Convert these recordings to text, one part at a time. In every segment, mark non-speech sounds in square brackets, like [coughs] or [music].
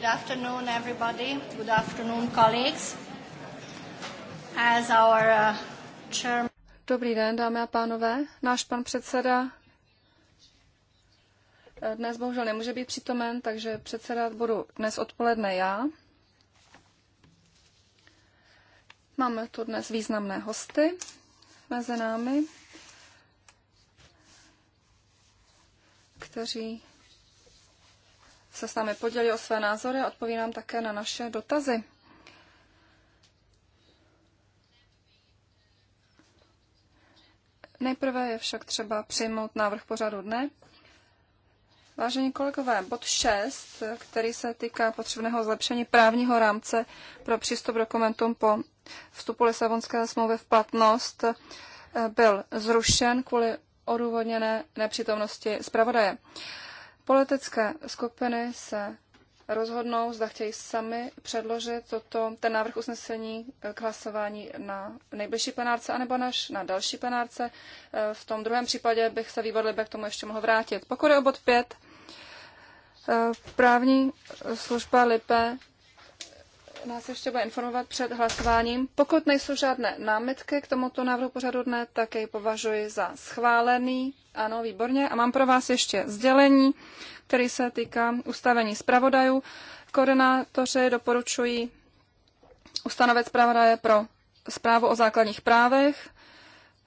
Good afternoon, everybody. Good afternoon, colleagues. As our uh, chairman... Dobrý den, dámy a pánové. Náš pan předseda dnes bohužel nemůže být přítomen, takže předsedat budu dnes odpoledne já. Máme tu dnes významné hosty mezi námi, kteří se s námi podělí o své názory a odpoví nám také na naše dotazy. Nejprve je však třeba přijmout návrh pořadu dne. Vážení kolegové, bod 6, který se týká potřebného zlepšení právního rámce pro přístup dokumentům po vstupu Lisabonské smlouvy v platnost, eh, byl zrušen kvůli odůvodněné nepřítomnosti zpravodaje. Politické skupiny se rozhodnou, zda chtějí sami předložit toto, ten návrh usnesení k hlasování na nejbližší plenárce, anebo než na další plenárce. E, v tom druhém případě bych se výbor Libe k tomu ještě mohl vrátit. Pokud je o bod 5, e, právní služba Lipe nás ještě bude informovat před hlasováním. Pokud nejsou žádné námitky k tomuto návrhu pořadu dne, tak jej považuji za schválený. Ano, výborně. A mám pro vás ještě sdělení, který se týká ustavení zpravodajů. Koordinátoři doporučují ustanovit zpravodaje pro zprávu o základních právech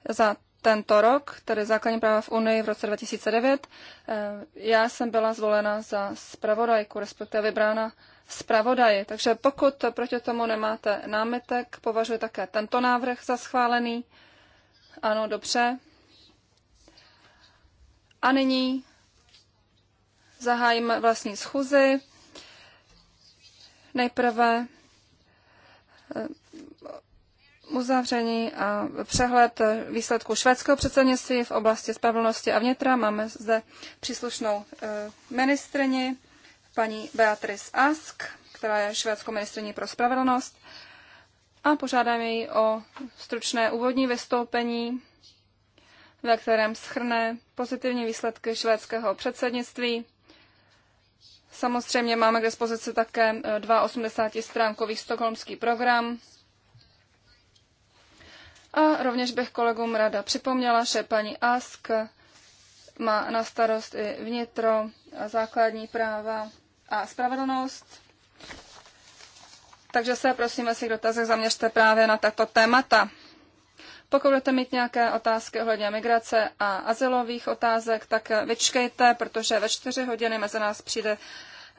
za tento rok, tedy základní práva v Unii v roce 2009. Eh, já jsem byla zvolena za zpravodajku, respektive vybrána zpravodaji. Takže pokud proti tomu nemáte námitek, považuji také tento návrh za schválený. Ano, dobře. A nyní zahájíme vlastní schůzi. Nejprve eh, uzavření a přehled výsledku švédského předsednictví v oblasti spravedlnosti a vnitra. Máme zde příslušnou eh, ministrini paní Beatrice Ask, která je švédskou ministriní pro spravedlnost, a požádám jej o stručné úvodní vystoupení, ve kterém schrne pozitivní výsledky švédského předsednictví. Samozřejmě máme k dispozici také 2,80 e, stránkový stokholmský program. A rovněž bych kolegům rada připomněla, že paní Ask má na starost i vnitro a základní práva a spravedlnost. Takže se prosím ve svých dotazech zaměřte právě na tato témata. Pokud budete mít nějaké otázky ohledně migrace a azylových otázek, tak vyčkejte, protože ve čtyři hodiny mezi nás přijde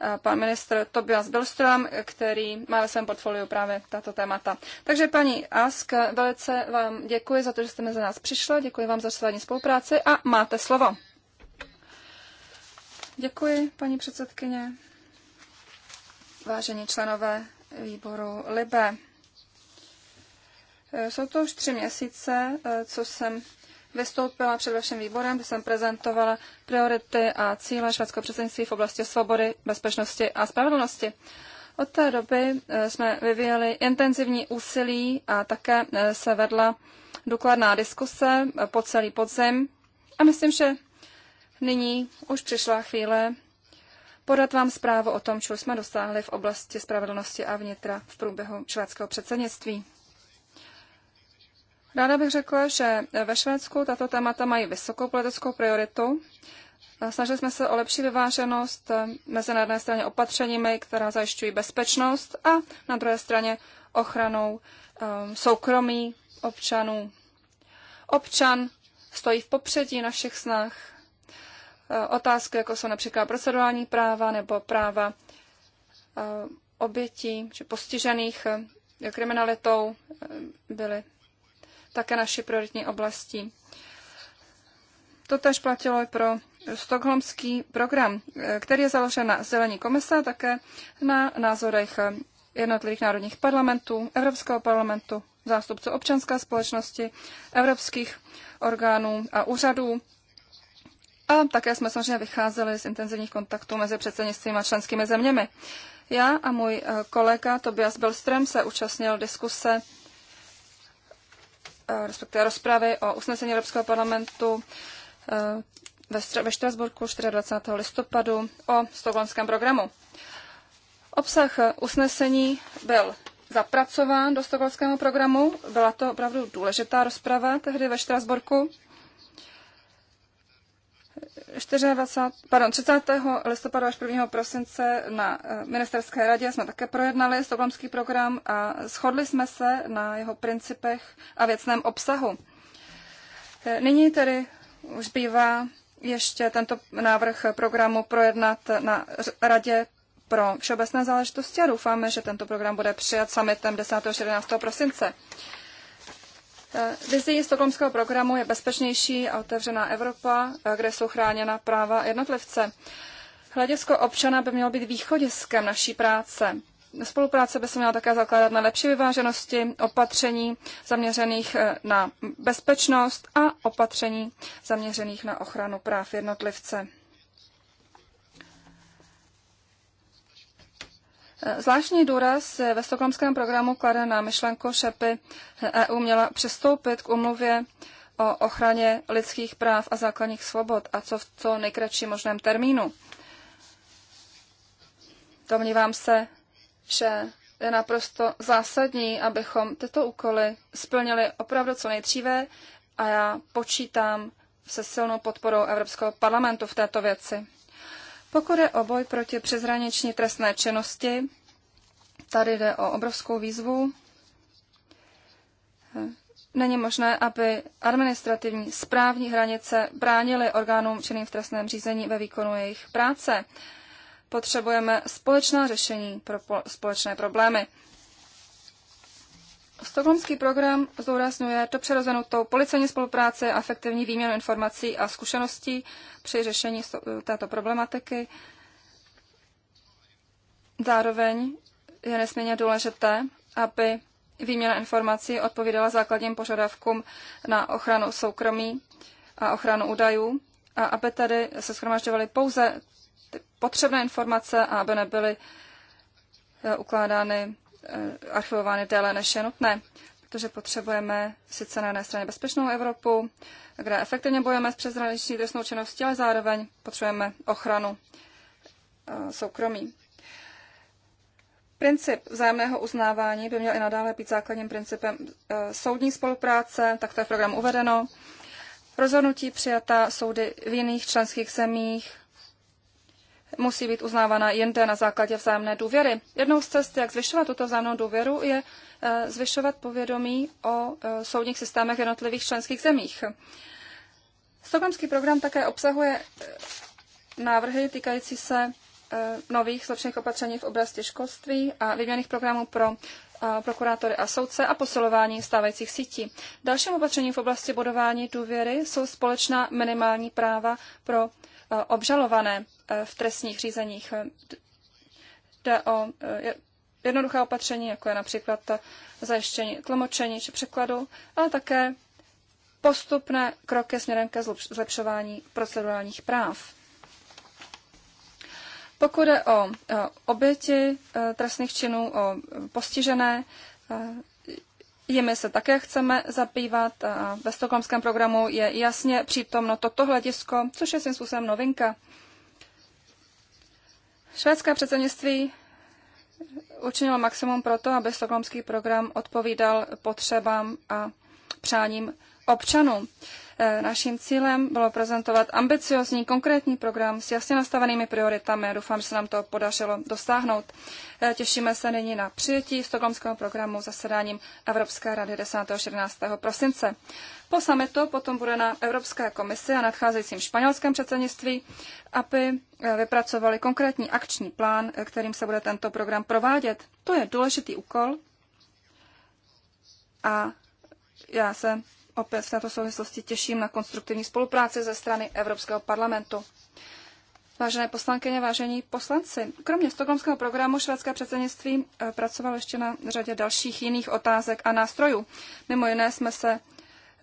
eh, pan ministr Tobias Bilström, který má ve svém portfoliu právě tato témata. Takže paní Ask, velice vám děkuji za to, že jste mezi nás přišla, děkuji vám za svání spolupráci a máte slovo. Děkuji, paní předsedkyně vážení členové výboru Libe. Eh, jsou to už tři měsíce, eh, co jsem vystoupila před vaším výborem, kde jsem prezentovala priority a cíle švédského předsednictví v oblasti svobody, bezpečnosti a spravedlnosti. Od té doby eh, jsme vyvíjeli intenzivní úsilí a také se vedla důkladná diskuse po celý podzim. A myslím, že nyní už přišla chvíle podat vám zprávu o tom, co jsme dosáhli v oblasti spravedlnosti a vnitra v průběhu švédského předsednictví. Ráda bych řekla, že ve Švédsku tato témata mají vysokou politickou prioritu. Snažili jsme se o lepší vyváženost mezi na jedné straně opatřeními, která zajišťují bezpečnost a na druhé straně ochranou ehm, soukromí občanů. Občan stojí v popředí našich snah Eh, otázky, jako jsou například procedurální práva nebo práva eh, obětí či postižených eh, kriminalitou, byly také naší prioritní oblastí. To tež platilo i pro stokholmský program, který je založen na zelení komise, také na názorech jednotlivých národních parlamentů, Evropského parlamentu, zástupců občanské společnosti, evropských orgánů a úřadů a také jsme samozřejmě vycházeli z intenzivních kontaktů mezi předsednictvím a členskými zeměmi. Já a můj eh, kolega Tobias Belström se účastnil diskuse eh, respektive rozpravy o usnesení Evropského parlamentu eh, ve, ve Štrasburku 24. listopadu o stokholmském programu. Obsah usnesení byl zapracován do stokholmského programu. Byla to opravdu důležitá rozprava tehdy ve Štrasburku. 24, pardon, 30. listopadu až 1. prosince na eh, ministerské radě jsme také projednali stoklamský program a shodli jsme se na jeho principech a věcném obsahu. Eh, nyní tedy už bývá ještě tento návrh programu projednat na radě pro všeobecné záležitosti a doufáme, že tento program bude přijat summitem 10. až 11. prosince. Eh, Vizí stokholmského programu je bezpečnější a otevřená Evropa, eh, kde jsou chráněna práva jednotlivce. Hledisko občana by mělo být východiskem naší práce. Spolupráce by se měla také zakládat na lepší vyváženosti, opatření zaměřených eh, na bezpečnost a opatření zaměřených na ochranu práv jednotlivce. Zvláštní důraz ve stokholmském programu klade na myšlenku, že by EU měla přistoupit k umluvě o ochraně lidských práv a základních svobod a co v co nejkratším možném termínu. Domnívám se, že je naprosto zásadní, abychom tyto úkoly splnili opravdu co nejdříve a já počítám se silnou podporou Evropského parlamentu v této věci. Pokud je o boj proti přeshraniční trestné činnosti, tady jde o obrovskou výzvu. Není možné, aby administrativní správní hranice bránily orgánům činným v trestném řízení ve výkonu jejich práce. Potřebujeme společná řešení pro společné problémy. Stokholmský program zdůrazňuje to přirozenou tou policejní spolupráce, efektivní výměnu informací a zkušeností při řešení této problematiky. Zároveň je nesmírně důležité, aby výměna informací odpovídala základním požadavkům na ochranu soukromí a ochranu údajů a aby tady se schromažďovaly pouze potřebné informace a aby nebyly eh, ukládány Eh, archivovány déle než je nutné, protože potřebujeme sice na jedné straně bezpečnou Evropu, kde efektivně bojujeme s přeshraniční trestnou činností, ale zároveň potřebujeme ochranu eh, soukromí. Princip vzájemného uznávání by měl i nadále být základním principem eh, soudní spolupráce, tak to je v programu uvedeno. Rozhodnutí přijatá soudy v jiných členských zemích musí být uznávána jinde na základě vzájemné důvěry. Jednou z cest, jak zvyšovat tuto vzájemnou důvěru, je eh, zvyšovat povědomí o eh, soudních systémech jednotlivých členských zemích. Stokholmský program také obsahuje eh, návrhy týkající se nových zlepšených opatření v oblasti školství a výměných programů pro prokurátory a soudce a posilování stávajících sítí. Dalším opatřením v oblasti budování důvěry jsou společná minimální práva pro Eh, obžalované eh, v trestních řízeních. Jde o eh, jednoduché opatření, jako je například zajištění tlumočení či překladu, ale také postupné kroky směrem ke zlepšování procedurálních práv. Pokud je o oběti trestných činů, o postižené, Jimi se také chceme zabývat a ve stokholmském programu je jasně přítomno toto hledisko, což je svým způsobem novinka. Švédské předsednictví učinilo maximum pro to, aby stokholmský program odpovídal potřebám a přáním občanů. Eh, naším cílem bylo prezentovat ambiciozní konkrétní program s jasně nastavenými prioritami. Doufám, že se nám to podařilo dosáhnout. Eh, těšíme se nyní na přijetí stokholmského programu zasedáním Evropské rady 10. a 14. prosince. Po sametu potom bude na Evropské komisi a nadcházejícím španělském předsednictví, aby eh, vypracovali konkrétní akční plán, kterým se bude tento program provádět. To je důležitý úkol a já se opět v této souvislosti těším na konstruktivní spolupráci ze strany Evropského parlamentu. Vážené poslankyně, vážení poslanci, kromě stokholmského programu švédské předsednictví eh, pracoval ještě na řadě dalších jiných otázek a nástrojů. Mimo jiné jsme se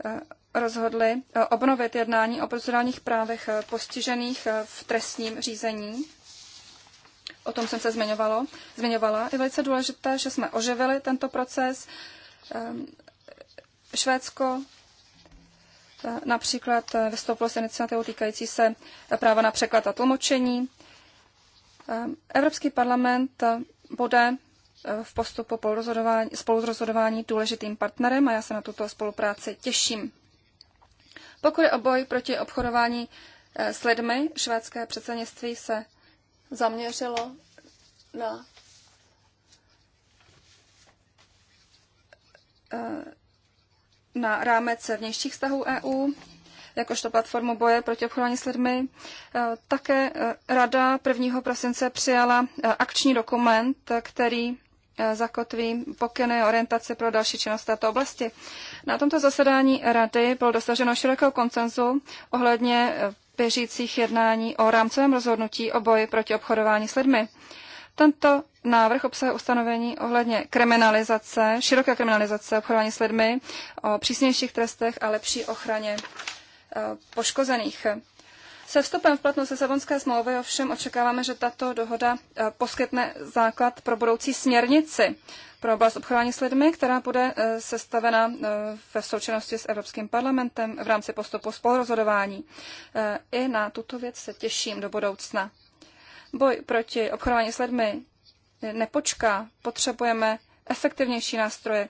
eh, rozhodli eh, obnovit jednání o procedurálních právech postižených v trestním řízení. O tom jsem se zmiňovalo, zmiňovala. Je velice důležité, že jsme oživili tento proces. Ehm, Švédsko Například vystoupilo s iniciativou týkající se práva na překlad a tlumočení. Ehm, Evropský parlament bude eh, v postupu spolurozhodování důležitým partnerem a já se na tuto spolupráci těším. Pokud je o boj proti obchodování eh, s lidmi, švédské předsednictví se zaměřilo na eh, na rámec vnějších vztahů EU, jakožto platformu boje proti obchodování s lidmi. E, také e, Rada 1. prosince přijala e, akční dokument, který zakotví pokyny orientace pro další činnost této oblasti. Na tomto zasedání Rady bylo dosaženo širokého koncenzu ohledně běžících jednání o rámcovém rozhodnutí o boji proti obchodování s lidmi. Tento návrh obsahuje ustanovení ohledně kriminalizace, široké kriminalizace obchodování s lidmi, o přísnějších trestech a lepší ochraně e, poškozených. Se vstupem v platnost Lisabonské smlouvy ovšem očekáváme, že tato dohoda e, poskytne základ pro budoucí směrnici pro oblast obchodování s lidmi, která bude e, sestavena ve součinnosti s Evropským parlamentem v rámci postupu spolurozhodování. I na tuto věc se těším do budoucna. Boj proti obchodování s lidmi nepočká. Potřebujeme efektivnější nástroje.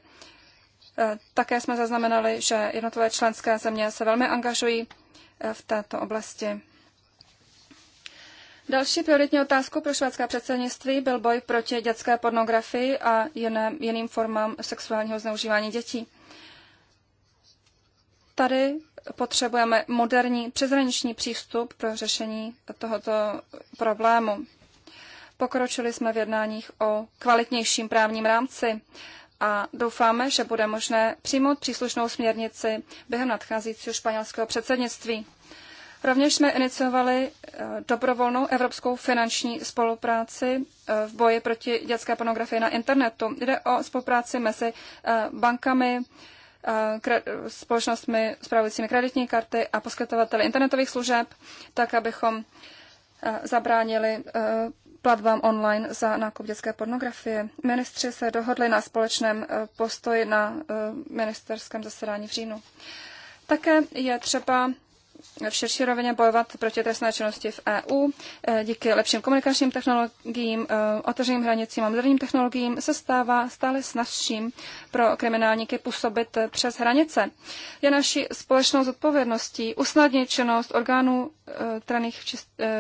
E, také jsme zaznamenali, že jednotlivé členské země se velmi angažují e, v této oblasti. Další prioritní otázkou pro švédské předsednictví byl boj proti dětské pornografii a jiném, jiným formám sexuálního zneužívání dětí. Tady potřebujeme moderní přezraniční přístup pro řešení tohoto problému. Pokročili jsme v jednáních o kvalitnějším právním rámci a doufáme, že bude možné přijmout příslušnou směrnici během nadcházícího španělského předsednictví. Rovněž jsme iniciovali eh, dobrovolnou evropskou finanční spolupráci eh, v boji proti dětské pornografii na internetu. Jde o spolupráci mezi eh, bankami, společnostmi spravujícími kreditní karty a poskytovateli internetových služeb, tak abychom zabránili platbám online za nákup dětské pornografie. Ministři se dohodli na společném eh, postoji na eh, ministerském zasedání v říjnu. Také je třeba v širší rovině bojovat proti trestné činnosti v EU. Eh, díky lepším komunikačním technologiím, otevřeným hranicím a moderním technologiím se stává stále snažším pro kriminálníky působit přes hranice. Je naší společnou zodpovědností usnadnit činnost orgánů trených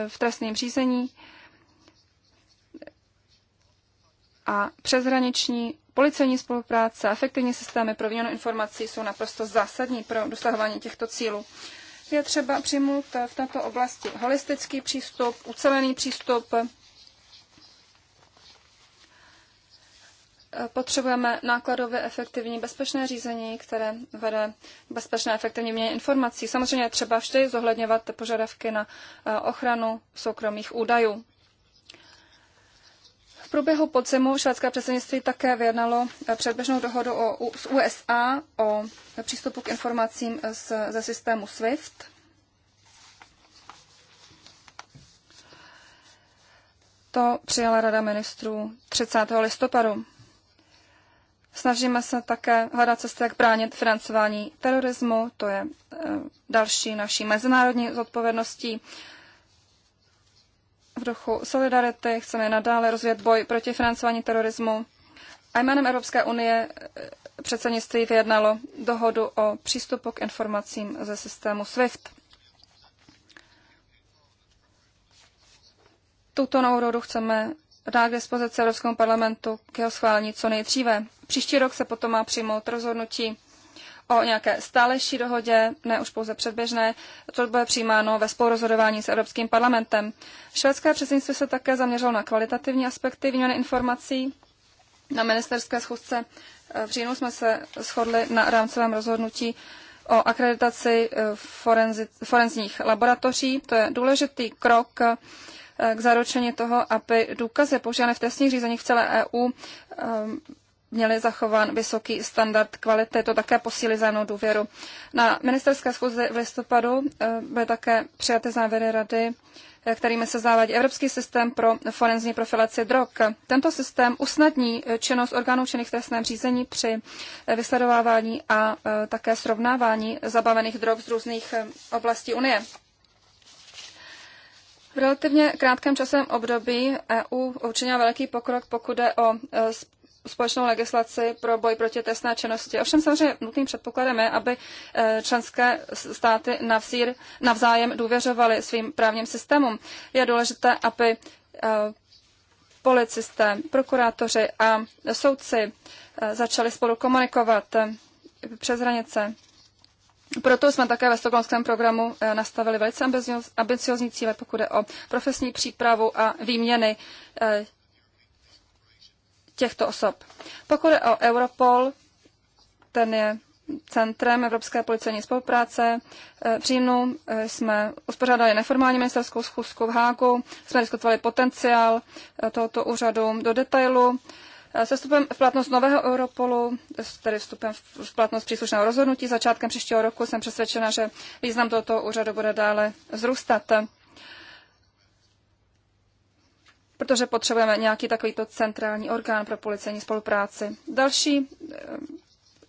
v trestním řízení, a přeshraniční policejní spolupráce a efektivní systémy pro výměnu informací jsou naprosto zásadní pro dosahování těchto cílů. Je třeba přijmout v této oblasti holistický přístup, ucelený přístup. Potřebujeme nákladově efektivní bezpečné řízení, které vede bezpečné efektivní měně informací. Samozřejmě je třeba vždy zohledňovat požadavky na eh, ochranu soukromých údajů průběhu podzimu švédské předsednictví také vyjednalo eh, předběžnou dohodu o, s USA o přístupu k informacím z, ze systému SWIFT. To přijala Rada ministrů 30. listopadu. Snažíme se také hledat cesty, jak bránit financování terorismu, to je eh, další naší mezinárodní zodpovědností. V duchu solidarity chceme nadále rozvíjet boj proti financování terorismu. A jménem Evropské unie eh, předsednictví vyjednalo dohodu o přístupu k informacím ze systému SWIFT. Tuto novou dohodu chceme dát k dispozici Evropskému parlamentu k jeho schválení co nejdříve. Příští rok se potom má přijmout rozhodnutí o nějaké stálejší dohodě, ne už pouze předběžné, to bude přijímáno ve spolurozhodování s Evropským parlamentem. Švédské předsednictví se také zaměřilo na kvalitativní aspekty výměny informací. Na ministerské schůzce eh, v říjnu jsme se shodli na rámcovém rozhodnutí o akreditaci eh, forenzi, forenzních laboratoří. To je důležitý krok eh, k zaručení toho, aby důkazy používané v trestních řízeních v celé EU měli zachován vysoký standard kvality. To také posílí zájemnou důvěru. Na ministerské schůzi v listopadu eh, byly také přijaty závěry rady, eh, kterými se závadí Evropský systém pro forenzní profilaci drog. Tento systém usnadní eh, činnost orgánů činných v trestném řízení při vysledovávání a také srovnávání zabavených drog z různých oblastí Unie. V relativně krátkém časovém období EU učinila velký pokrok, pokud je o společnou legislaci pro boj proti trestné činnosti. Ovšem samozřejmě nutným předpokladem je, aby eh, členské státy navzír, navzájem důvěřovaly svým právním systémům. Je důležité, aby eh, policisté, prokurátoři a soudci eh, začali spolu komunikovat přes hranice. Proto jsme také ve stokholmském programu nastavili velice ambiciozní cíle, pokud je o profesní přípravu a výměny těchto osob. Pokud je o Europol, ten je centrem Evropské policejní spolupráce. E, v říjnu e, jsme uspořádali neformální ministerskou schůzku v Hágu, jsme diskutovali potenciál e, tohoto úřadu do detailu. Se vstupem v platnost nového Europolu, tedy vstupem v platnost příslušného rozhodnutí začátkem příštího roku, jsem přesvědčena, že význam tohoto úřadu bude dále zrůstat protože potřebujeme nějaký takovýto centrální orgán pro policejní spolupráci. Další eh,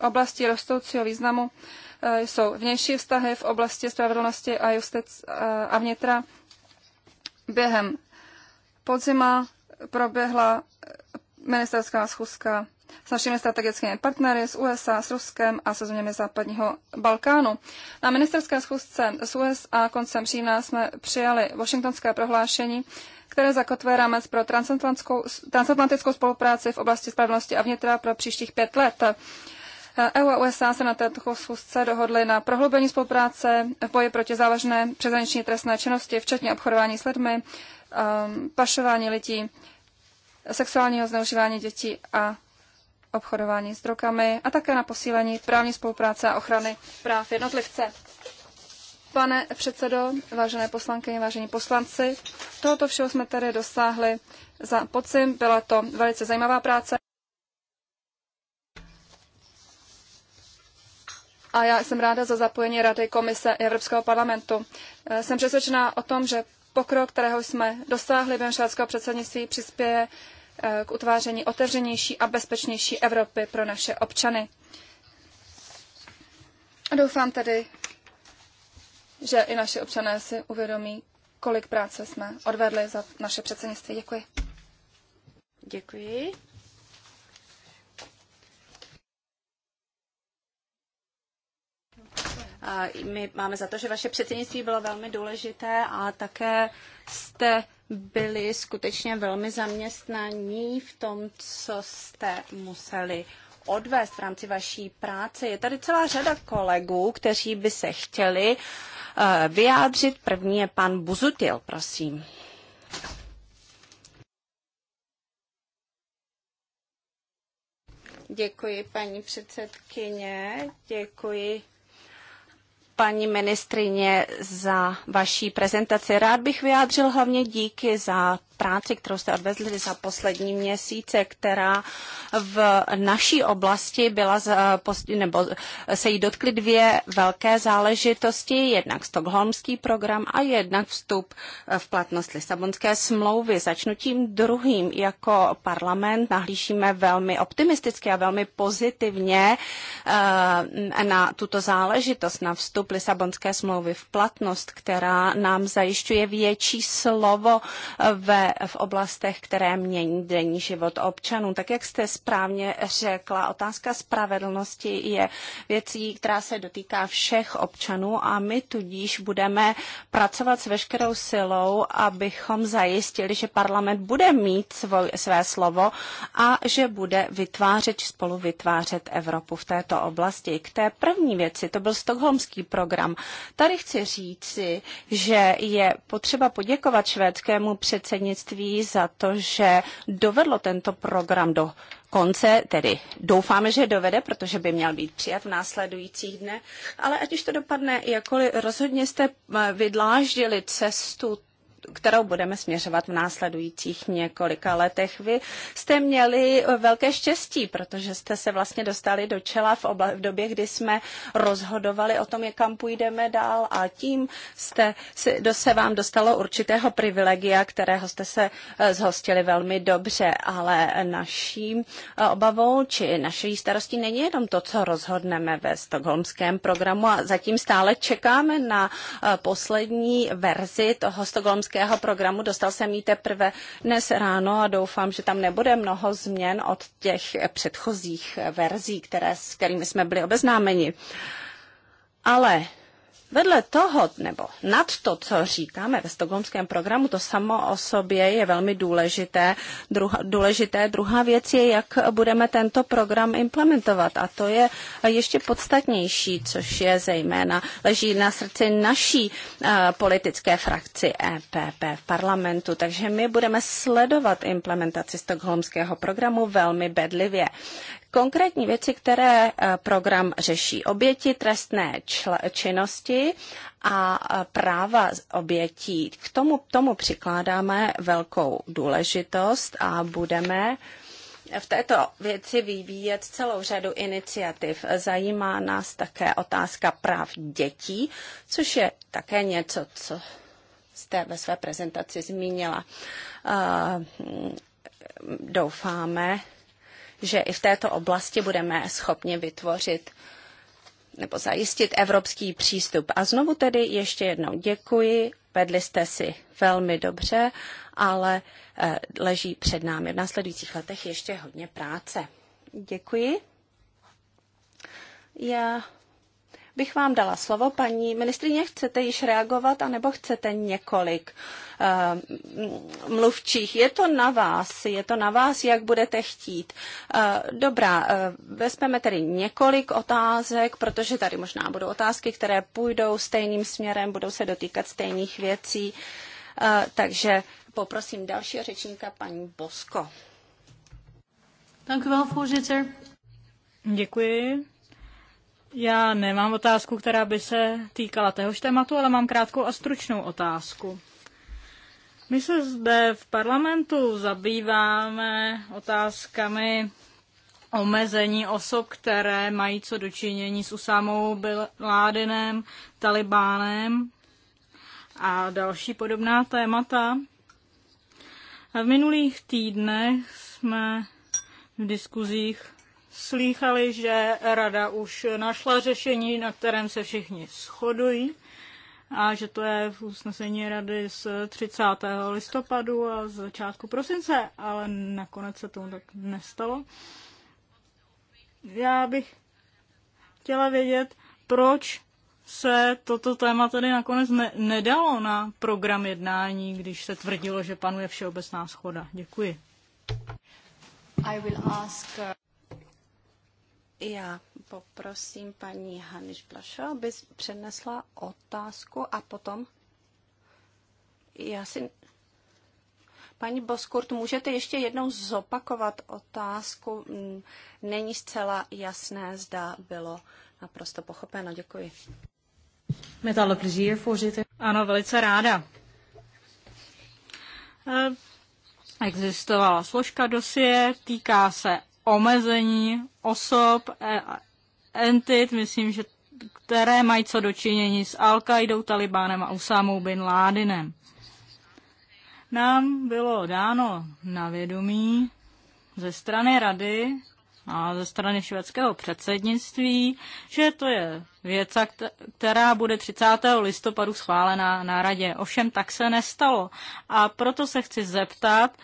oblasti rostoucího významu eh, jsou vnější vztahy v oblasti spravedlnosti a, justic eh, a vnitra. Během podzima proběhla ministerská schůzka s našimi strategickými partnery, s USA, s Ruskem a se zeměmi západního Balkánu. Na ministerské schůzce s USA koncem října jsme přijali Washingtonské prohlášení, které zakotvuje rámec pro transatlantickou spolupráci v oblasti spravedlnosti a vnitra pro příštích pět let. EU a USA se na této schůzce dohodly na prohloubení spolupráce v boji proti závažné přeshraniční trestné činnosti, včetně obchodování s lidmi, um, pašování lidí, sexuálního zneužívání dětí a obchodování s drogami a také na posílení právní spolupráce a ochrany práv jednotlivce. Pane předsedo, vážené poslankyně, vážení poslanci, tohoto všeho jsme tady dosáhli za podzim. Byla to velice zajímavá práce. A já jsem ráda za zapojení Rady Komise Evropského parlamentu. Eh, jsem přesvědčená o tom, že pokrok, kterého jsme dosáhli během švédského předsednictví, přispěje Eh, k utváření otevřenější a bezpečnější Evropy pro naše občany. Doufám tedy, že i naši občané si uvědomí, kolik práce jsme odvedli za naše předsednictví. Děkuji. Děkuji. My máme za to, že vaše předsednictví bylo velmi důležité a také jste byli skutečně velmi zaměstnaní v tom, co jste museli odvést v rámci vaší práce. Je tady celá řada kolegů, kteří by se chtěli eh, vyjádřit. První je pan Buzutil, prosím. Děkuji, paní předsedkyně. Děkuji paní ministrině, za vaší prezentaci. Rád bych vyjádřil hlavně díky za práci, kterou jste odvezli za poslední měsíce, která v naší oblasti byla, eh, nebo se jí dotkly dvě velké záležitosti, jednak stokholmský program a jednak vstup eh, v platnost Lisabonské smlouvy. Začnu tím druhým. Jako parlament nahlížíme velmi optimisticky a velmi pozitivně eh, na tuto záležitost, na vstup Lisabonské smlouvy v platnost, která nám zajišťuje větší slovo ve v oblastech, které mění denní život občanů. Tak jak jste správně řekla, otázka spravedlnosti je věcí, která se dotýká všech občanů a my tudíž budeme pracovat s veškerou silou, abychom zajistili, že parlament bude mít svoj, své slovo a že bude vytvářet, spolu vytvářet Evropu v této oblasti. K té první věci, to byl stokholmský program. Tady chci říci, že je potřeba poděkovat švédskému předsednictví předsednictví za to, že dovedlo tento program do konce, tedy doufáme, že dovede, protože by měl být přijat v následujících dnech, ale ať už to dopadne jakkoliv, rozhodně jste eh, vydláždili cestu kterou budeme směřovat v následujících několika letech. Vy jste měli velké štěstí, protože jste se vlastně dostali do čela v, obla- v době, kdy jsme rozhodovali o tom, kam půjdeme dál a tím jste, se vám dostalo určitého privilegia, kterého jste se eh, zhostili velmi dobře, ale naším eh, obavou či naší starostí není jenom to, co rozhodneme ve stokholmském programu a zatím stále čekáme na eh, poslední verzi toho stokholmského štokholmského programu. Dostal jsem ji teprve dnes ráno a doufám, že tam nebude mnoho změn od těch předchozích verzí, které, s kterými jsme byli obeznámeni. Ale Vedle toho, nebo nad to, co říkáme ve stokholmském programu, to samo o sobě je velmi důležité. Druha, důležité. Druhá věc je, jak budeme tento program implementovat. A to je ještě podstatnější, což je zejména leží na srdci naší uh, politické frakci EPP v parlamentu. Takže my budeme sledovat implementaci stokholmského programu velmi bedlivě konkrétní věci, které eh, program řeší. Oběti trestné činnosti a eh, práva obětí. K tomu, tomu přikládáme velkou důležitost a budeme v této věci vyvíjet celou řadu iniciativ. Zajímá nás také otázka práv dětí, což je také něco, co jste ve své prezentaci zmínila. Eh, doufáme, že i v této oblasti budeme schopni vytvořit nebo zajistit evropský přístup. A znovu tedy ještě jednou děkuji, vedli jste si velmi dobře, ale eh, leží před námi v následujících letech ještě hodně práce. Děkuji. Já bych vám dala slovo. Paní ministrině, chcete již reagovat, anebo chcete několik uh, mluvčích? Je to na vás, je to na vás, jak budete chtít. Uh, dobrá, uh, vezmeme tedy několik otázek, protože tady možná budou otázky, které půjdou stejným směrem, budou se dotýkat stejných věcí. Uh, takže poprosím dalšího řečníka, paní Bosko. Děkuji. Já nemám otázku, která by se týkala téhož tématu, ale mám krátkou a stručnou otázku. My se zde v parlamentu zabýváme otázkami omezení osob, které mají co dočinění s Usámou Ládinem, Talibánem a další podobná témata. A v minulých týdnech jsme v diskuzích slýchali, že rada už našla řešení, na kterém se všichni shodují a že to je v usnesení rady z 30. listopadu a z začátku prosince, ale nakonec se tomu tak nestalo. Já bych chtěla vědět, proč se toto téma tady nakonec ne- nedalo na program jednání, když se tvrdilo, že panuje všeobecná schoda. Děkuji. I will ask... Uh, já poprosím paní Haniš Plašo, aby přednesla otázku a potom já si... Paní Boskurt, můžete ještě jednou zopakovat otázku? Mm, není zcela jasné, zda bylo naprosto pochopeno. Děkuji. Metalo alle plezier, voorzitter. Ano, velice ráda. Eh, existovala složka dosie, týká se omezení osob, e, entit, myslím, že které mají co dočinění s al qaidou Talibánem a Usámou bin Ládinem. Nám bylo dáno na vědomí ze strany rady a ze strany švédského předsednictví, že to je věc, která bude 30. listopadu schválená na radě. Ovšem tak se nestalo. A proto se chci zeptat,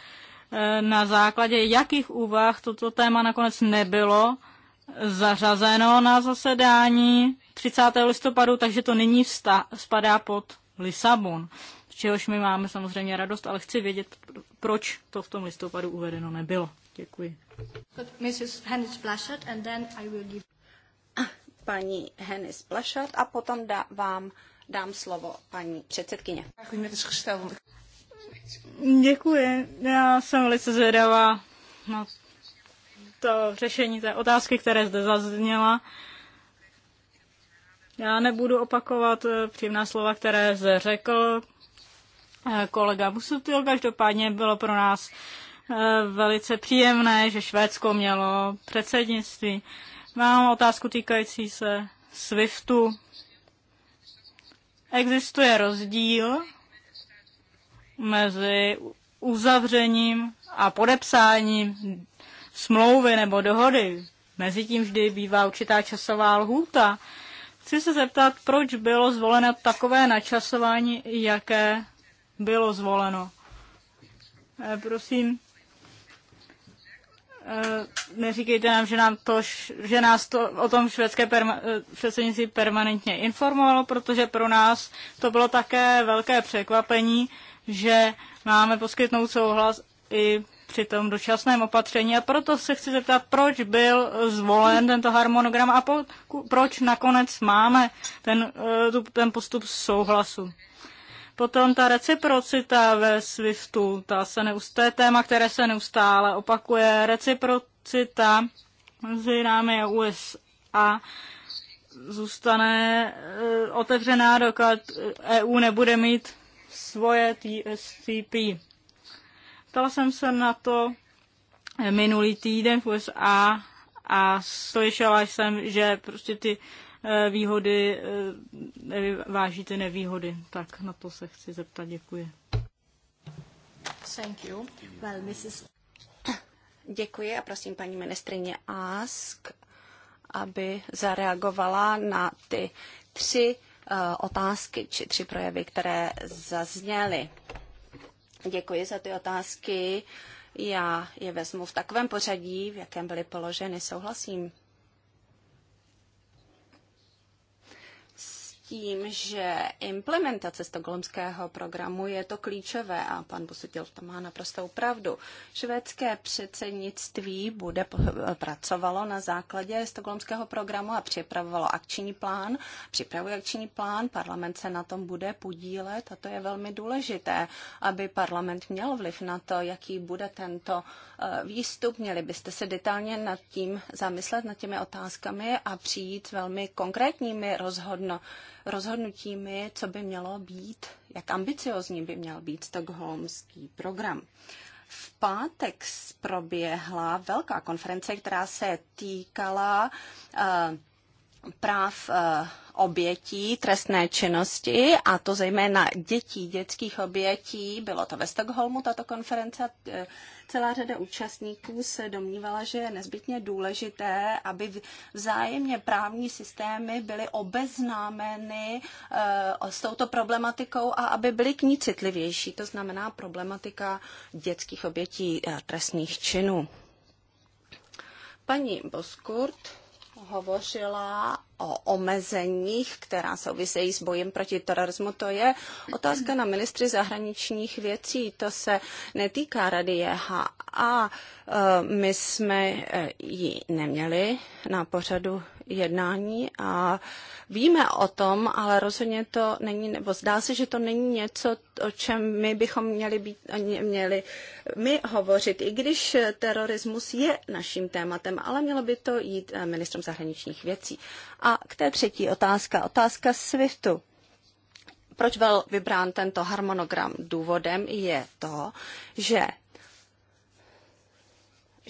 Eh, na základě jakých úvah toto téma nakonec nebylo zařazeno na zasedání 30. listopadu, takže to nyní vsta- spadá pod Lisabon. Z čehož my máme samozřejmě radost, ale chci vědět, proč to v tom listopadu uvedeno nebylo. Děkuji. Hennis ah, Paní Hennis Plašat a potom dá, vám dám slovo paní předsedkyně. Děkuji. Já jsem velice zvědavá na to řešení té otázky, které zde zazněla. Já nebudu opakovat eh, příjemná slova, které zde řekl eh, kolega Musutil. Každopádně bylo pro nás eh, velice příjemné, že Švédsko mělo předsednictví. Mám otázku týkající se SWIFTu. Existuje rozdíl mezi uzavřením a podepsáním smlouvy nebo dohody. Mezi tím vždy bývá určitá časová lhůta. Chci se zeptat, proč bylo zvoleno takové načasování, jaké bylo zvoleno. Eh, prosím, eh, neříkejte nám, že, nám to, že nás to o tom švédské perma, eh, předsednictví permanentně informovalo, protože pro nás to bylo také velké překvapení, že máme poskytnout souhlas i při tom dočasném opatření a proto se chci zeptat, proč byl zvolen tento harmonogram a po, proč nakonec máme ten, eh, ten postup souhlasu. Potom ta reciprocita ve SWIFTu, ta se neustále, to je téma, které se neustále opakuje. Reciprocita mezi námi a USA zůstane eh, otevřená, dokud EU nebude mít svoje TSCP. Ptala jsem se na to eh, minulý týden v USA a slyšela jsem, že prostě ty eh, výhody eh, váží ty nevýhody. Tak na to se chci zeptat. Děkuji. Thank you. Well, Mrs. [coughs] Děkuji a prosím paní ministrině Ask, aby zareagovala na ty tři Eh, otázky či tři projevy, které zazněly. Děkuji za ty otázky. Já je vezmu v takovém pořadí, v jakém byly položeny. Souhlasím tím, že implementace stokholmského programu je to klíčové a pan Bosutil to má naprostou pravdu. Švédské předsednictví bude pracovalo na základě stokholmského programu a připravovalo akční plán. Připravuje akční plán, parlament se na tom bude podílet a to je velmi důležité, aby parlament měl vliv na to, jaký bude tento eh, výstup. Měli byste se detailně nad tím zamyslet, nad těmi otázkami a přijít velmi konkrétními rozhodnutími rozhodnutími, co by mělo být, jak ambiciozní by měl být stokholmský program. V pátek proběhla velká konference, která se týkala uh, práv eh, obětí trestné činnosti, a to zejména dětí, dětských obětí. Bylo to ve Stockholmu, tato konference. Eh, celá řada účastníků se domnívala, že je nezbytně důležité, aby vzájemně právní systémy byly obeznámeny eh, s touto problematikou a aby byly k ní citlivější, to znamená problematika dětských obětí trestných činů. Paní Boskurt hovořila o omezeních, která souvisejí s bojem proti terorismu, to je otázka na ministry zahraničních věcí. To se netýká Rady JHA. E, my jsme e, ji neměli na pořadu jednání a víme o tom, ale rozhodně to není, nebo zdá se, že to není něco, o čem my bychom měli, být, měli my hovořit, i když terorismus je naším tématem, ale mělo by to jít eh, ministrem zahraničních věcí. A k té třetí otázka, otázka SWIFTu proč byl vybrán tento harmonogram? Důvodem je to, že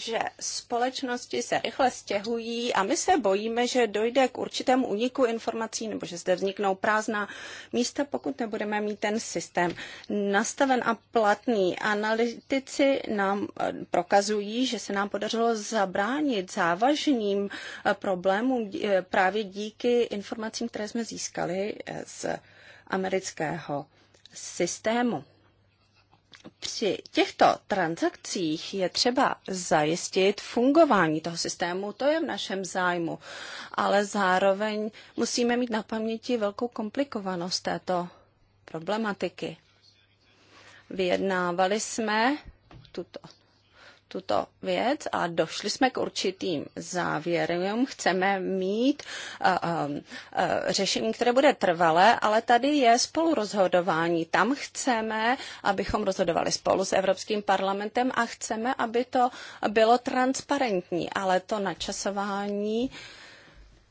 že společnosti se rychle stěhují a my se bojíme, že dojde k určitému uniku informací nebo že zde vzniknou prázdná místa, pokud nebudeme mít ten systém nastaven a platný. Analytici nám eh, prokazují, že se nám podařilo zabránit závažným eh, problémům eh, právě díky informacím, které jsme získali z amerického systému při těchto transakcích je třeba zajistit fungování toho systému, to je v našem zájmu, ale zároveň musíme mít na paměti velkou komplikovanost této problematiky. Vyjednávali jsme tuto tuto věc a došli jsme k určitým závěrům. Chceme mít uh, uh, řešení, které bude trvalé, ale tady je spolurozhodování. Tam chceme, abychom rozhodovali spolu s Evropským parlamentem a chceme, aby to bylo transparentní, ale to načasování uh,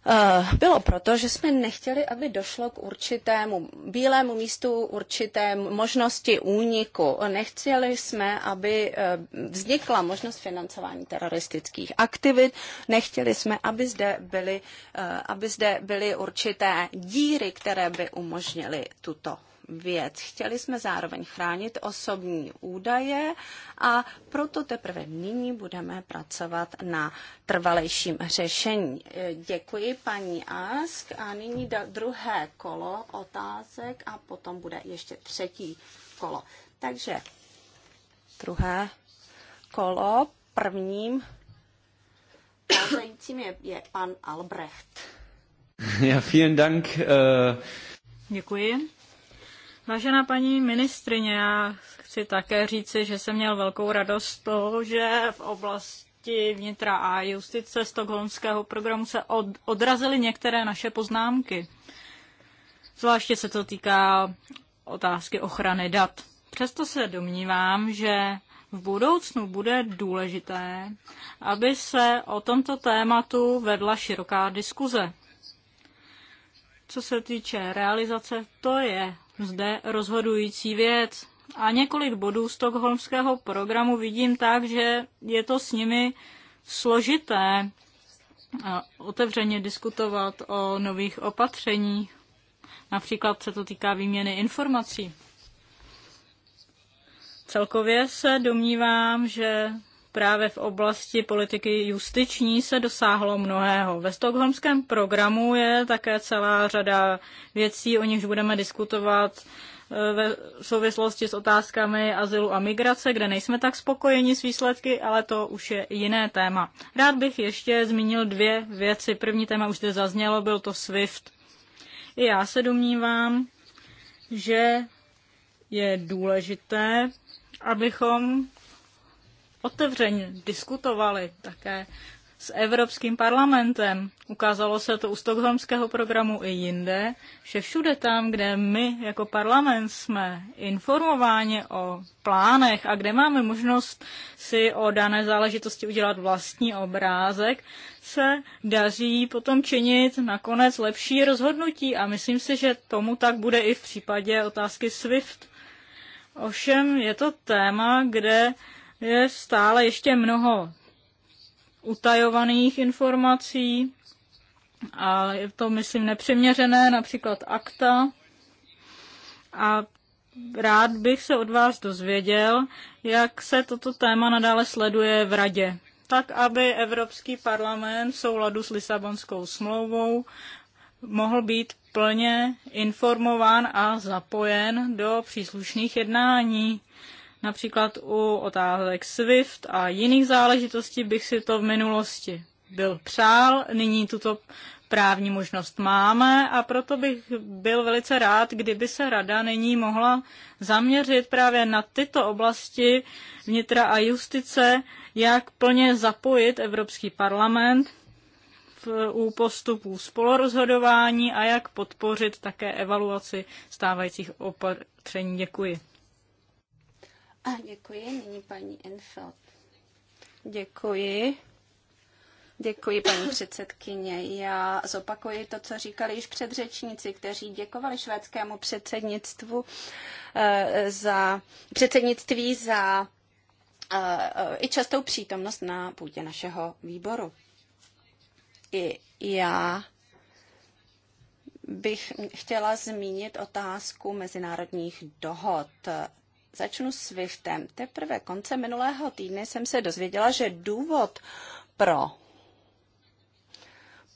Eh, bylo proto, že jsme nechtěli, aby došlo k určitému bílému místu, určité možnosti úniku. Nechtěli jsme, aby eh, vznikla možnost financování teroristických aktivit. Nechtěli jsme, aby zde byly, eh, aby zde byly určité díry, které by umožnily tuto věc. Chtěli jsme zároveň chránit osobní údaje a proto teprve nyní budeme pracovat na trvalejším řešení. Děkuji paní Ask a nyní druhé kolo otázek a potom bude ještě třetí kolo. Takže druhé kolo. Prvním tázajícím je, je pan Albrecht. [laughs] Ja, vielen Dank. Uh... Děkuji. Vážená paní ministrině, já chci také říci, že jsem měl velkou radost z toho, že v oblasti vnitra a justice stokholmského programu se od, odrazily některé naše poznámky. Zvláště se to týká otázky ochrany dat. Přesto se domnívám, že v budoucnu bude důležité, aby se o tomto tématu vedla široká diskuze. Co se týče realizace, to je zde rozhodující věc. A několik bodů stokholmského programu vidím tak, že je to s nimi složité otevřeně diskutovat o nových opatřeních. Například se to týká výměny informací. Celkově se domnívám, že právě v oblasti politiky justiční se dosáhlo mnohého. Ve stokholmském programu je také celá řada věcí, o nichž budeme diskutovat eh, ve souvislosti s otázkami azylu a migrace, kde nejsme tak spokojeni s výsledky, ale to už je jiné téma. Rád bych ještě zmínil dvě věci. První téma už zde zaznělo, byl to SWIFT. I já se domnívám, že je důležité, abychom otevřeně diskutovali také s Evropským parlamentem. Ukázalo se to u stokholmského programu i jinde, že všude tam, kde my jako parlament jsme informováni o plánech a kde máme možnost si o dané záležitosti udělat vlastní obrázek, se daří potom činit nakonec lepší rozhodnutí a myslím si, že tomu tak bude i v případě otázky SWIFT. Ovšem je to téma, kde je stále ještě mnoho utajovaných informací a je to, myslím, nepřiměřené, například akta. A rád bych se od vás dozvěděl, jak se toto téma nadále sleduje v Radě, tak aby Evropský parlament v souladu s Lisabonskou smlouvou mohl být plně informován a zapojen do příslušných jednání. Například u otázek SWIFT a jiných záležitostí bych si to v minulosti byl přál, nyní tuto právní možnost máme a proto bych byl velice rád, kdyby se rada nyní mohla zaměřit právě na tyto oblasti vnitra a justice, jak plně zapojit Evropský parlament v, u postupů spolorozhodování a jak podpořit také evaluaci stávajících opatření. Děkuji. A děkuji, nyní paní Enfeld. Děkuji. Děkuji, paní předsedkyně. Já zopakuji to, co říkali již předřečníci, kteří děkovali švédskému předsednictvu eh, za předsednictví za eh, i častou přítomnost na půdě našeho výboru. I já bych chtěla zmínit otázku mezinárodních dohod. Začnu SWIFTem. Teprve konce minulého týdne jsem se dozvěděla, že důvod pro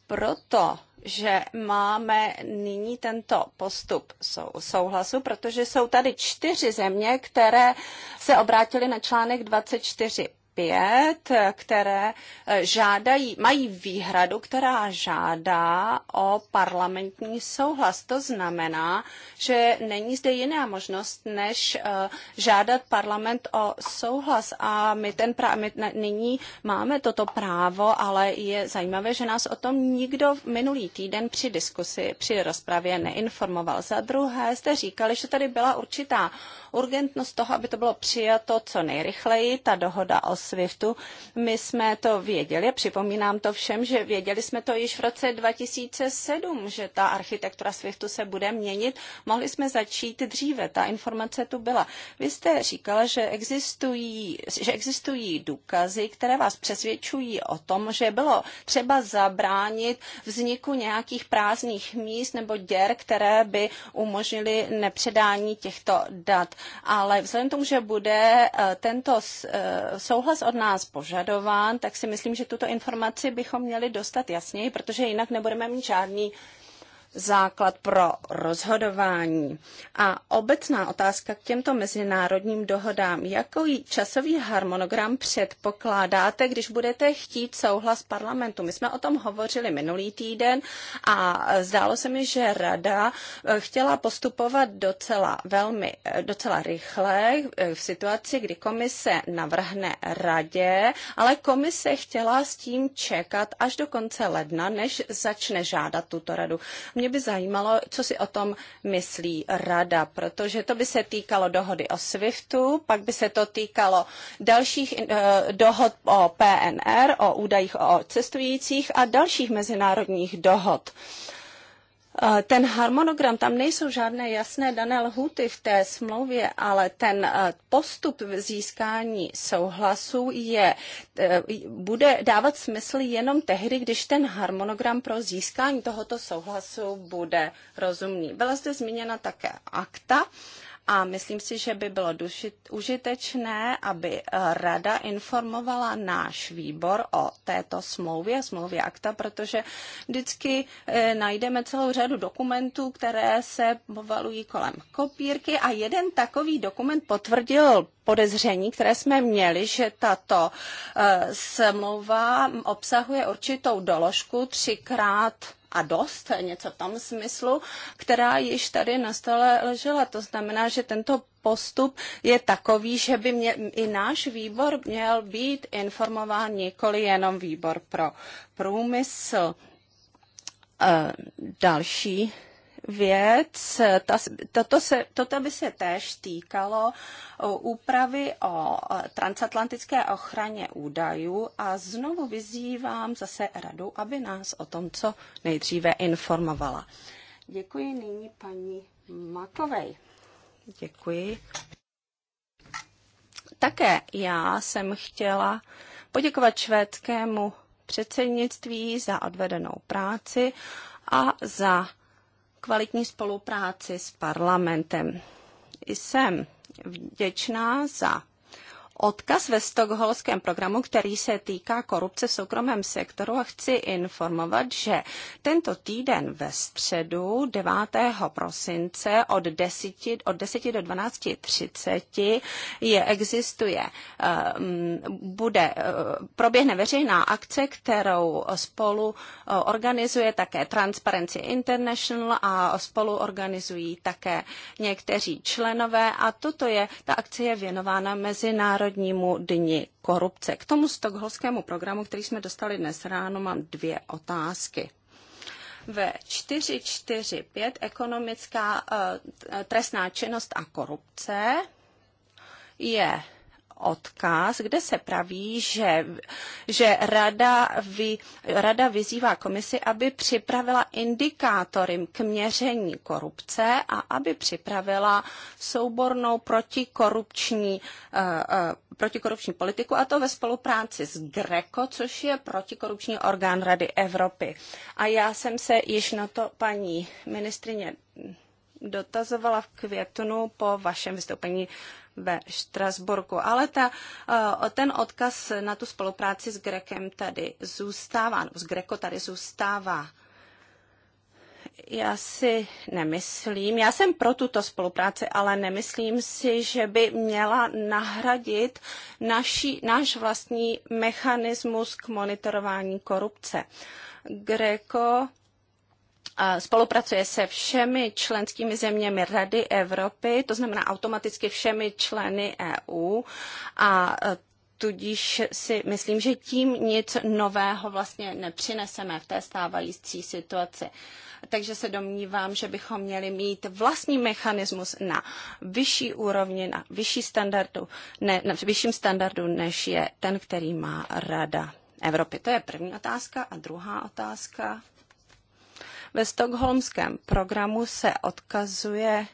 proto, že máme nyní tento postup sou, souhlasu, protože jsou tady čtyři země, které se obrátily na článek 24 5, které eh, žádají, mají výhradu, která žádá o parlamentní souhlas. To znamená, že není zde jiná možnost, než eh, žádat parlament o souhlas. A my, ten pra, my nyní máme toto právo, ale je zajímavé, že nás o tom nikdo minulý týden při diskusi, při rozpravě neinformoval. Za druhé jste říkali, že tady byla určitá urgentnost toho, aby to bylo přijato co nejrychleji, ta dohoda o SWIFTu. My jsme to věděli, připomínám to všem, že věděli jsme to již v roce 2007, že ta architektura SWIFTu se bude měnit. Mohli jsme začít dříve, ta informace tu byla. Vy jste říkala, že existují, že existují důkazy, které vás přesvědčují o tom, že bylo třeba zabránit vzniku nějakých prázdných míst nebo děr, které by umožnily nepředání těchto dat. Ale vzhledem k tomu, že bude eh, tento eh, souhlas souhlas od nás požadován, tak si myslím, že tuto informaci bychom měli dostat jasněji, protože jinak nebudeme mít žádný základ pro rozhodování. A obecná otázka k těmto mezinárodním dohodám. Jaký časový harmonogram předpokládáte, když budete chtít souhlas parlamentu? My jsme o tom hovořili minulý týden a zdálo se mi, že rada eh, chtěla postupovat docela velmi, eh, docela rychle eh, v situaci, kdy komise navrhne radě, ale komise chtěla s tím čekat až do konce ledna, než začne žádat tuto radu. Mě mě by zajímalo, co si o tom myslí rada, protože to by se týkalo dohody o SWIFTu, pak by se to týkalo dalších eh, dohod o PNR, o údajích o cestujících a dalších mezinárodních dohod. Uh, Eh, ten harmonogram, tam nejsou žádné jasné dané lhuty v té smlouvě, ale ten eh, postup v získání souhlasu je, eh, bude dávat smysl jenom tehdy, když ten harmonogram pro získání tohoto souhlasu bude rozumný. Byla zde zmíněna také akta a myslím si, že by bylo dušit, užitečné, aby eh, rada informovala náš výbor o této smlouvě, smlouvě akta, protože vždycky eh, najdeme celou řadu dokumentů, které se povalují kolem kopírky a jeden takový dokument potvrdil podezření, které jsme měli, že tato eh, smlouva obsahuje určitou doložku třikrát a dost, něco v tom smyslu, která již tady na stole ležela. To znamená, že tento postup je takový, že by mě, i náš výbor měl být informován nikoli jenom výbor pro průmysl. E, další věc, ta, toto, se, toto by se též týkalo úpravy o transatlantické ochraně údajů a znovu vyzývám zase radu, aby nás o tom co nejdříve informovala. Děkuji nyní paní Makovej. Děkuji. Také já jsem chtěla poděkovat švédskému předsednictví za odvedenou práci a za kvalitní spolupráci s parlamentem. Jsem vděčná za odkaz ve Stockholmském programu, který se týká korupce v soukromém sektoru a chci informovat, že tento týden ve středu 9. prosince od 10, od 10 do 12.30 je, existuje, eh, bude, eh, proběhne veřejná akce, kterou spolu eh, organizuje také Transparency International a spolu organizují také někteří členové a toto je, ta akce je věnována mezinárodní Mezinárodnímu dni korupce. K tomu stokholskému programu, který jsme dostali dnes ráno, mám dvě otázky ve 445 ekonomická eh, trestná činnost a korupce je odkaz, kde se praví, že, že rada, vy, rada vyzývá komisi, aby připravila indikátory k měření korupce a aby připravila soubornou protikorupční, uh, protikorupční politiku, a to ve spolupráci s GRECO, což je protikorupční orgán Rady Evropy. A já jsem se již na to paní ministrině dotazovala v květnu po vašem vystoupení ve Štrasburku. Ale ta, eh, ten odkaz na tu spolupráci s Grekem tady zůstává, nebo s Greko tady zůstává. Já si nemyslím, já jsem pro tuto spolupráci, ale nemyslím si, že by měla nahradit naši, náš vlastní mechanismus k monitorování korupce. Greco spolupracuje se všemi členskými zeměmi Rady Evropy, to znamená automaticky všemi členy EU a e, tudíž si myslím, že tím nic nového vlastně nepřineseme v té stávající situaci. Takže se domnívám, že bychom měli mít vlastní mechanismus na vyšší úrovni, na vyšší standardu, ne, na vyšším standardu, než je ten, který má Rada Evropy. To je první otázka. A druhá otázka. Ve stokholmském programu se odkazuje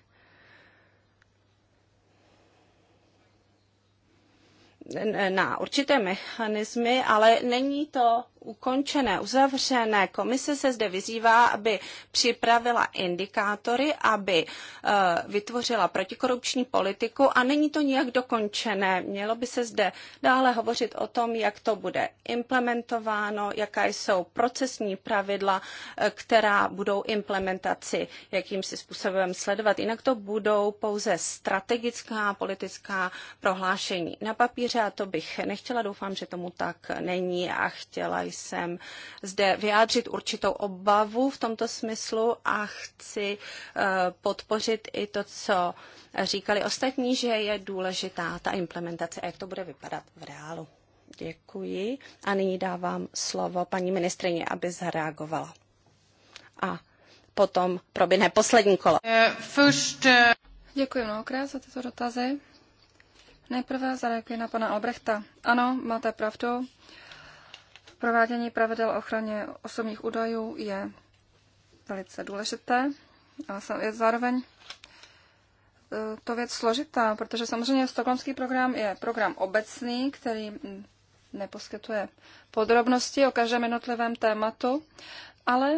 na určité mechanismy, ale není to ukončené, uzavřené. Komise se zde vyzývá, aby připravila indikátory, aby eh, vytvořila protikorupční politiku a není to nijak dokončené. Mělo by se zde dále hovořit o tom, jak to bude implementováno, jaká jsou procesní pravidla, eh, která budou implementaci jakýmsi způsobem sledovat. Jinak to budou pouze strategická politická prohlášení na papíře a to bych nechtěla. Doufám, že tomu tak není a chtěla jsem zde vyjádřit určitou obavu v tomto smyslu a chci eh, podpořit i to, co říkali ostatní, že je důležitá ta implementace a jak to bude vypadat v reálu. Děkuji a nyní dávám slovo paní ministrině, aby zareagovala. A potom proběhne poslední kolo. Eh, eh, Děkuji mnohokrát za tyto dotazy. Nejprve zareaguji na pana Albrechta. Ano, máte pravdu. Provádění pravidel ochraně osobních údajů je velice důležité, a je zároveň e, to věc složitá, protože samozřejmě stokholmský program je program obecný, který neposkytuje podrobnosti o každém jednotlivém tématu, ale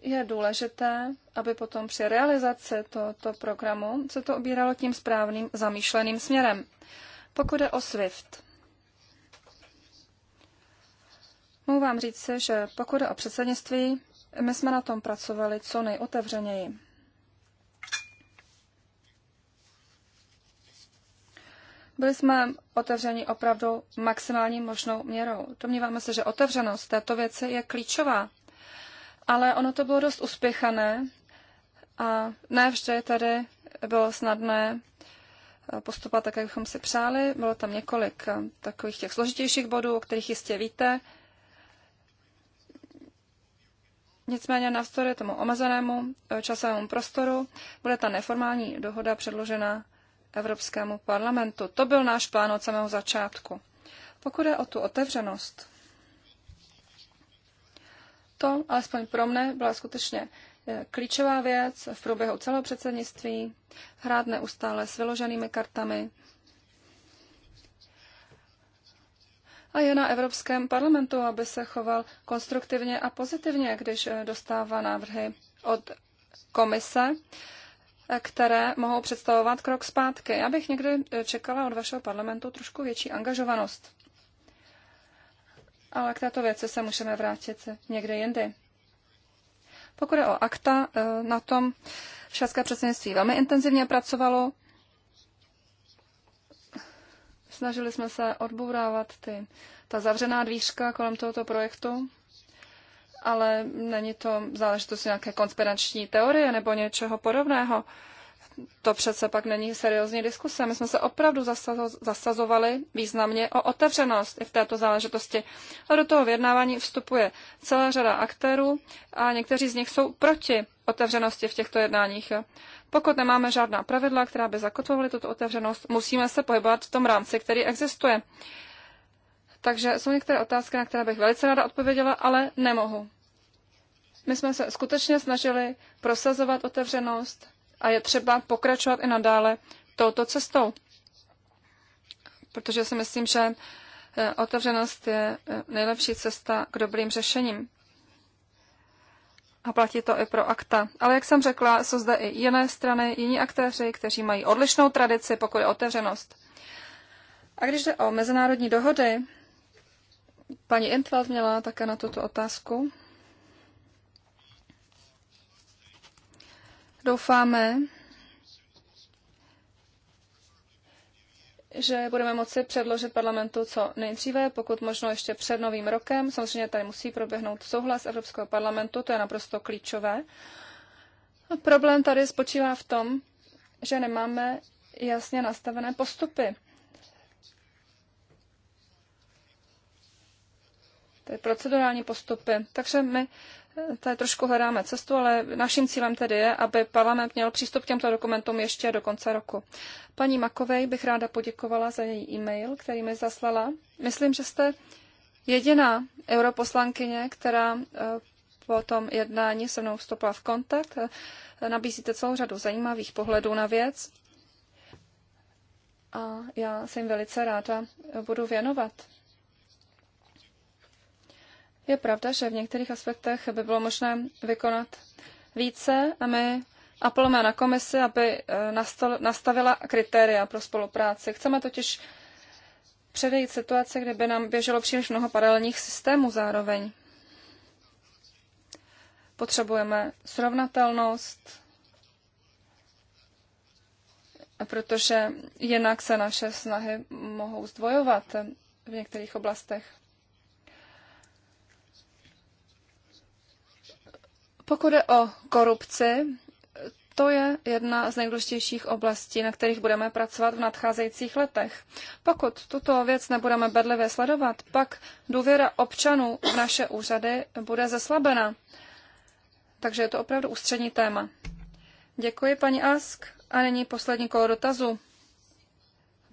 je důležité, aby potom při realizaci tohoto programu se to obíralo tím správným zamýšleným směrem. Pokud je o SWIFT, Mohu vám říct, že pokud jde o předsednictví, my jsme na tom pracovali co nejotevřeněji. Byli jsme otevřeni opravdu maximální možnou měrou. Domníváme se, že otevřenost této věci je klíčová. Ale ono to bylo dost uspěchané a ne vždy tady bylo snadné postupovat tak, jak bychom si přáli. Bylo tam několik takových těch složitějších bodů, o kterých jistě víte. Nicméně navzdory tomu omezenému eh, časovému prostoru bude ta neformální dohoda předložena Evropskému parlamentu. To byl náš plán od samého začátku. Pokud je o tu otevřenost, to, alespoň pro mne, byla skutečně eh, klíčová věc v průběhu celého předsednictví, hrát neustále s vyloženými kartami, A je na Evropském parlamentu, aby se choval konstruktivně a pozitivně, když eh, dostává návrhy od komise, eh, které mohou představovat krok zpátky. Já bych někdy eh, čekala od vašeho parlamentu trošku větší angažovanost. Ale k této věci se můžeme vrátit někde jindy. Pokud je o akta, na tom švédské předsednictví velmi intenzivně pracovalo. Snažili jsme se odbourávat ty, ta zavřená dvířka kolem tohoto projektu, ale není to záležitost nějaké konspirační teorie nebo něčeho podobného to přece pak není seriózní diskuse. My jsme se opravdu zasazovali významně o otevřenost i v této záležitosti. A do toho vyjednávání vstupuje celá řada aktérů a někteří z nich jsou proti otevřenosti v těchto jednáních. Pokud nemáme žádná pravidla, která by zakotvovaly tuto otevřenost, musíme se pohybovat v tom rámci, který existuje. Takže jsou některé otázky, na které bych velice ráda odpověděla, ale nemohu. My jsme se skutečně snažili prosazovat otevřenost, a je třeba pokračovat i nadále touto cestou. Protože si myslím, že eh, otevřenost je eh, nejlepší cesta k dobrým řešením. A platí to i pro akta. Ale jak jsem řekla, jsou zde i jiné strany, jiní aktéři, kteří mají odlišnou tradici, pokud je otevřenost. A když jde o mezinárodní dohody, paní Intveld měla také na tuto otázku. Doufáme, že budeme moci předložit parlamentu co nejdříve, pokud možno ještě před novým rokem. Samozřejmě tady musí proběhnout souhlas Evropského parlamentu, to je naprosto klíčové. A problém tady spočívá v tom, že nemáme jasně nastavené postupy. Ty procedurální postupy. Takže my Tady trošku hledáme cestu, ale naším cílem tedy je, aby parlament měl přístup k těmto dokumentům ještě do konce roku. Paní Makovej bych ráda poděkovala za její e-mail, který mi zaslala. Myslím, že jste jediná europoslankyně, která eh, po tom jednání se mnou vstoupila v kontakt. Eh, nabízíte celou řadu zajímavých pohledů na věc a já se jim velice ráda budu věnovat. Je pravda, že v některých aspektech by bylo možné vykonat více a my apelujeme na komisi, aby eh, nastavila kritéria pro spolupráci. Chceme totiž předejít situace, kde by nám běželo příliš mnoho paralelních systémů zároveň. Potřebujeme srovnatelnost, protože jinak se naše snahy mohou zdvojovat v některých oblastech. Pokud je o korupci, to je jedna z nejdůležitějších oblastí, na kterých budeme pracovat v nadcházejících letech. Pokud tuto věc nebudeme bedlivě sledovat, pak důvěra občanů v naše úřady bude zeslabena. Takže je to opravdu ústřední téma. Děkuji, paní Ask. A nyní poslední kolo dotazu.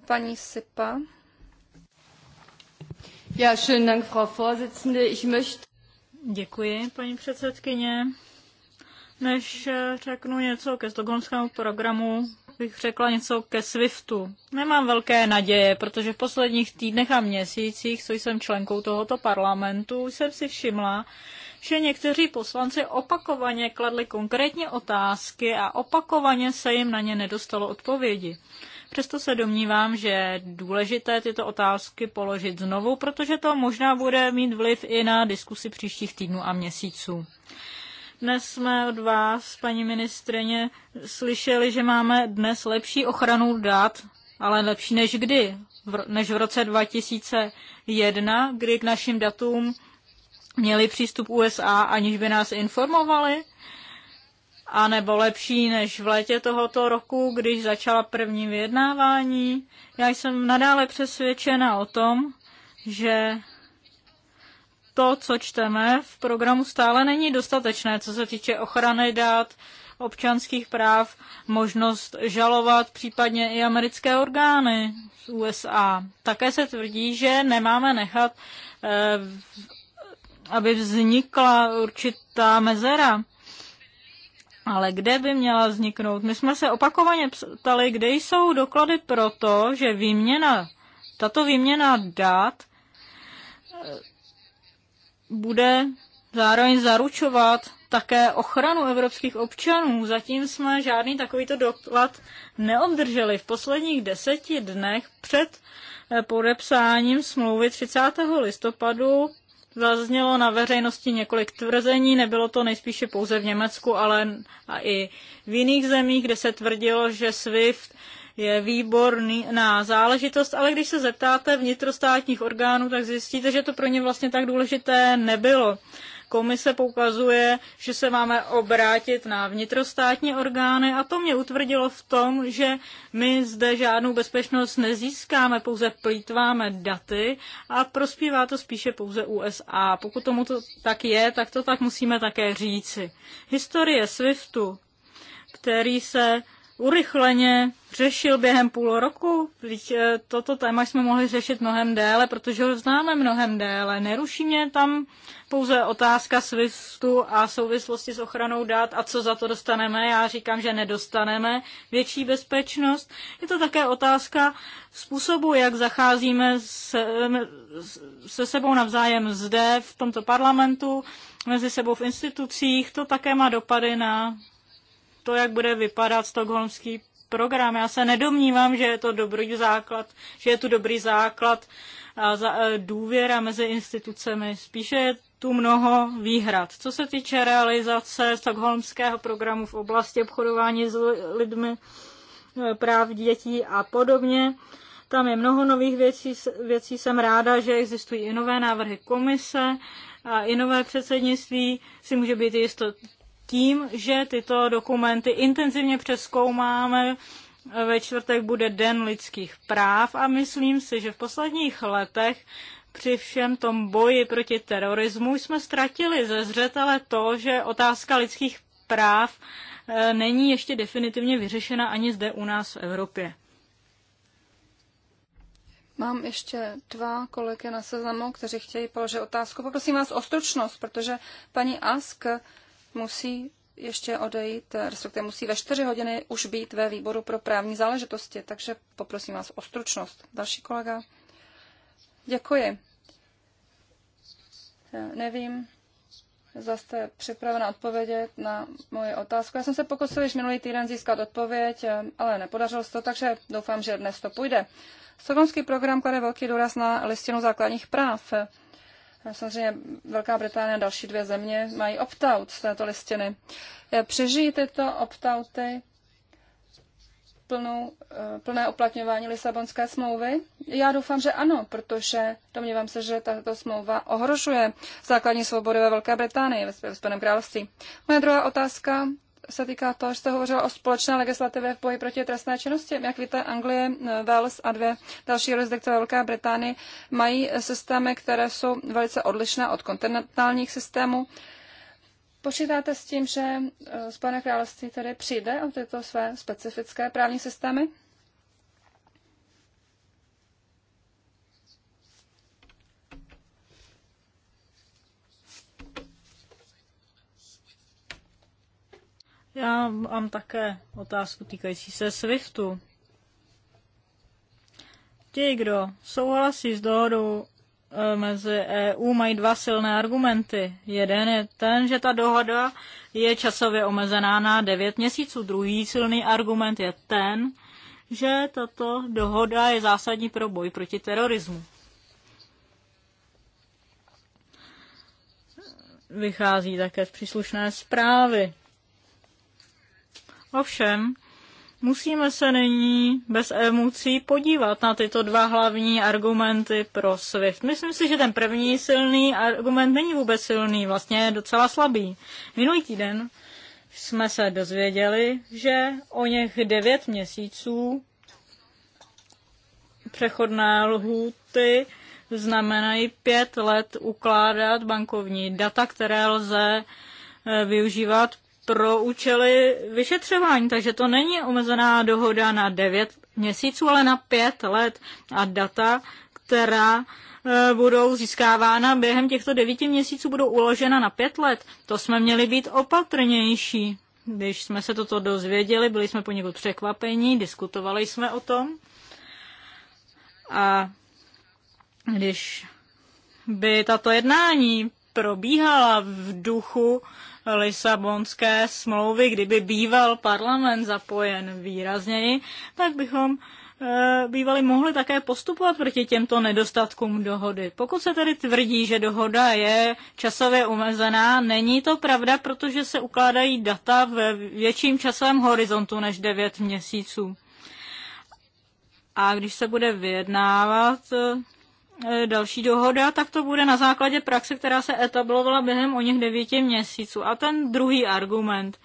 Paní Sipa. Ja, schönen Dank, Frau Vorsitzende. Ich möchte... Děkuji, paní předsedkyně. Než eh, řeknu něco ke stokholmskému programu, bych řekla něco ke SWIFTu. Nemám velké naděje, protože v posledních týdnech a měsících, co jsem členkou tohoto parlamentu, jsem si všimla, že někteří poslanci opakovaně kladli konkrétní otázky a opakovaně se jim na ně nedostalo odpovědi. Přesto se domnívám, že je důležité tyto otázky položit znovu, protože to možná bude mít vliv i na diskusi příštích týdnů a měsíců. Dnes jsme od vás, paní ministrině, slyšeli, že máme dnes lepší ochranu dát, ale lepší než kdy, než v roce 2001, kdy k našim datům měli přístup USA, aniž by nás informovali, a nebo lepší než v létě tohoto roku, když začala první vyjednávání. Já jsem nadále přesvědčena o tom, že to, co čteme v programu, stále není dostatečné, co se týče ochrany dát, občanských práv, možnost žalovat případně i americké orgány z USA. Také se tvrdí, že nemáme nechat, eh, aby vznikla určitá mezera. Ale kde by měla vzniknout? My jsme se opakovaně ptali, kde jsou doklady pro to, že výměna, tato výměna dat bude zároveň zaručovat také ochranu evropských občanů. Zatím jsme žádný takovýto doklad neobdrželi. V posledních deseti dnech před eh, podepsáním smlouvy 30. listopadu zaznělo na veřejnosti několik tvrzení. Nebylo to nejspíše pouze v Německu, ale a i v jiných zemích, kde se tvrdilo, že SWIFT je výborný na záležitost, ale když se zeptáte vnitrostátních orgánů, tak zjistíte, že to pro ně vlastně tak důležité nebylo. Komise poukazuje, že se máme obrátit na vnitrostátní orgány a to mě utvrdilo v tom, že my zde žádnou bezpečnost nezískáme, pouze plítváme daty a prospívá to spíše pouze USA. Pokud tomu to tak je, tak to tak musíme také říci. Historie SWIFTu, který se urychleně řešil během půl roku. Vždyť eh, toto téma jsme mohli řešit mnohem déle, protože ho známe mnohem déle. Neruší mě tam pouze otázka svistu a souvislosti s ochranou dát a co za to dostaneme. Já říkám, že nedostaneme větší bezpečnost. Je to také otázka způsobu, jak zacházíme se, se sebou navzájem zde, v tomto parlamentu, mezi sebou v institucích. To také má dopady na to, jak bude vypadat stokholmský program. Já se nedomnívám, že je to dobrý základ, že je tu dobrý základ a za, a e, důvěra mezi institucemi. Spíše je tu mnoho výhrad. Co se týče realizace stokholmského programu v oblasti obchodování s lidmi, e, práv dětí a podobně, tam je mnoho nových věcí, věcí. Jsem ráda, že existují i nové návrhy komise a i nové předsednictví si může být jisto tím, že tyto dokumenty intenzivně přeskoumáme. Ve čtvrtek bude Den lidských práv a myslím si, že v posledních letech při všem tom boji proti terorismu jsme ztratili ze zřetele to, že otázka lidských práv eh, není ještě definitivně vyřešena ani zde u nás v Evropě. Mám ještě dva kolegy na seznamu, kteří chtějí položit otázku. Poprosím vás o stručnost, protože paní Ask musí ještě odejít, respektive musí ve 4 hodiny už být ve výboru pro právní záležitosti, takže poprosím vás o stručnost. Další kolega. Děkuji. Já nevím, zda jste připravena odpovědět na moje otázku. Já jsem se pokusil již minulý týden získat odpověď, ale nepodařilo se to, takže doufám, že dnes to půjde. Stokholmský program klade velký důraz na listinu základních práv. Samozřejmě Velká Británie a další dvě země mají opt-out z této listiny. Eh, přežijí tyto opt-outy plnou, eh, plné uplatňování Lisabonské smlouvy? Já doufám, že ano, protože domnívám se, že tato smlouva ohrožuje základní svobody ve Velké Británii, ve Spojeném království. Moje druhá otázka se týká toho, že jste hovořila o společné legislativě v boji proti trestné činnosti. Jak víte, Anglie, Wales a dvě další jurisdikce Velké Británie mají systémy, které jsou velice odlišné od kontinentálních systémů. Počítáte s tím, že eh, Spojené království tedy přijde o tyto své specifické právní systémy? Já mám také otázku týkající se SWIFTu. Ti, kdo souhlasí s dohodou eh, mezi EU, mají dva silné argumenty. Jeden je ten, že ta dohoda je časově omezená na 9 měsíců. Druhý silný argument je ten, že tato dohoda je zásadní pro boj proti terorismu. Vychází také z příslušné zprávy. Ovšem, musíme se nyní bez emocí podívat na tyto dva hlavní argumenty pro SWIFT. Myslím si, že ten první silný argument není vůbec silný, vlastně je docela slabý. Minulý týden jsme se dozvěděli, že o něch devět měsíců přechodné lhůty znamenají pět let ukládat bankovní data, které lze e, využívat pro účely vyšetřování, takže to není omezená dohoda na 9 měsíců, ale na 5 let a data, která e, budou získávána během těchto devíti měsíců, budou uložena na pět let. To jsme měli být opatrnější. Když jsme se toto dozvěděli, byli jsme poněkud překvapení, diskutovali jsme o tom. A když by tato jednání probíhala v duchu Lisabonské smlouvy, kdyby býval parlament zapojen výrazněji, tak bychom eh, bývali mohli také postupovat proti těmto nedostatkům dohody. Pokud se tedy tvrdí, že dohoda je časově omezená, není to pravda, protože se ukládají data v větším časovém horizontu než 9 měsíců. A když se bude vyjednávat eh, E, další dohoda, tak to bude na základě praxe, která se etablovala během o něch devíti měsíců. A ten druhý argument.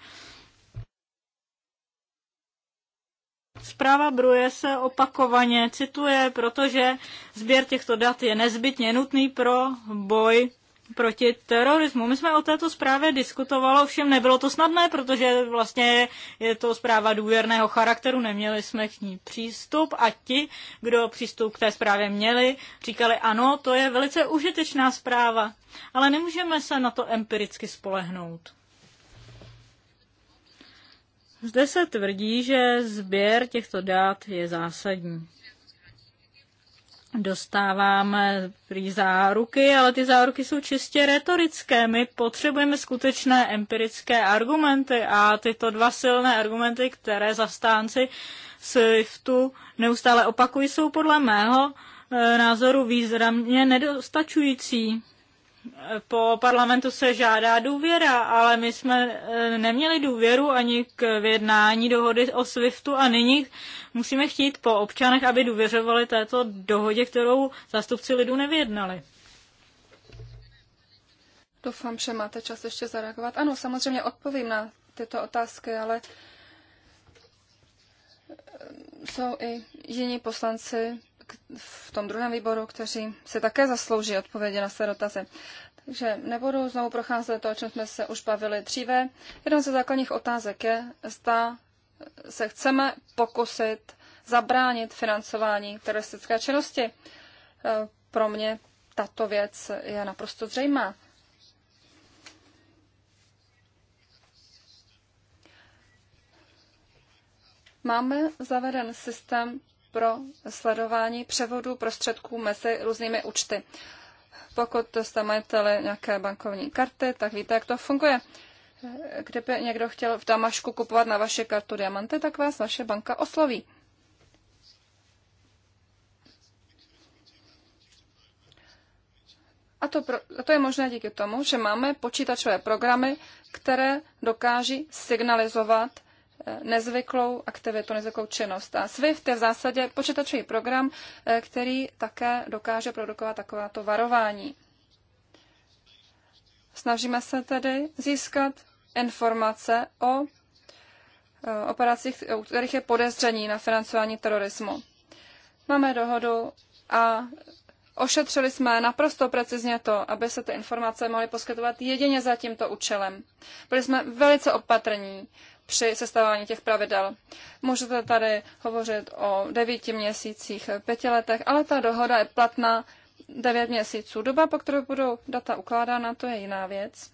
Zpráva Bruje se opakovaně cituje, protože sběr těchto dat je nezbytně nutný pro boj proti terorismu. My jsme o této zprávě diskutovali, ovšem nebylo to snadné, protože vlastně je to zpráva důvěrného charakteru, neměli jsme k ní přístup a ti, kdo přístup k té zprávě měli, říkali ano, to je velice užitečná zpráva, ale nemůžeme se na to empiricky spolehnout. Zde se tvrdí, že sběr těchto dát je zásadní dostáváme prý záruky, ale ty záruky jsou čistě retorické. My potřebujeme skutečné empirické argumenty a tyto dva silné argumenty, které zastánci SWIFTu neustále opakují, jsou podle mého e, názoru významně nedostačující po parlamentu se žádá důvěra, ale my jsme eh, neměli důvěru ani k vyjednání dohody o SWIFTu a nyní musíme chtít po občanech, aby důvěřovali této dohodě, kterou zástupci lidů nevyjednali. Doufám, že máte čas ještě zareagovat. Ano, samozřejmě odpovím na tyto otázky, ale eh, jsou i jiní poslanci, v tom druhém výboru, kteří se také zaslouží odpovědi na své dotazy. Takže nebudu znovu procházet to, o čem jsme se už bavili dříve. jednou ze základních otázek je, zda se chceme pokusit zabránit financování teroristické činnosti. E, pro mě tato věc je naprosto zřejmá. Máme zaveden systém pro sledování převodu prostředků mezi různými účty. Pokud jste majiteli nějaké bankovní karty, tak víte, jak to funguje. Kdyby někdo chtěl v Damašku kupovat na vaši kartu diamanty, tak vás vaše banka osloví. A to, pro, a to je možné díky tomu, že máme počítačové programy, které dokáží signalizovat nezvyklou aktivitu, nezvyklou činnost. A SWIFT je v zásadě počítačový program, eh, který také dokáže produkovat takováto varování. Snažíme se tedy získat informace o eh, operacích, u kterých je podezření na financování terorismu. Máme dohodu a ošetřili jsme naprosto precizně to, aby se ty informace mohly poskytovat jedině za tímto účelem. Byli jsme velice opatrní, při sestavování těch pravidel. Můžete tady hovořit o devíti měsících, pěti letech, ale ta dohoda je platná devět měsíců. Doba, po kterou budou data ukládána, to je jiná věc.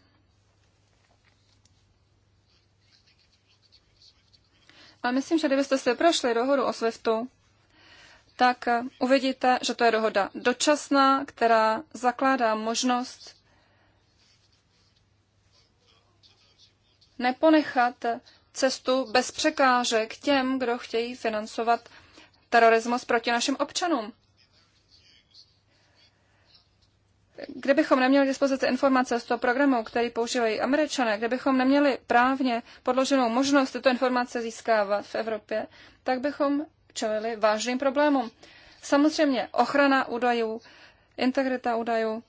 Ale myslím, že kdybyste si prošli dohodu o SWIFTu, tak uvidíte, že to je dohoda dočasná, která zakládá možnost neponechat cestu bez překážek těm, kdo chtějí financovat terorismus proti našim občanům. Kdybychom neměli dispozici informace z toho programu, který používají američané, kdybychom neměli právně podloženou možnost tyto informace získávat v Evropě, tak bychom čelili vážným problémům. Samozřejmě ochrana údajů, integrita údajů,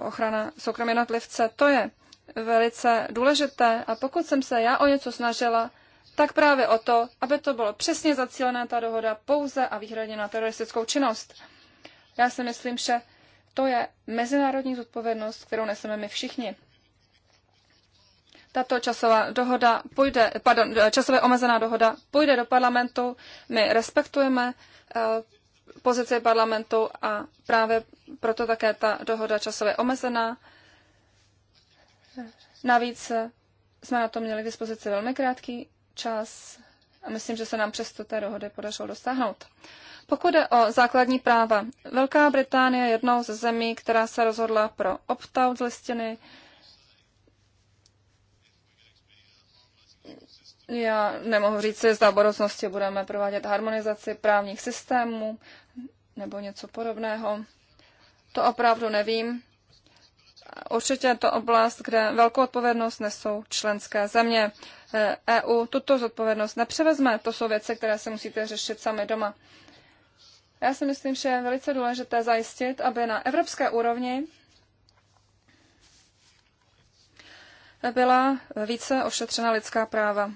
ochrana soukromí jednotlivce, to je velice důležité. A pokud jsem se já o něco snažila, tak právě o to, aby to bylo přesně zacílené ta dohoda pouze a výhradně na teroristickou činnost. Já si myslím, že to je mezinárodní zodpovědnost, kterou neseme my všichni. Tato časová dohoda půjde, pardon, časově omezená dohoda půjde do parlamentu. My respektujeme eh, pozici parlamentu a právě proto také ta dohoda časově omezená Navíc eh, jsme na to měli k dispozici velmi krátký čas a myslím, že se nám přesto té dohody podařilo dosáhnout. Pokud jde o základní práva, Velká Británie je jednou ze zemí, která se rozhodla pro opt-out z listiny. Já nemohu říct, že zda v budoucnosti budeme provádět harmonizaci právních systémů nebo něco podobného. To opravdu nevím. Určitě je to oblast, kde velkou odpovědnost nesou členské země. EU eh, e tuto zodpovědnost nepřevezme. To jsou věci, které se musíte řešit sami doma. Já si myslím, že je velice důležité zajistit, aby na evropské úrovni byla více ošetřena lidská práva.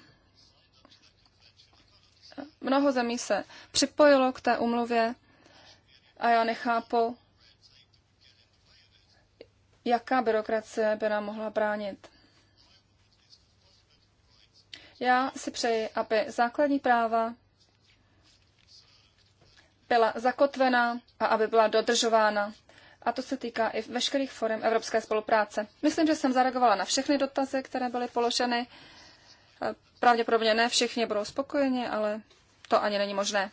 Mnoho zemí se připojilo k té umluvě a já nechápu, jaká byrokracie by nám mohla bránit. Já si přeji, aby základní práva byla zakotvena a aby byla dodržována. A to se týká i veškerých forem evropské spolupráce. Myslím, že jsem zareagovala na všechny dotazy, které byly položeny. Pravděpodobně ne všichni budou spokojeni, ale to ani není možné.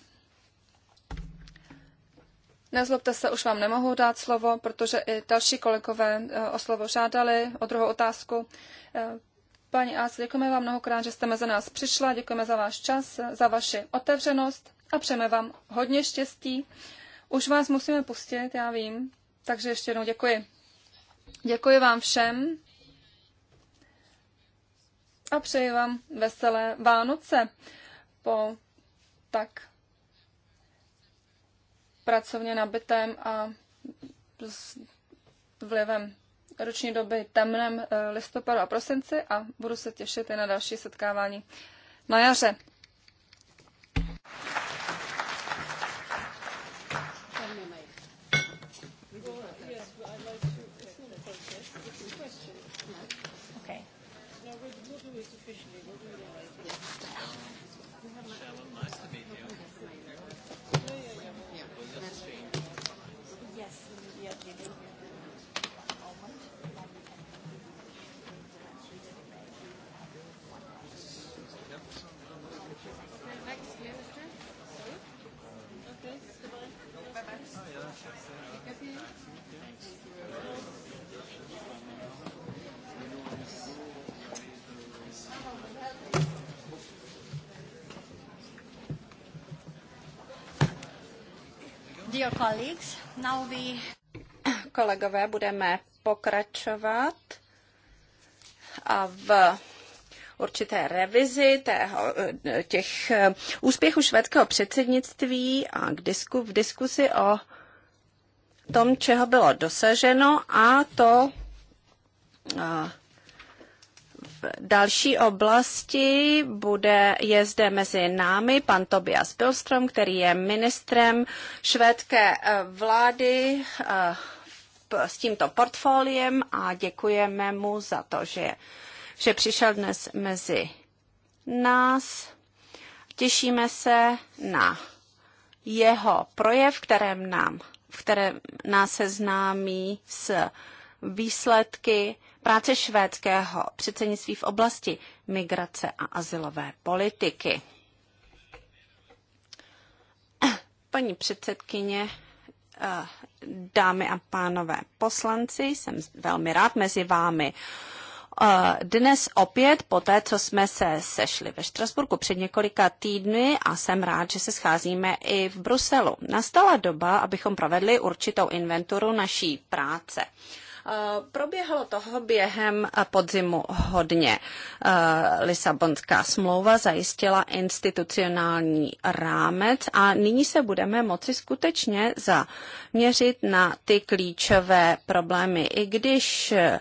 Nezlobte se, už vám nemohu dát slovo, protože i další kolegové eh, o slovo žádali, o druhou otázku. Eh, Paní Ás, děkujeme vám mnohokrát, že jste mezi nás přišla, děkujeme za váš čas, eh, za vaši otevřenost a přejeme vám hodně štěstí. Už vás musíme pustit, já vím, takže ještě jednou děkuji. Děkuji vám všem a přeji vám veselé Vánoce po tak pracovně nabitém a s vlivem roční doby temném eh, listopadu a prosinci a budu se těšit i na další setkávání na jaře. Okay. Now do officially. do Dear colleagues, now we... Kolegové, budeme pokračovat a v určité revizi tého, těch eh, úspěchů švédského předsednictví a k disku, v diskusi o tom, čeho bylo dosaženo a to a eh, další oblasti bude, je zde mezi námi pan Tobias Pilstrom, který je ministrem švédské eh, vlády eh, s tímto portfoliem a děkujeme mu za to, že, že přišel dnes mezi nás. Těšíme se na jeho projev, kterém nám, v kterém nás seznámí s výsledky práce švédského předsednictví v oblasti migrace a asilové politiky. Paní předsedkyně, eh, dámy a pánové poslanci, jsem velmi rád mezi vámi. Eh, dnes opět, po té, co jsme se sešli ve Štrasburku před několika týdny a jsem rád, že se scházíme i v Bruselu. Nastala doba, abychom provedli určitou inventuru naší práce. Eh, proběhlo toho během podzimu hodně. Eh, Lisabonská smlouva zajistila institucionální rámec a nyní se budeme moci skutečně zaměřit na ty klíčové problémy. I když eh,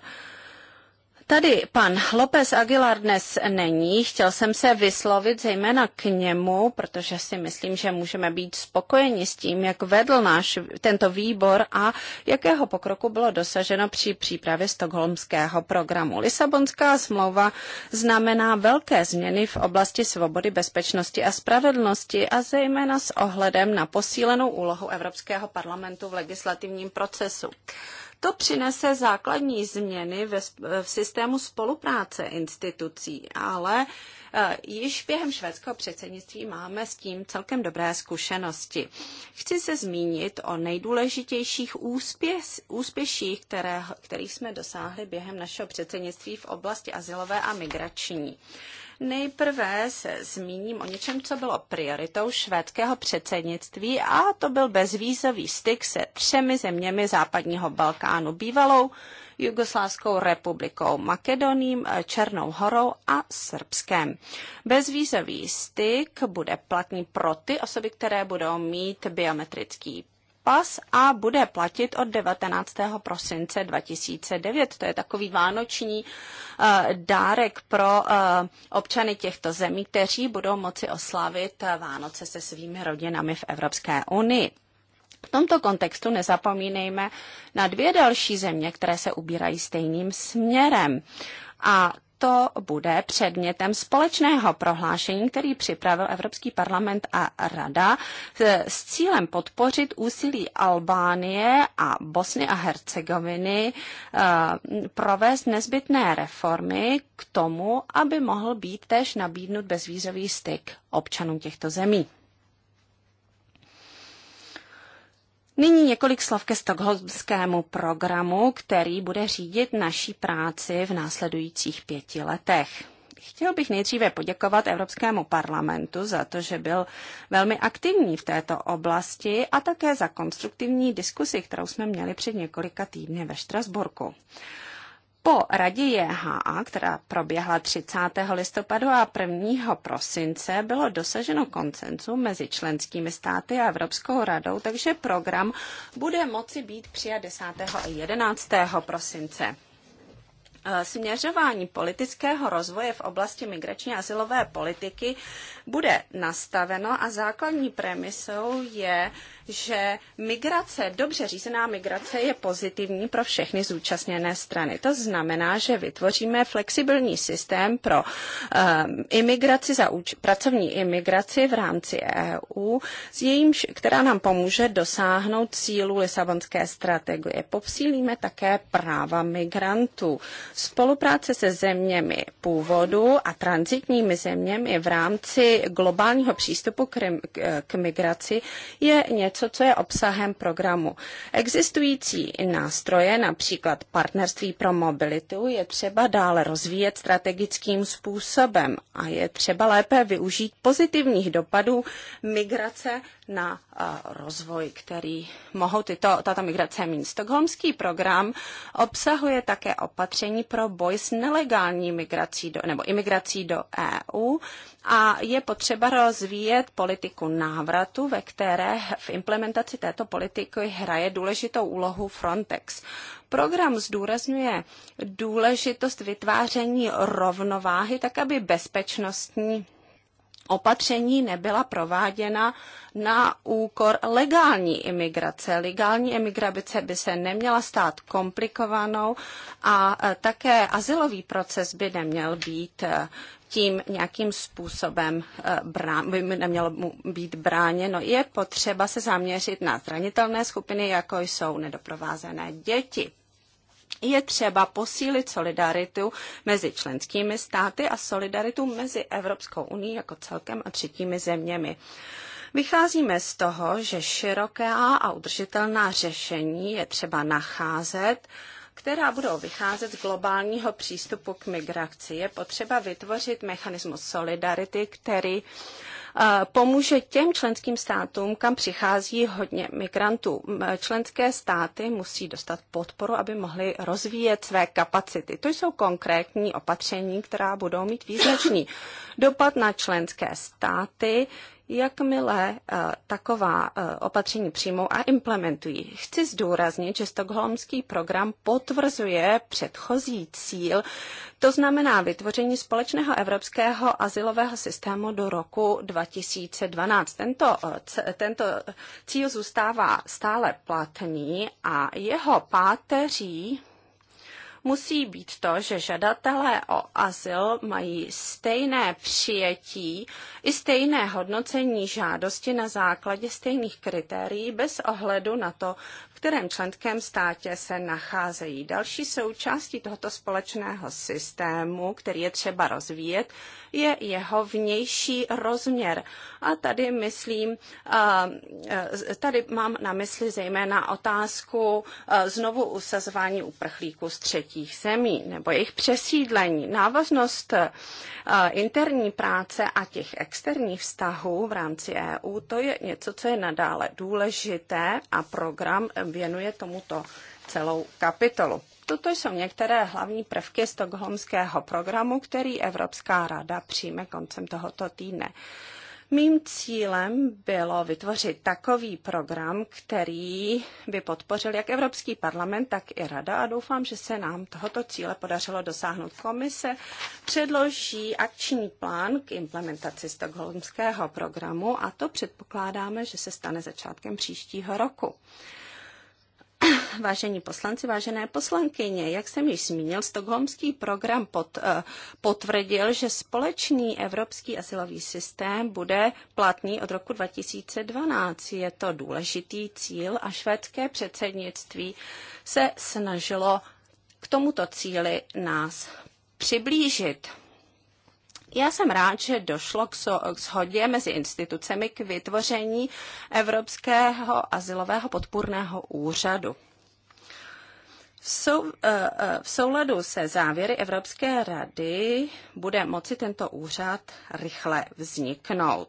Tady pan López Aguilar dnes není. Chtěl jsem se vyslovit zejména k němu, protože si myslím, že můžeme být spokojeni s tím, jak vedl náš tento výbor a jakého pokroku bylo dosaženo při přípravě stokholmského programu. Lisabonská smlouva znamená velké změny v oblasti svobody, bezpečnosti a spravedlnosti a zejména s ohledem na posílenou úlohu Evropského parlamentu v legislativním procesu. To přinese základní změny ve, v systému spolupráce institucí, ale e, již během švédského předsednictví máme s tím celkem dobré zkušenosti. Chci se zmínit o nejdůležitějších úspěch, úspěších, které, kterých jsme dosáhli během našeho předsednictví v oblasti asilové a migrační. Nejprve se zmíním o něčem, co bylo prioritou švédského předsednictví a to byl bezvýzový styk se třemi zeměmi západního Balkánu, bývalou Jugoslávskou republikou, Makedoním, Černou horou a Srbskem. Bezvízový styk bude platný pro ty osoby, které budou mít biometrický pas a bude platit od 19. prosince 2009. To je takový vánoční eh, dárek pro eh, občany těchto zemí, kteří budou moci oslavit eh, Vánoce se svými rodinami v Evropské unii. V tomto kontextu nezapomínejme na dvě další země, které se ubírají stejným směrem a to bude předmětem společného prohlášení, který připravil Evropský parlament a Rada e, s cílem podpořit úsilí Albánie a Bosny a Hercegoviny e, provést nezbytné reformy k tomu, aby mohl být též nabídnut bezvízový styk občanům těchto zemí. Nyní několik slov ke stokholmskému programu, který bude řídit naší práci v následujících pěti letech. Chtěl bych nejdříve poděkovat Evropskému parlamentu za to, že byl velmi aktivní v této oblasti a také za konstruktivní diskusi, kterou jsme měli před několika týdny ve Štrasburku. Po radě JHA, která proběhla 30. listopadu a 1. prosince, bylo dosaženo koncenzu mezi členskými státy a Evropskou radou, takže program bude moci být přijat 10. a 11. prosince. Eh, směřování politického rozvoje v oblasti migrační asilové politiky bude nastaveno a základní premisou je že migrace, dobře řízená migrace je pozitivní pro všechny zúčastněné strany. To znamená, že vytvoříme flexibilní systém pro um, imigraci za úč- pracovní imigraci v rámci EU, s jejímž, která nám pomůže dosáhnout cílu Lisabonské strategie. Popsílíme také práva migrantů. Spolupráce se zeměmi původu a transitními zeměmi v rámci globálního přístupu k, k migraci je něco, něco, co je obsahem programu. Existující nástroje, například partnerství pro mobilitu, je třeba dále rozvíjet strategickým způsobem a je třeba lépe využít pozitivních dopadů migrace na rozvoj, který mohou tyto, tato migrace mít. Stockholmský program obsahuje také opatření pro boj s nelegální migrací do, nebo imigrací do EU a je potřeba rozvíjet politiku návratu, ve které v implementaci této politiky hraje důležitou úlohu Frontex. Program zdůrazňuje důležitost vytváření rovnováhy, tak aby bezpečnostní opatření nebyla prováděna na úkor legální imigrace. Legální imigrace by se neměla stát komplikovanou a e, také asilový proces by neměl být e, tím nějakým způsobem e, brán, by nemělo být bráněno. Je potřeba se zaměřit na zranitelné skupiny, jako jsou nedoprovázené děti je třeba posílit solidaritu mezi členskými státy a solidaritu mezi Evropskou unii jako celkem a třetími zeměmi. Vycházíme z toho, že široká a udržitelná řešení je třeba nacházet která budou vycházet z globálního přístupu k migraci. Je potřeba vytvořit mechanismus solidarity, který uh, pomůže těm členským státům, kam přichází hodně migrantů. Členské státy musí dostat podporu, aby mohly rozvíjet své kapacity. To jsou konkrétní opatření, která budou mít význačný dopad na členské státy jakmile eh, taková eh, opatření přijmou a implementují. Chci zdůraznit, že stokholmský program potvrzuje předchozí cíl, to znamená vytvoření společného evropského asilového systému do roku 2012. Tento, eh, tento cíl zůstává stále platný a jeho páteří musí být to, že žadatelé o azyl mají stejné přijetí i stejné hodnocení žádosti na základě stejných kritérií bez ohledu na to, kterém členském státě se nacházejí. Další součástí tohoto společného systému, který je třeba rozvíjet, je jeho vnější rozměr. A tady myslím, tady mám na mysli zejména otázku znovu usazování uprchlíků z třetích zemí nebo jejich přesídlení. Návaznost interní práce a těch externích vztahů v rámci EU, to je něco, co je nadále důležité a program věnuje tomuto celou kapitolu. Toto jsou některé hlavní prvky stokholmského programu, který Evropská rada přijme koncem tohoto týdne. Mým cílem bylo vytvořit takový program, který by podpořil jak Evropský parlament, tak i Rada a doufám, že se nám tohoto cíle podařilo dosáhnout. Komise předloží akční plán k implementaci stokholmského programu a to předpokládáme, že se stane začátkem příštího roku. [clears throat] Vážení poslanci, vážené poslankyně, jak jsem již zmínil, stokholmský program pod, eh, potvrdil, že společný evropský asilový systém bude platný od roku 2012. Je to důležitý cíl a švédské předsednictví se snažilo k tomuto cíli nás přiblížit. Já jsem rád, že došlo k, so, k shodě mezi institucemi k vytvoření Evropského asilového podpůrného úřadu. V, sou, eh, eh, v souladu se závěry Evropské rady bude moci tento úřad rychle vzniknout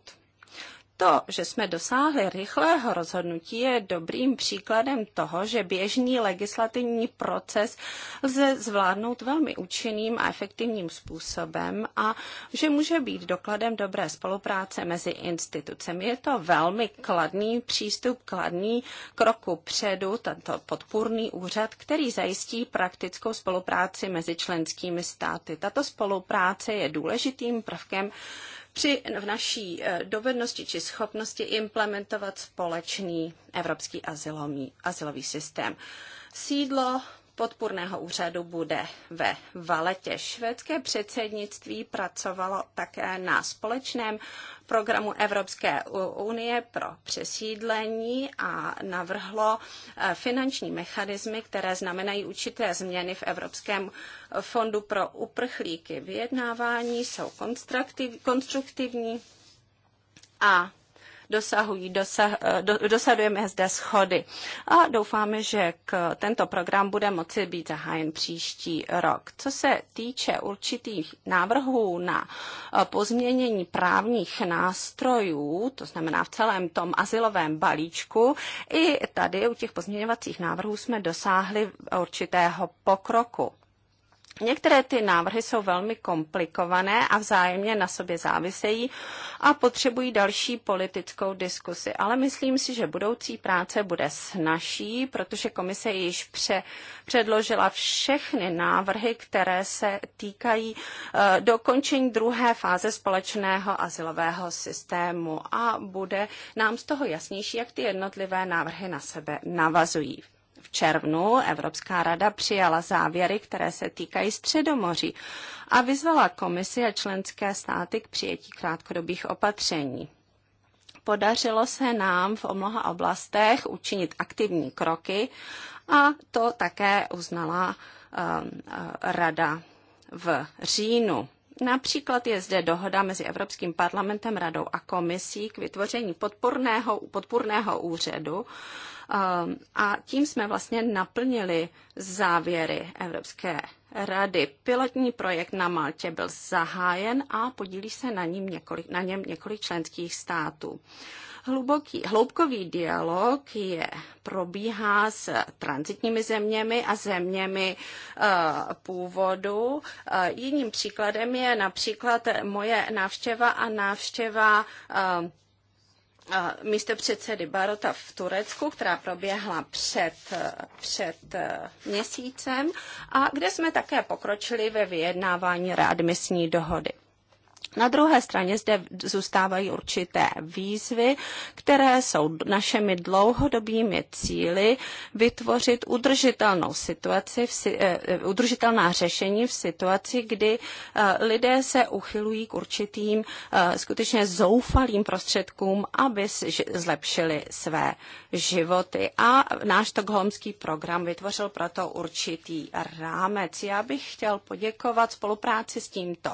to, že jsme dosáhli rychlého rozhodnutí, je dobrým příkladem toho, že běžný legislativní proces lze zvládnout velmi účinným a efektivním způsobem a že může být dokladem dobré spolupráce mezi institucemi. Je to velmi kladný přístup, kladný kroku předu, tento podpůrný úřad, který zajistí praktickou spolupráci mezi členskými státy. Tato spolupráce je důležitým prvkem při no, v naší eh, dovednosti či schopnosti implementovat společný evropský azylový, azylový systém. Sídlo podpůrného úřadu bude ve Valetě. Švédské předsednictví pracovalo také na společném programu Evropské unie pro přesídlení a navrhlo eh, finanční mechanismy, které znamenají určité změny v Evropském fondu pro uprchlíky. Vyjednávání jsou konstruktivní a dosahují, dosah, eh, do, dosadujeme zde schody. A doufáme, že k, tento program bude moci být zahájen příští rok. Co se týče určitých návrhů na eh, pozměnění právních nástrojů, to znamená v celém tom asilovém balíčku, i tady u těch pozměňovacích návrhů jsme dosáhli určitého pokroku. Některé ty návrhy jsou velmi komplikované a vzájemně na sobě závisejí a potřebují další politickou diskusi. Ale myslím si, že budoucí práce bude snažší, protože komise již pře- předložila všechny návrhy, které se týkají e, dokončení druhé fáze společného asilového systému a bude nám z toho jasnější, jak ty jednotlivé návrhy na sebe navazují v červnu Evropská rada přijala závěry, které se týkají Středomoří a vyzvala komisi a členské státy k přijetí krátkodobých opatření podařilo se nám v mnoha oblastech učinit aktivní kroky a to také uznala um, uh, Rada v říjnu. Například je zde dohoda mezi Evropským parlamentem, Radou a Komisí k vytvoření podporného, podporného úřadu Um, a tím jsme vlastně naplnili závěry Evropské rady. Pilotní projekt na Maltě byl zahájen a podílí se na, ním několik, na něm několik členských států. Hluboký, hloubkový dialog je, probíhá s transitními zeměmi a zeměmi e, původu. E, jiným příkladem je například moje návštěva a návštěva e, místo předsedy Barota v Turecku, která proběhla před, před eh, měsícem a kde jsme také pokročili ve vyjednávání readmisní dohody. Na druhé straně zde zůstávají určité výzvy, které jsou našimi dlouhodobými cíly vytvořit udržitelnou situaci, eh, eh, udržitelná řešení v situaci, kdy eh, lidé se uchylují k určitým skutečně zoufalým prostředkům, aby zlepšili své životy. A náš stokholmský program vytvořil proto určitý rámec. Já bych chtěl poděkovat spolupráci s tímto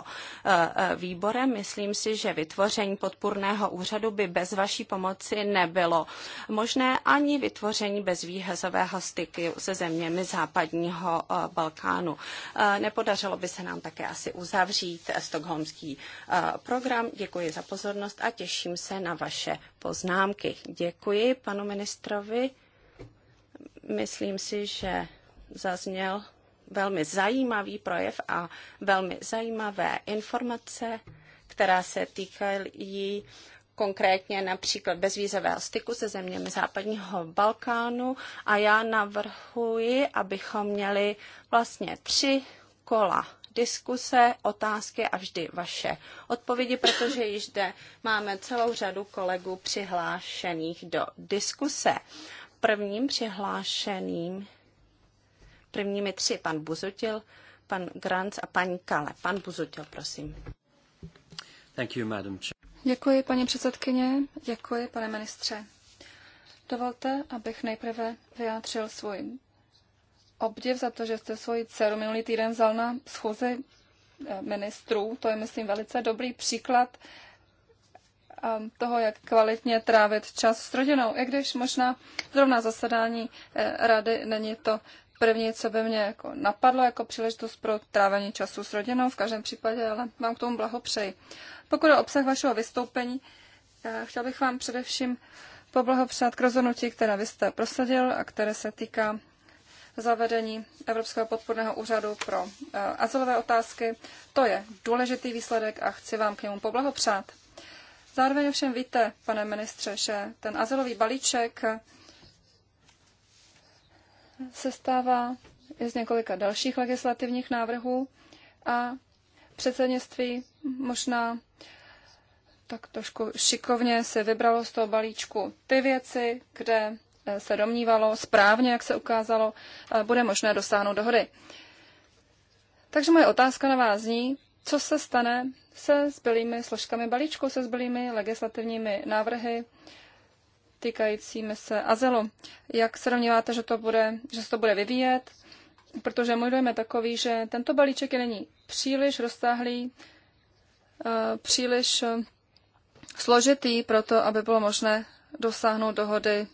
výborem výborem. Myslím si, že vytvoření podpůrného úřadu by bez vaší pomoci nebylo možné ani vytvoření bezvýhazového styku se zeměmi západního eh, Balkánu. Eh, nepodařilo by se nám také asi uzavřít stokholmský eh, program. Děkuji za pozornost a těším se na vaše poznámky. Děkuji panu ministrovi. Myslím si, že zazněl velmi zajímavý projev a velmi zajímavé informace, která se týkají konkrétně například bezvízového styku se zeměmi západního Balkánu a já navrhuji, abychom měli vlastně tři kola diskuse, otázky a vždy vaše odpovědi, protože již zde máme celou řadu kolegů přihlášených do diskuse. Prvním přihlášeným Prvními tři, pan Buzutil, pan Grant a paní Kale. Pan Buzutil, prosím. Thank you, madam. Děkuji, paní předsedkyně, děkuji, pane ministře. Dovolte, abych nejprve vyjádřil svůj obdiv za to, že jste svoji dceru minulý týden vzal na schůzi eh, ministrů. To je, myslím, velice dobrý příklad ehm, toho, jak kvalitně trávit čas s rodinou. I když možná zrovna zasedání eh, rady není to první, co by mě jako napadlo jako příležitost pro trávení času s rodinou, v každém případě, ale vám k tomu blahopřeji. Pokud je obsah vašeho vystoupení, chtěl bych vám především poblahopřát k rozhodnutí, které vy jste prosadil a které se týká zavedení Evropského podporného úřadu pro eh, azylové otázky. To je důležitý výsledek a chci vám k němu poblahopřát. Zároveň ovšem víte, pane ministře, že ten azylový balíček se stává z několika dalších legislativních návrhů a předsednictví možná tak trošku šikovně se vybralo z toho balíčku ty věci, kde eh, se domnívalo správně, jak se ukázalo, bude možné dosáhnout dohody. Takže moje otázka na vás zní, co se stane se zbylými složkami balíčku, se zbylými legislativními návrhy, týkajícími se azylu. Jak se domníváte, že, to bude, že se to bude vyvíjet? Protože můj dojem je takový, že tento balíček není příliš rozsáhlý, eh, příliš eh, složitý pro to, aby bylo možné dosáhnout dohody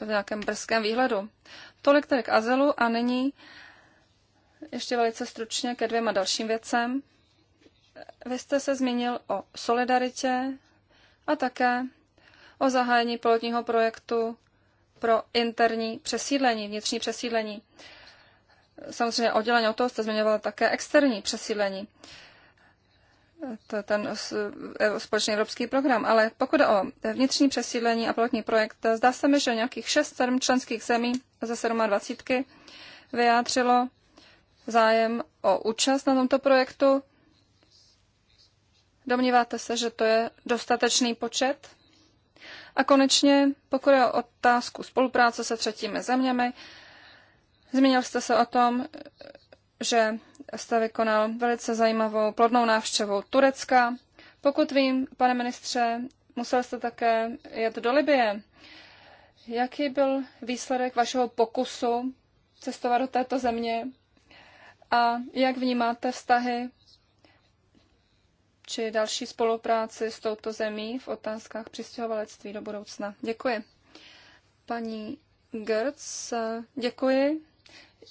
v nějakém brzkém výhledu. Tolik tedy k azylu a nyní ještě velice stručně ke dvěma dalším věcem. Vy jste se zmínil o solidaritě a také o zahájení pilotního projektu pro interní přesídlení, vnitřní přesídlení. Samozřejmě odděleně o toho jste zmiňovala také externí přesídlení. To je ten e- společný evropský program. Ale pokud o vnitřní přesídlení a pilotní projekt, zdá se mi, že nějakých 6-7 členských zemí ze 27 vyjádřilo zájem o účast na tomto projektu. Domníváte se, že to je dostatečný počet? A konečně, pokud je o otázku spolupráce se třetími zeměmi, zmínil jste se o tom, že jste vykonal velice zajímavou plodnou návštěvu Turecka. Pokud vím, pane ministře, musel jste také jet do Libie. Jaký byl výsledek vašeho pokusu cestovat do této země a jak vnímáte vztahy či další spolupráci s touto zemí v otázkách přistěhovalectví do budoucna. Děkuji. Paní Gertz, děkuji.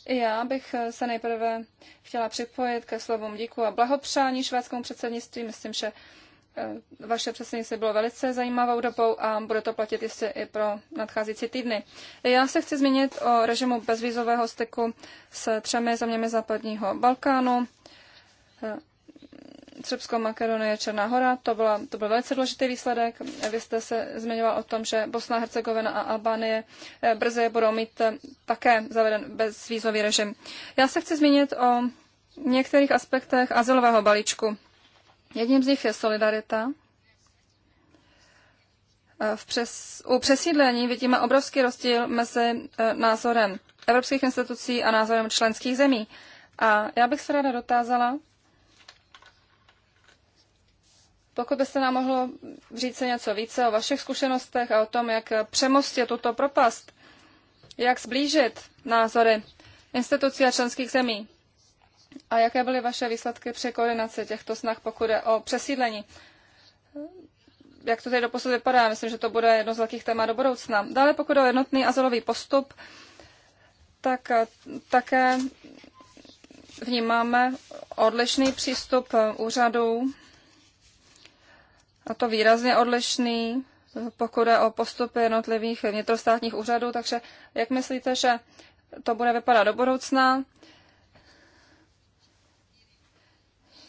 Já bych se nejprve chtěla připojit ke slovům díku a blahopřání švédskému předsednictví. Myslím, že eh, vaše předsednictví bylo velice zajímavou dobou a bude to platit jistě i pro nadcházející týdny. Já se chci zmínit o režimu bezvízového styku s třemi zeměmi západního Balkánu. Eh, Srbsko, Makedonie, Černá hora. To, byla, to byl velice důležitý výsledek. Vy jste se zmiňoval o tom, že Bosna, Hercegovina a Albánie eh, brzy budou mít eh, také zaveden bezvízový režim. Já se chci zmínit o některých aspektech azylového balíčku. Jedním z nich je solidarita. Eh, v přes, u přesídlení vidíme obrovský rozdíl mezi názorem evropských institucí a názorem členských zemí. A já bych se ráda dotázala, Pokud byste nám mohlo říct něco více o vašich zkušenostech a o tom, jak přemostit tuto propast, jak zblížit názory institucí a členských zemí a jaké byly vaše výsledky při koordinaci těchto snah, pokud je o přesídlení. Jak to tady doposud vypadá, myslím, že to bude jedno z velkých témat do budoucna. Dále pokud je o jednotný azylový postup, tak eh, také vnímáme odlišný přístup úřadů a to výrazně odlišný, pokud je o postupy jednotlivých vnitrostátních úřadů. Takže jak myslíte, že to bude vypadat do budoucna?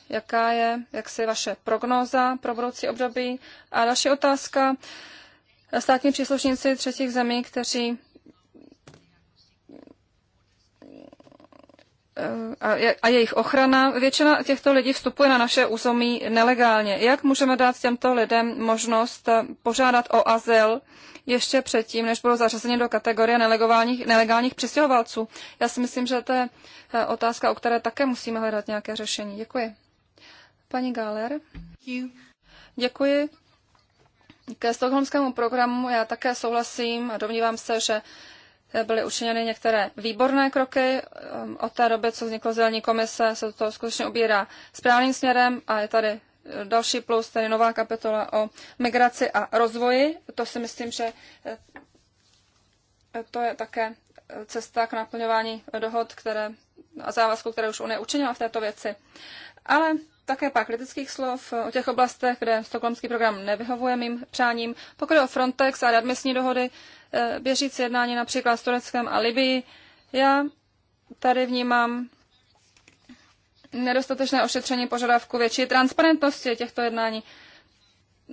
Jaká je, jak si vaše prognóza pro budoucí období? A další otázka. Státní příslušníci třetích zemí, kteří a, jejich ochrana. Většina těchto lidí vstupuje na naše území nelegálně. Jak můžeme dát těmto lidem možnost eh, požádat o azyl ještě předtím, než budou zařazeni do kategorie nelegálních, nelegálních přistěhovalců? Já si myslím, že to je eh, otázka, o které také musíme hledat nějaké řešení. Děkuji. Paní Gáler. Děkuji. Ke stokholmskému programu já také souhlasím a domnívám se, že byly učiněny některé výborné kroky. Ehm, od té doby, co vzniklo zelení komise, se to skutečně ubírá správným směrem a je tady eh, další plus, tady nová kapitola o migraci a rozvoji. To si myslím, že eh, to je také eh, cesta k naplňování dohod které, a závazků, které už Unie učinila v této věci. Ale také pár kritických slov o těch oblastech, kde stokholmský program nevyhovuje mým přáním. Pokud je o Frontex a readmisní dohody, Eh, běžící jednání například s Tureckem a Libii. Já tady vnímám nedostatečné ošetření požadavku větší transparentnosti těchto jednání.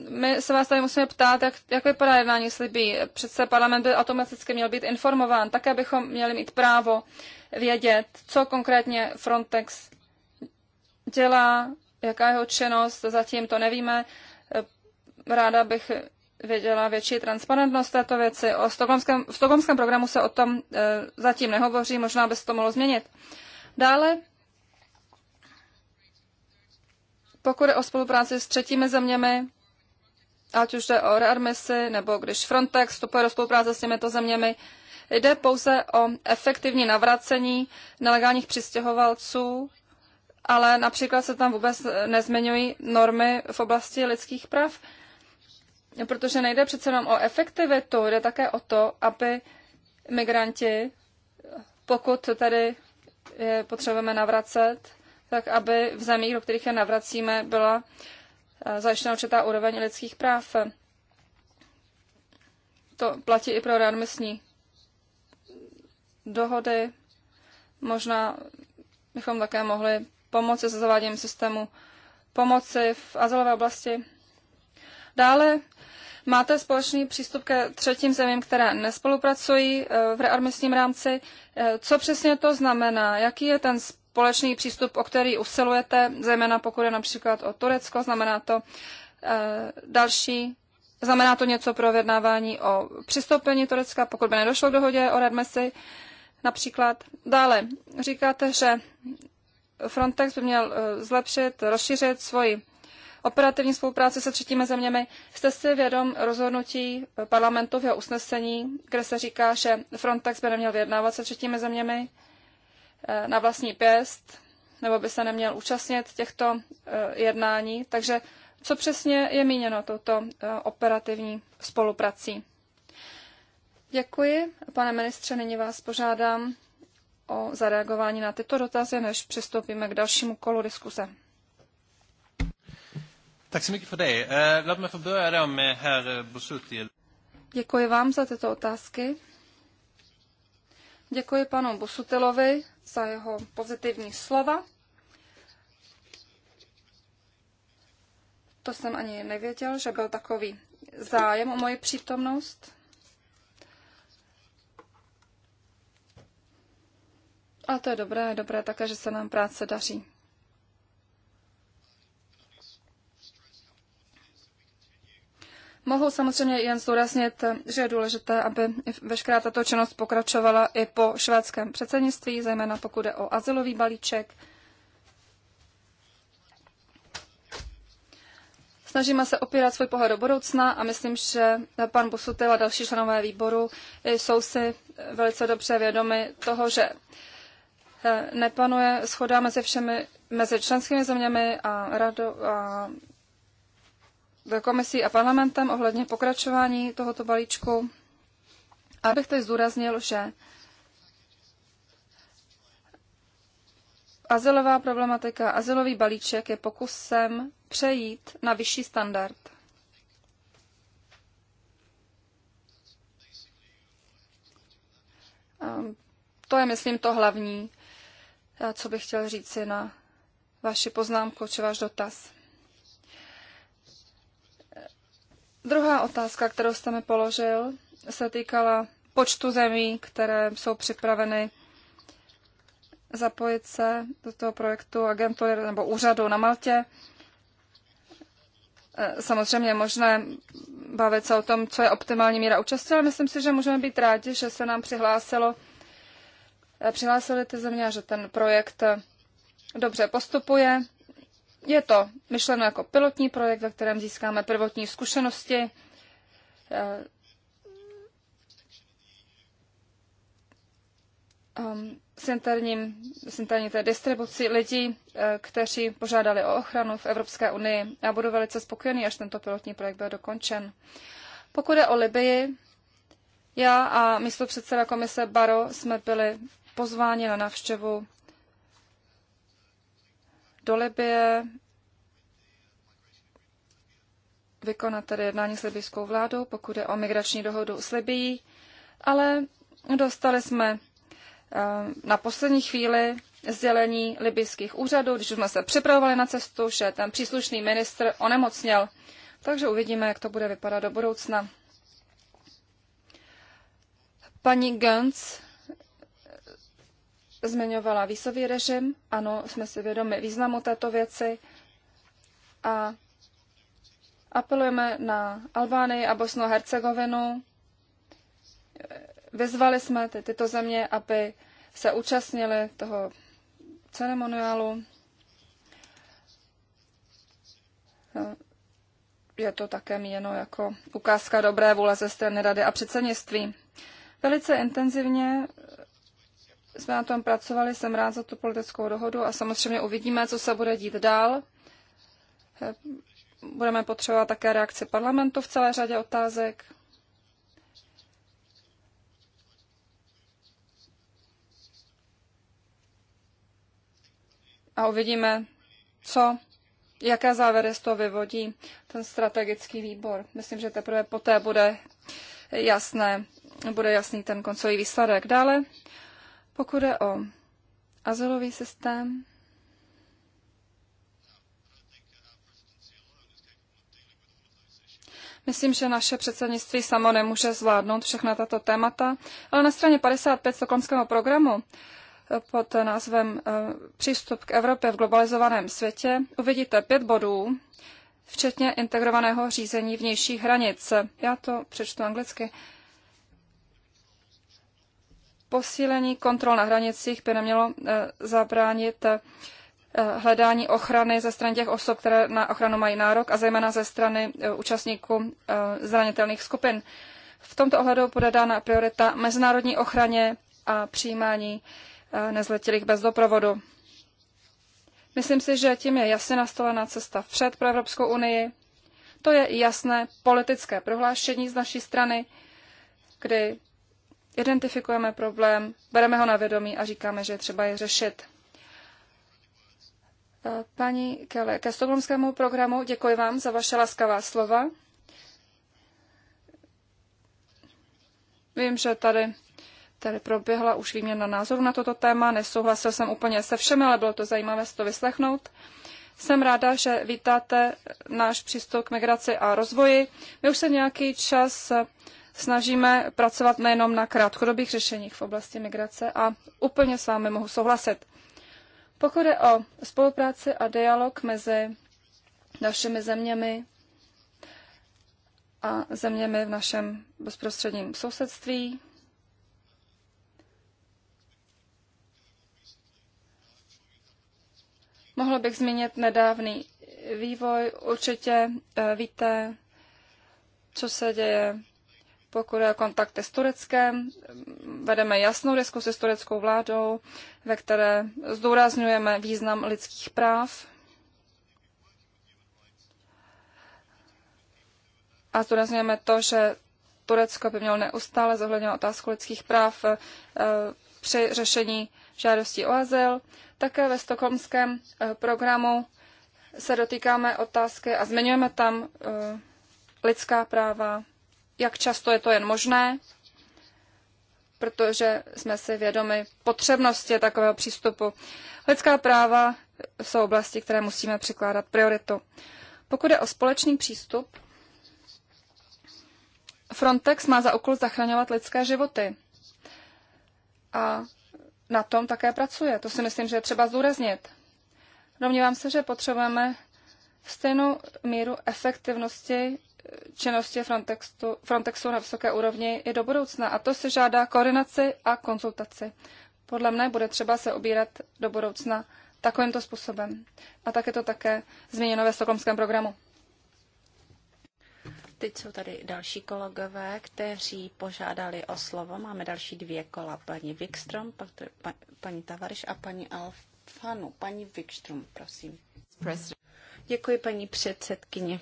My se vás tady musíme ptát, jak, jak vypadá jednání s Libií. Přece parlament by automaticky měl být informován, také bychom měli mít právo vědět, co konkrétně Frontex dělá, jaká jeho činnost, zatím to nevíme. Ráda bych Věděla větší transparentnost této věci. O stokholmském, v stokholmském programu se o tom e, zatím nehovoří, možná by se to mohlo změnit. Dále, pokud je o spolupráci s třetími zeměmi, ať už jde o rearmisy, nebo když Frontex vstupuje do spolupráce s těmito zeměmi, jde pouze o efektivní navracení nelegálních přistěhovalců, ale například se tam vůbec nezmiňují normy v oblasti lidských práv. No, protože nejde přece jenom o efektivitu, jde také o to, aby migranti, pokud tady je potřebujeme navracet, tak aby v zemích, do kterých je navracíme, byla eh, zajištěna určitá úroveň lidských práv. To platí i pro readmisní dohody. Možná bychom také mohli pomoci se zaváděním systému pomoci v azylové oblasti. Dále máte společný přístup ke třetím zemím, které nespolupracují eh, v rearmistním rámci. Eh, co přesně to znamená? Jaký je ten společný přístup, o který usilujete, zejména pokud je například o Turecko? Znamená to eh, další Znamená to něco pro vyjednávání o přistoupení Turecka, pokud by nedošlo k dohodě o readmisi například. Dále říkáte, že Frontex by měl zlepšit, rozšířit svoji operativní spolupráci se třetími zeměmi. Jste si vědom rozhodnutí parlamentu v jeho usnesení, kde se říká, že Frontex by neměl vyjednávat se třetími zeměmi eh, na vlastní pěst, nebo by se neměl účastnit těchto eh, jednání. Takže co přesně je míněno touto eh, operativní spoluprací? Děkuji. Pane ministře, nyní vás požádám o zareagování na tyto dotazy, než přistoupíme k dalšímu kolu diskuse. Tack så mycket för det. Eh, låt mig få börja då med herr Bosutil. Děkuji vám za tyto otázky. Děkuji panu Bosutilovi za jeho pozitivní slova. To jsem ani nevěděl, že byl takový zájem o moji přítomnost. A to je dobré, je dobré také, že se nám práce daří. Mohu samozřejmě jen zdůraznit, že je důležité, aby veškerá tato činnost pokračovala i po švédském předsednictví, zejména pokud jde o azylový balíček. Snažíme se opírat svůj pohled do budoucna a myslím, že pan Busutil a další členové výboru jsou si velice dobře vědomi toho, že eh, nepanuje schoda mezi všemi, mezi členskými zeměmi a, rado, a komisí a parlamentem ohledně pokračování tohoto balíčku. A bych teď zdůraznil, že azylová problematika, azylový balíček je pokusem přejít na vyšší standard. Ehm, to je, myslím, to hlavní, eh, co bych chtěl říci na vaši poznámku či váš dotaz. Druhá otázka, kterou jste mi položil, se týkala počtu zemí, které jsou připraveny zapojit se do toho projektu agentury nebo úřadu na Maltě. E, samozřejmě je možné bavit se o tom, co je optimální míra účasti, ale myslím si, že můžeme být rádi, že se nám přihlásilo, e, přihlásili ty země a že ten projekt dobře postupuje. Je to myšleno jako pilotní projekt, ve kterém získáme prvotní zkušenosti. S, eh, ehm, interním, s interní té distribuci lidí, eh, kteří požádali o ochranu v Evropské unii. Já budu velice spokojený, až tento pilotní projekt byl dokončen. Pokud je o Libii, já a místo předseda komise Baro jsme byli pozváni na návštěvu do Libie, vykonat tedy jednání s libijskou vládou, pokud je o migrační dohodu s Libií, ale dostali jsme eh, na poslední chvíli sdělení libijských úřadů, když jsme se připravovali na cestu, že ten příslušný ministr onemocněl. Takže uvidíme, jak to bude vypadat do budoucna. Paní Gönc zmiňovala výsový režim. Ano, jsme si vědomi významu této věci a apelujeme na Albánii a Bosnu a Hercegovinu. Vyzvali jsme ty, tyto země, aby se účastnili toho ceremoniálu. Je to také měno jako ukázka dobré vůle ze strany rady a předsednictví. Velice intenzivně jsme na tom pracovali, jsem rád za tu politickou dohodu a samozřejmě uvidíme, co se bude dít dál. Budeme potřebovat také reakci parlamentu v celé řadě otázek. A uvidíme, co, jaké závěry z toho vyvodí ten strategický výbor. Myslím, že teprve poté bude jasné, bude jasný ten koncový výsledek. Dále pokud je o azylový systém, Myslím, že naše předsednictví samo nemůže zvládnout všechna tato témata, ale na straně 55 stokholmského programu eh, pod názvem eh, Přístup k Evropě v globalizovaném světě uvidíte pět bodů, včetně integrovaného řízení vnějších hranic. Já to přečtu anglicky. Posílení kontrol na hranicích by nemělo eh, zabránit eh, hledání ochrany ze strany těch osob, které na ochranu mají nárok a zejména ze strany eh, účastníků zranitelných skupin. V tomto ohledu bude dána priorita mezinárodní ochraně a přijímání nezletilých bez doprovodu. Myslím si, že tím je jasně nastolená cesta vpřed pro Evropskou unii. To je jasné politické prohlášení z naší strany, kdy identifikujeme problém, bereme ho na vědomí a říkáme, že je třeba je řešit. Eh, paní Kele, ke stokholmskému programu děkuji vám za vaše laskavá slova. Vím, že tady, tady proběhla už výměna názoru na toto téma. Nesouhlasil jsem úplně se všemi, ale bylo to zajímavé si to vyslechnout. Jsem ráda, že vítáte náš přístup k migraci a rozvoji. My už se nějaký čas snažíme pracovat nejenom na krátkodobých řešeních v oblasti migrace a úplně s vámi mohu souhlasit. Pokud je o spolupráci a dialog mezi našimi zeměmi a zeměmi v našem bezprostředním sousedství, Mohla bych zmínit nedávný vývoj. Určitě eh, víte, co se děje pokud je kontakty s Tureckem. Vedeme jasnou diskusi s tureckou vládou, ve které zdůrazňujeme význam lidských práv. A zdůrazňujeme to, že Turecko by mělo neustále zohledňovat otázku lidských práv eh, při řešení žádostí o azyl. Také ve stokholmském eh, programu se dotýkáme otázky a zmiňujeme tam eh, lidská práva, jak často je to jen možné, protože jsme si vědomi potřebnosti takového přístupu. Lidská práva jsou oblasti, které musíme přikládat prioritu. Pokud je o společný přístup, Frontex má za úkol zachraňovat lidské životy. A na tom také pracuje. To si myslím, že je třeba zúraznit. Domnívám se, že potřebujeme stejnou míru efektivnosti činnosti Frontexu, Frontexu na vysoké úrovni i do budoucna. A to se žádá koordinaci a konzultaci. Podle mne bude třeba se obírat do budoucna takovýmto způsobem. A tak je to také změněno ve stokholmském programu. Teď jsou tady další kolegové, kteří požádali o slovo. Máme další dvě kola. Paní Wikström, pa, paní Tavariš a paní Alfanu. Paní Wikström, prosím. Děkuji, paní předsedkyně.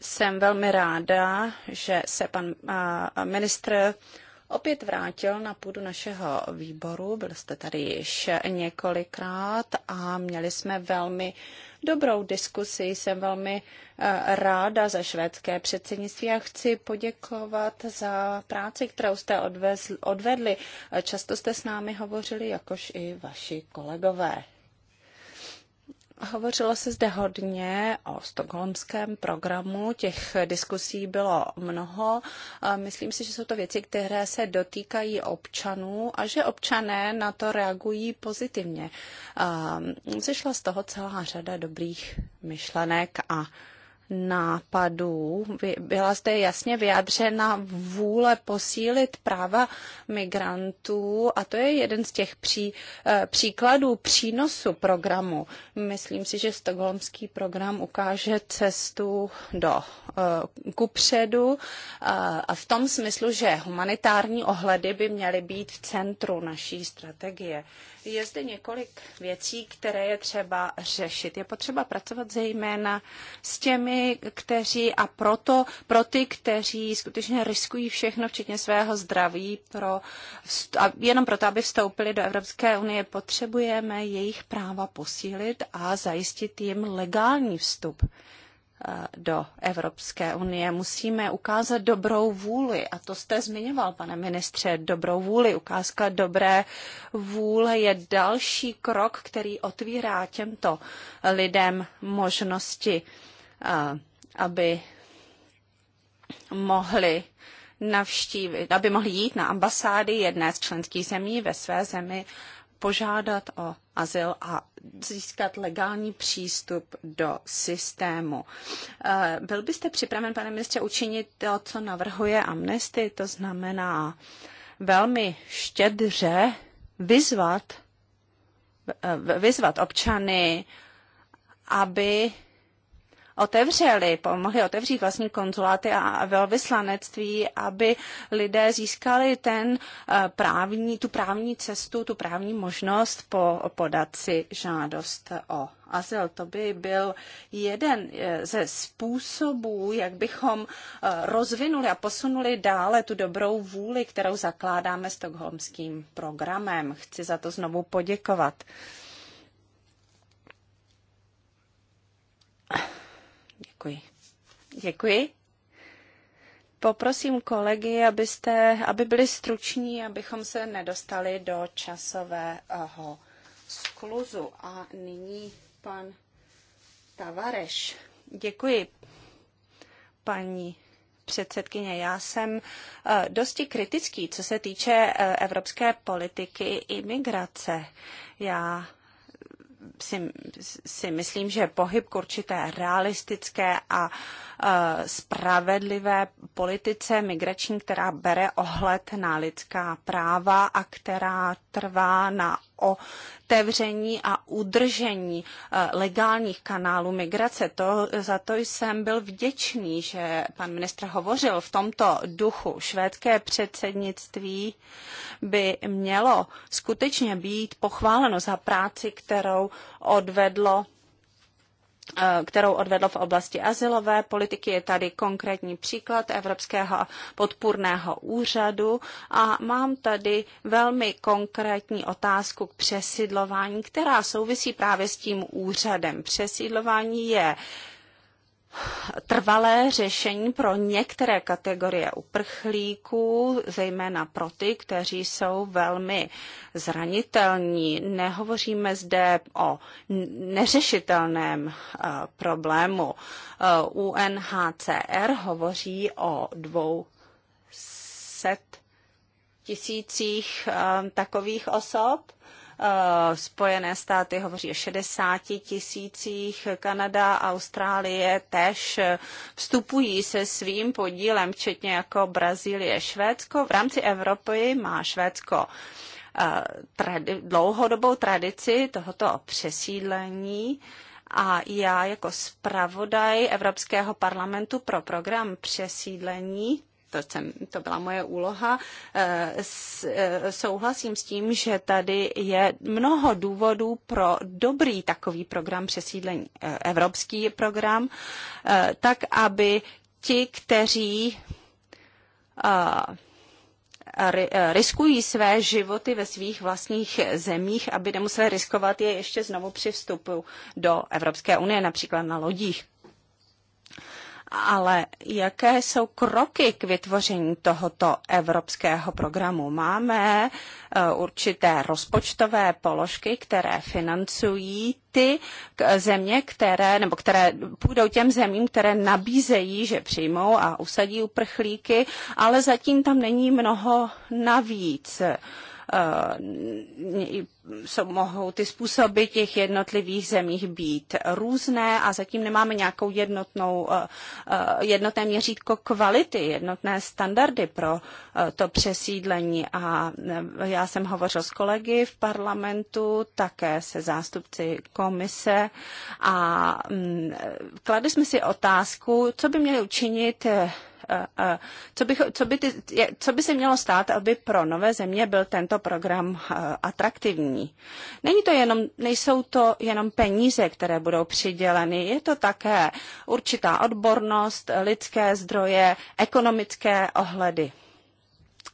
Jsem velmi ráda, že se pan eh, ministr opět vrátil na půdu našeho výboru. Byl jste tady již několikrát a měli jsme velmi dobrou diskusi. Jsem velmi eh, ráda za švédské předsednictví a chci poděkovat za práci, kterou jste odvedli. Eh, často jste s námi hovořili, jakož i vaši kolegové. Hovořilo se zde hodně o stokholmském programu, těch diskusí bylo mnoho. Myslím si, že jsou to věci, které se dotýkají občanů a že občané na to reagují pozitivně. Mm, Zešla z toho celá řada dobrých myšlenek a nápadů byla zde jasně vyjádřena vůle posílit práva migrantů a to je jeden z těch pří, eh, příkladů přínosu programu. Myslím si, že stokholmský program ukáže cestu do eh, kupředu eh, a v tom smyslu, že humanitární ohledy by měly být v centru naší strategie. Je zde několik věcí, které je třeba řešit. Je potřeba pracovat zejména s těmi, kteří a proto pro ty, kteří skutečně riskují všechno, včetně svého zdraví, pro, a jenom proto, aby vstoupili do Evropské unie, potřebujeme jejich práva posílit a zajistit jim legální vstup do Evropské unie. Musíme ukázat dobrou vůli, a to jste zmiňoval, pane ministře, dobrou vůli. Ukázka dobré vůle je další krok, který otvírá těmto lidem možnosti, aby mohli navštívit, aby mohli jít na ambasády jedné z členských zemí ve své zemi požádat o azyl a získat legální přístup do systému. Eh, byl byste připraven, pane ministře, učinit to, co navrhuje Amnesty, to znamená velmi štědře vyzvat, eh, vyzvat občany, aby otevřeli, pomohli otevřít vlastní konzuláty a velvyslanectví, aby lidé získali ten eh, právní, tu právní cestu, tu právní možnost po, podat si žádost o azyl. To by byl jeden eh, ze způsobů, jak bychom eh, rozvinuli a posunuli dále tu dobrou vůli, kterou zakládáme stokholmským programem. Chci za to znovu poděkovat. Děkuji. Děkuji. Poprosím kolegy, abyste, aby byli struční, abychom se nedostali do časového skluzu. A nyní pan Tavareš. Děkuji, paní předsedkyně. Já jsem eh, dosti kritický, co se týče eh, evropské politiky imigrace. Já si, si myslím, že pohyb k určité realistické a e, spravedlivé politice migrační, která bere ohled na lidská práva a která trvá na otevření a udržení eh, legálních kanálů migrace. To, za to jsem byl vděčný, že pan ministr hovořil v tomto duchu. Švédské předsednictví by mělo skutečně být pochváleno za práci, kterou odvedlo Eh, kterou odvedl v oblasti asilové politiky. Je tady konkrétní příklad Evropského podpůrného úřadu a mám tady velmi konkrétní otázku k přesídlování, která souvisí právě s tím úřadem. Přesídlování je uh, trvalé řešení pro některé kategorie uprchlíků, zejména pro ty, kteří jsou velmi zranitelní. Nehovoříme zde o neřešitelném eh, problému. Eh, UNHCR hovoří o dvou set tisících eh, takových osob Eh, Spojené státy hovoří o 60 tisících, Kanada, a Austrálie tež eh, vstupují se svým podílem, včetně jako Brazílie, Švédsko. V rámci Evropy má Švédsko eh, tradi- dlouhodobou tradici tohoto přesídlení. A já jako zpravodaj Evropského parlamentu pro program přesídlení to, jsem, to byla moje úloha. Eh, eh, souhlasím s tím, že tady je mnoho důvodů pro dobrý takový program přesídlení, eh, evropský program, tak aby ti, kteří riskují své životy ve svých vlastních zemích, aby nemuseli riskovat je ještě znovu při vstupu do Evropské unie, například na lodích ale jaké jsou kroky k vytvoření tohoto evropského programu? Máme eh, určité rozpočtové položky, které financují ty země, které, nebo které půjdou těm zemím, které nabízejí, že přijmou a usadí uprchlíky, ale zatím tam není mnoho navíc eh, jsou, mohou ty způsoby těch jednotlivých zemích být různé a zatím nemáme nějakou jednotnou, eh, eh, jednotné měřítko kvality, jednotné standardy pro eh, to přesídlení. A já jsem hovořil s kolegy v parlamentu, také se zástupci komise a mm, kladli jsme si otázku, co by měli učinit co by, co, by ty, co by se mělo stát, aby pro nové země byl tento program atraktivní? zdanění. Není to jenom, nejsou to jenom peníze, které budou přiděleny, je to také určitá odbornost, lidské zdroje, ekonomické ohledy.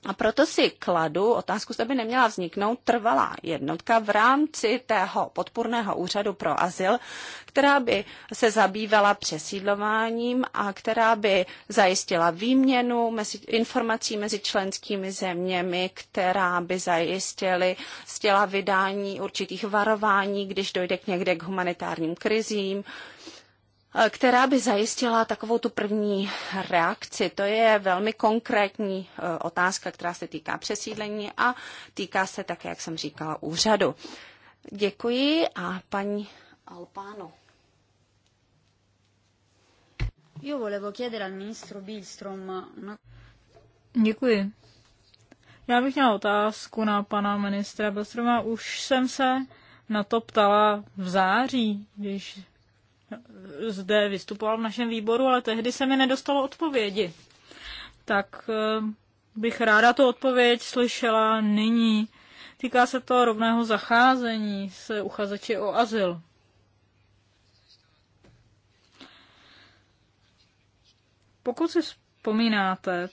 A proto si kladu otázku, zda by neměla vzniknout trvalá jednotka v rámci tého podpůrného úřadu pro azyl, která by se zabývala přesídlováním a která by zajistila výměnu mezi, informací mezi členskými zeměmi, která by zajistily stěla vydání určitých varování, když dojde k někde k humanitárním krizím, Eh, která by zajistila takovou tu první reakci. To je velmi konkrétní eh, otázka, která se týká přesídlení a týká se také, jak jsem říkala, úřadu. Děkuji a paní Alpano. Io volevo chiedere al ministro Bilstrom no? Děkuji. Já bych měla otázku na pana ministra Bilstroma. Už jsem se na to ptala v září, když zde vystupoval v našem výboru, ale tehdy se mi nedostalo odpovědi. Tak eh, bych ráda tu odpověď slyšela nyní. Týká se to rovného zacházení s uchazeči o azyl. Pokud si vzpomínáte,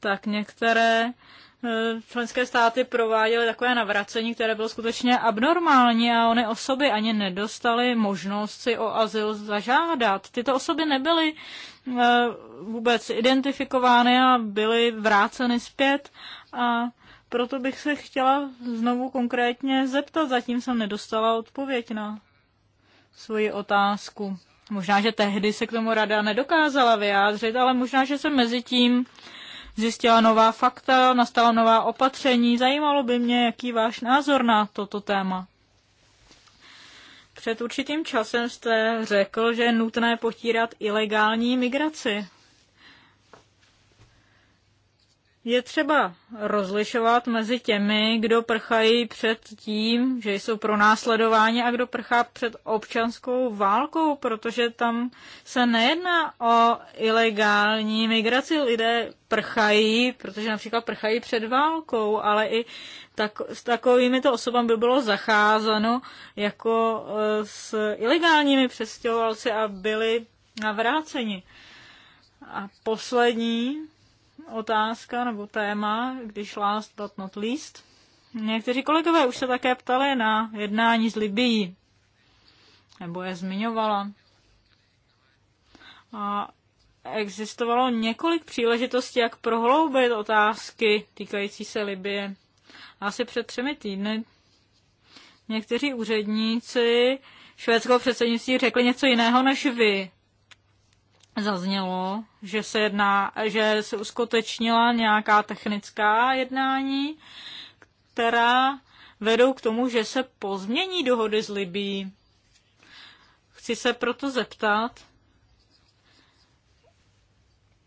tak některé Eh, členské státy prováděly takové navracení, které bylo skutečně abnormální a ony osoby ani nedostaly možnost si o azyl zažádat. Tyto osoby nebyly eh, vůbec identifikovány a byly vráceny zpět a proto bych se chtěla znovu konkrétně zeptat, zatím jsem nedostala odpověď na svoji otázku. Možná, že tehdy se k tomu rada nedokázala vyjádřit, ale možná, že se mezi tím zjistila nová fakta, nastala nová opatření. Zajímalo by mě, jaký váš názor na toto téma. Před určitým časem jste řekl, že je nutné potírat ilegální migraci. Je třeba rozlišovat mezi těmi, kdo prchají před tím, že jsou pro následování a kdo prchá před občanskou válkou, protože tam se nejedná o ilegální migraci. Lidé prchají, protože například prchají před válkou, ale i tak, s takovými to osobami by bylo zacházeno jako e, s ilegálními přestěhovalci a byli navráceni. A poslední otázka nebo téma, když last but not least. Někteří kolegové už se také ptali na jednání s Libií, nebo je zmiňovala. A existovalo několik příležitostí, jak prohloubit otázky týkající se Libie. Asi před třemi týdny někteří úředníci švédského předsednictví řekli něco jiného než vy zaznělo, že se jedná, že se uskutečnila nějaká technická jednání, která vedou k tomu, že se pozmění dohody s Libí. Chci se proto zeptat,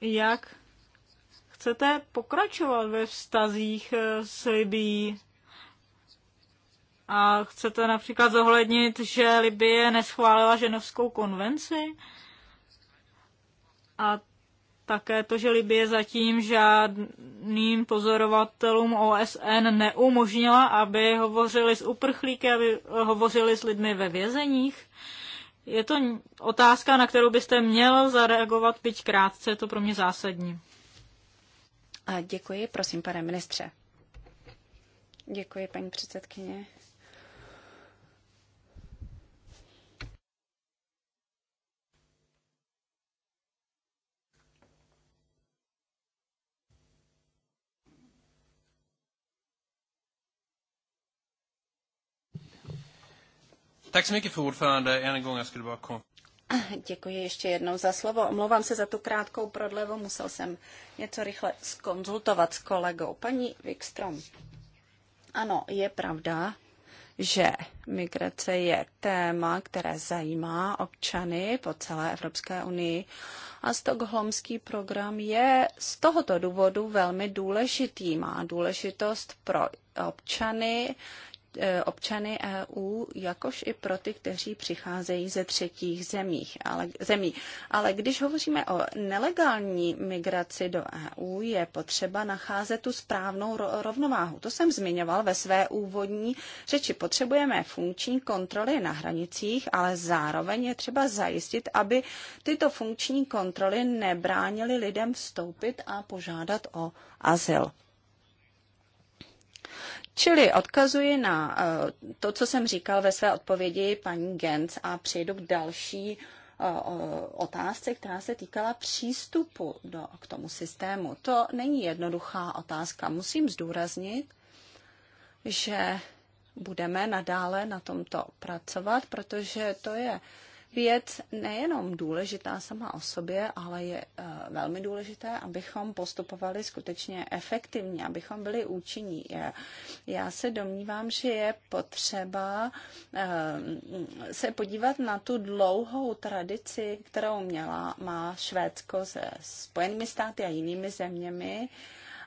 jak chcete pokračovat ve vztazích eh, s Libí a chcete například zohlednit, že Libie neschválila ženovskou konvenci? a také to, že Libie zatím žádným pozorovatelům OSN neumožnila, aby hovořili s uprchlíky, aby hovořili s lidmi ve vězeních. Je to otázka, na kterou byste měl zareagovat, byť krátce, je to pro mě zásadní. A děkuji, prosím, pane ministře. Děkuji, paní předsedkyně. Tak så mycket ordförande. en gång, jag skulle bara Děkuji ještě jednou za slovo. Omlouvám se za tu krátkou prodlevu, musel jsem něco rychle skonzultovat s kolegou. Paní Wikstrom, ano, je pravda, že migrace je téma, které zajímá občany po celé Evropské unii a stokholmský program je z tohoto důvodu velmi důležitý. Má důležitost pro občany, E, občany EU, jakož i pro ty, kteří přicházejí ze třetích zemích, ale, zemí. Ale když hovoříme o nelegální migraci do EU, je potřeba nacházet tu správnou rovnováhu. To jsem zmiňoval ve své úvodní řeči. Potřebujeme funkční kontroly na hranicích, ale zároveň je třeba zajistit, aby tyto funkční kontroly nebránily lidem vstoupit a požádat o azyl. Čili odkazuji na eh, to, co jsem říkal ve své odpovědi paní Gens a přejdu k další eh, otázce, která se týkala přístupu do, k tomu systému. To není jednoduchá otázka. Musím zdůraznit, že budeme nadále na tomto pracovat, protože to je věc nejenom důležitá sama o sobě, ale je eh, velmi důležité, abychom postupovali skutečně efektivně, abychom byli účinní. Já se domnívám, že je potřeba eh, se podívat na tu dlouhou tradici, kterou měla, má Švédsko se Spojenými státy a jinými zeměmi,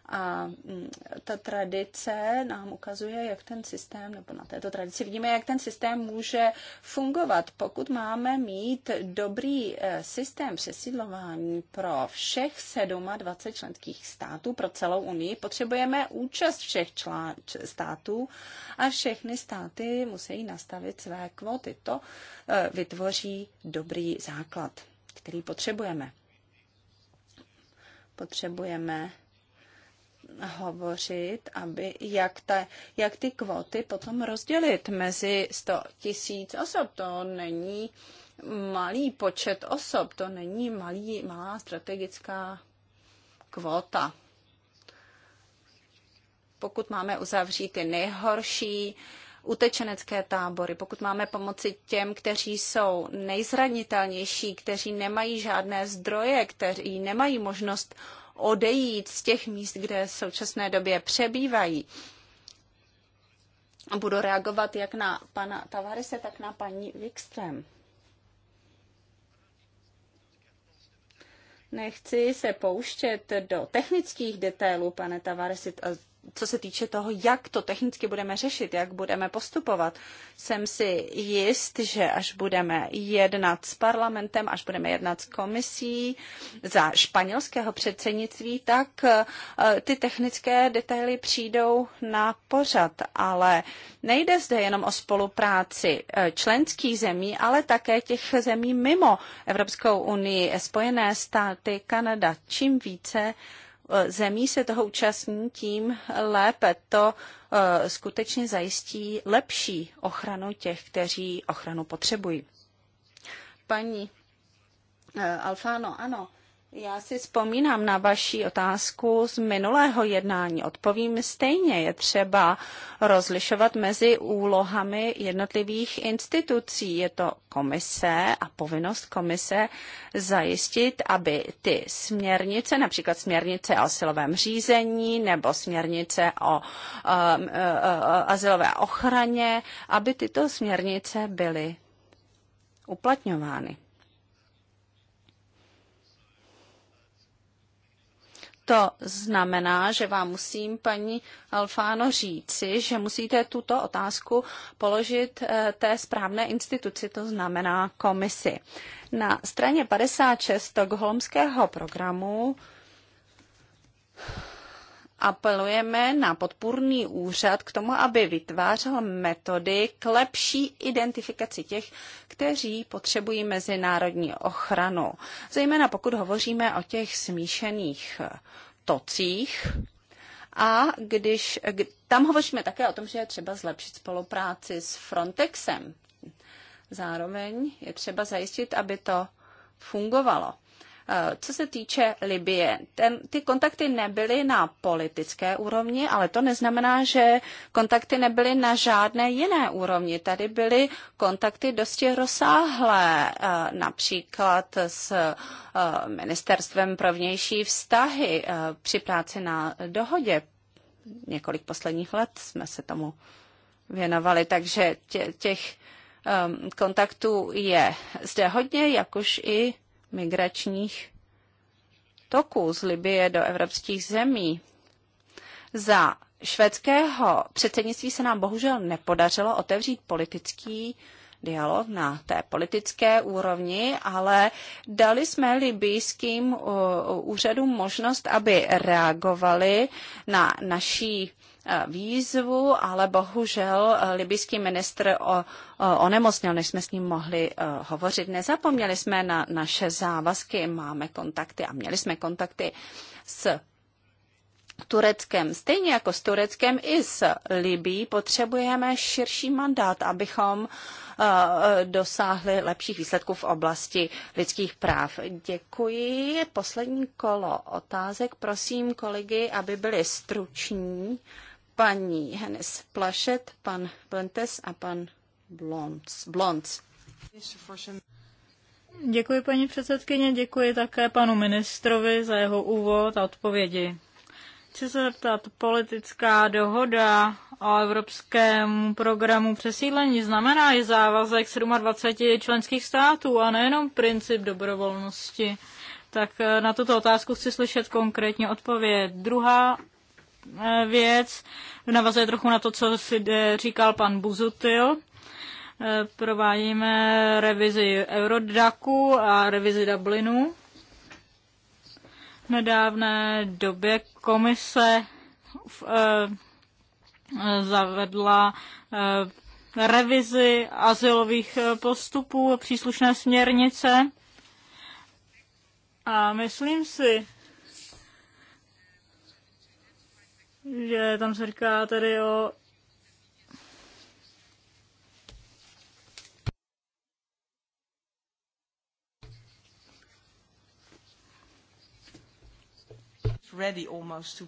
a mm, ta tradice nám ukazuje, jak ten systém, nebo na této tradici vidíme, jak ten systém může fungovat. Pokud máme mít dobrý e, systém přesídlování pro všech 27 členských států, pro celou Unii, potřebujeme účast všech člán, států a všechny státy musí nastavit své kvóty. To e, vytvoří dobrý základ, který potřebujeme. Potřebujeme hovořit, aby jak, ta, jak ty kvóty potom rozdělit mezi 100 tisíc osob. To není malý počet osob, to není malý, malá strategická kvóta pokud máme uzavřít ty nejhorší utečenecké tábory, pokud máme pomoci těm, kteří jsou nejzranitelnější, kteří nemají žádné zdroje, kteří nemají možnost odejít z těch míst, kde v současné době přebývají. Budu reagovat jak na pana Tavarise, tak na paní Wikström. Nechci se pouštět do technických detailů, pane Tavaresi, co se týče toho, jak to technicky budeme řešit, jak budeme postupovat. Jsem si jist, že až budeme jednat s parlamentem, až budeme jednat s komisí za španělského předsednictví, tak eh, ty technické detaily přijdou na pořad. Ale nejde zde jenom o spolupráci eh, členských zemí, ale také těch zemí mimo Evropskou unii, Spojené státy, Kanada. Čím více, zemí se toho účastní, tím lépe to eh, skutečně zajistí lepší ochranu těch, kteří ochranu potřebují. Paní eh, Alfano, ano, já si vzpomínám na vaši otázku z minulého jednání. Odpovím stejně. Je třeba rozlišovat mezi úlohami jednotlivých institucí. Je to komise a povinnost komise zajistit, aby ty směrnice, například směrnice o silovém řízení nebo směrnice o um, uh, uh, asilové ochraně, aby tyto směrnice byly uplatňovány. To znamená, že vám musím, paní Alfáno, říci, že musíte tuto otázku položit eh, té správné instituci, to znamená komisi. Na straně 56 Stockholmského programu apelujeme na podpůrný úřad k tomu, aby vytvářel metody k lepší identifikaci těch, kteří potřebují mezinárodní ochranu. Zejména pokud hovoříme o těch smíšených eh, tocích, a když eh, tam hovoříme také o tom, že je třeba zlepšit spolupráci s Frontexem. Zároveň je třeba zajistit, aby to fungovalo. Eh, co se týče Libie, ten, ty kontakty nebyly na politické úrovni, ale to neznamená, že kontakty nebyly na žádné jiné úrovni. Tady byly kontakty dosti rozsáhlé, eh, například s eh, Ministerstvem pro vnější vztahy při práci na dohodě. Několik posledních let jsme se tomu věnovali, takže těch ehm, kontaktů je zde hodně, jak už i migračních toků z Libie do evropských zemí. Za švédského předsednictví se nám bohužel nepodařilo otevřít politický dialog na té politické úrovni, ale dali jsme libijským uh, úřadům možnost, aby reagovali na naší výzvu, ale bohužel eh, libyský ministr o, o, onemocněl, než jsme s ním mohli eh, hovořit. Nezapomněli jsme na naše závazky, máme kontakty a měli jsme kontakty s Tureckem, stejně jako s Tureckem i s Libí, potřebujeme širší mandát, abychom eh, dosáhli lepších výsledků v oblasti lidských práv. Děkuji. Poslední kolo otázek. Prosím kolegy, aby byli struční paní Hennes Plašet, pan Plentes a pan Blonc. Děkuji paní předsedkyně, děkuji také panu ministrovi za jeho úvod a odpovědi. Chci se zeptat, politická dohoda o evropském programu přesídlení znamená i závazek 27 členských států a nejenom princip dobrovolnosti. Tak na tuto otázku chci slyšet konkrétně odpověď. Druhá Eh, věc. Navazuje trochu na to, co si eh, říkal pan Buzutil. Eh, provádíme revizi Eurodaku a revizi Dublinu. V nedávné době komise v, eh, zavedla eh, revizi asilových postupů příslušné směrnice. A myslím si, že tam se říká tedy o ready almost to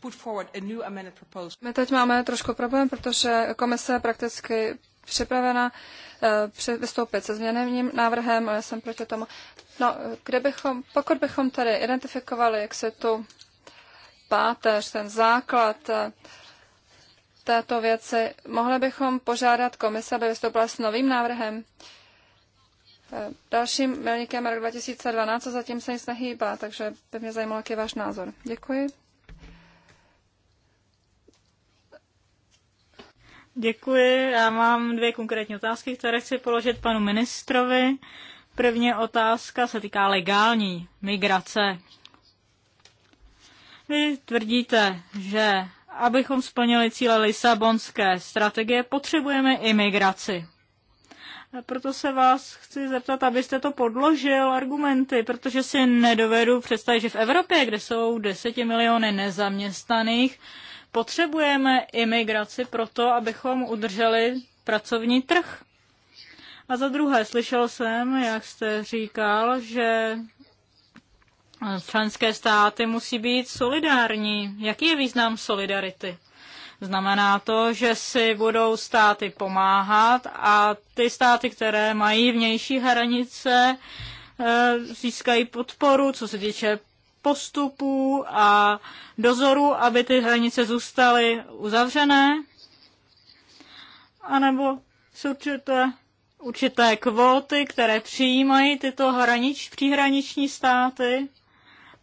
put forward a new amended proposal. My teď máme trošku problém, protože komise prakticky připravena eh, vystoupit se změněným návrhem, ale jsem proti tomu. No, eh, kde bychom, pokud bychom tady identifikovali, jak se tu páteř, ten základ eh, této věci. Mohli bychom požádat komise, aby vystoupila s novým návrhem. Eh, dalším milníkem rok 2012, co zatím se nic nehýbá, takže by mě zajímal, jaký je váš názor. Děkuji. Děkuji. Já mám dvě konkrétní otázky, které chci položit panu ministrovi. První otázka se týká legální migrace. Vy tvrdíte, že abychom splnili cíle Lisabonské strategie, potřebujeme imigraci. A proto se vás chci zeptat, abyste to podložil argumenty, protože si nedovedu představit, že v Evropě, kde jsou miliony nezaměstnaných, potřebujeme imigraci proto, abychom udrželi pracovní trh. A za druhé, slyšel jsem, jak jste říkal, že Členské státy musí být solidární. Jaký je význam solidarity? Znamená to, že si budou státy pomáhat a ty státy, které mají vnější hranice, eh, získají podporu, co se týče postupů a dozoru, aby ty hranice zůstaly uzavřené, anebo jsou určité, určité kvóty, které přijímají tyto hranič, příhraniční státy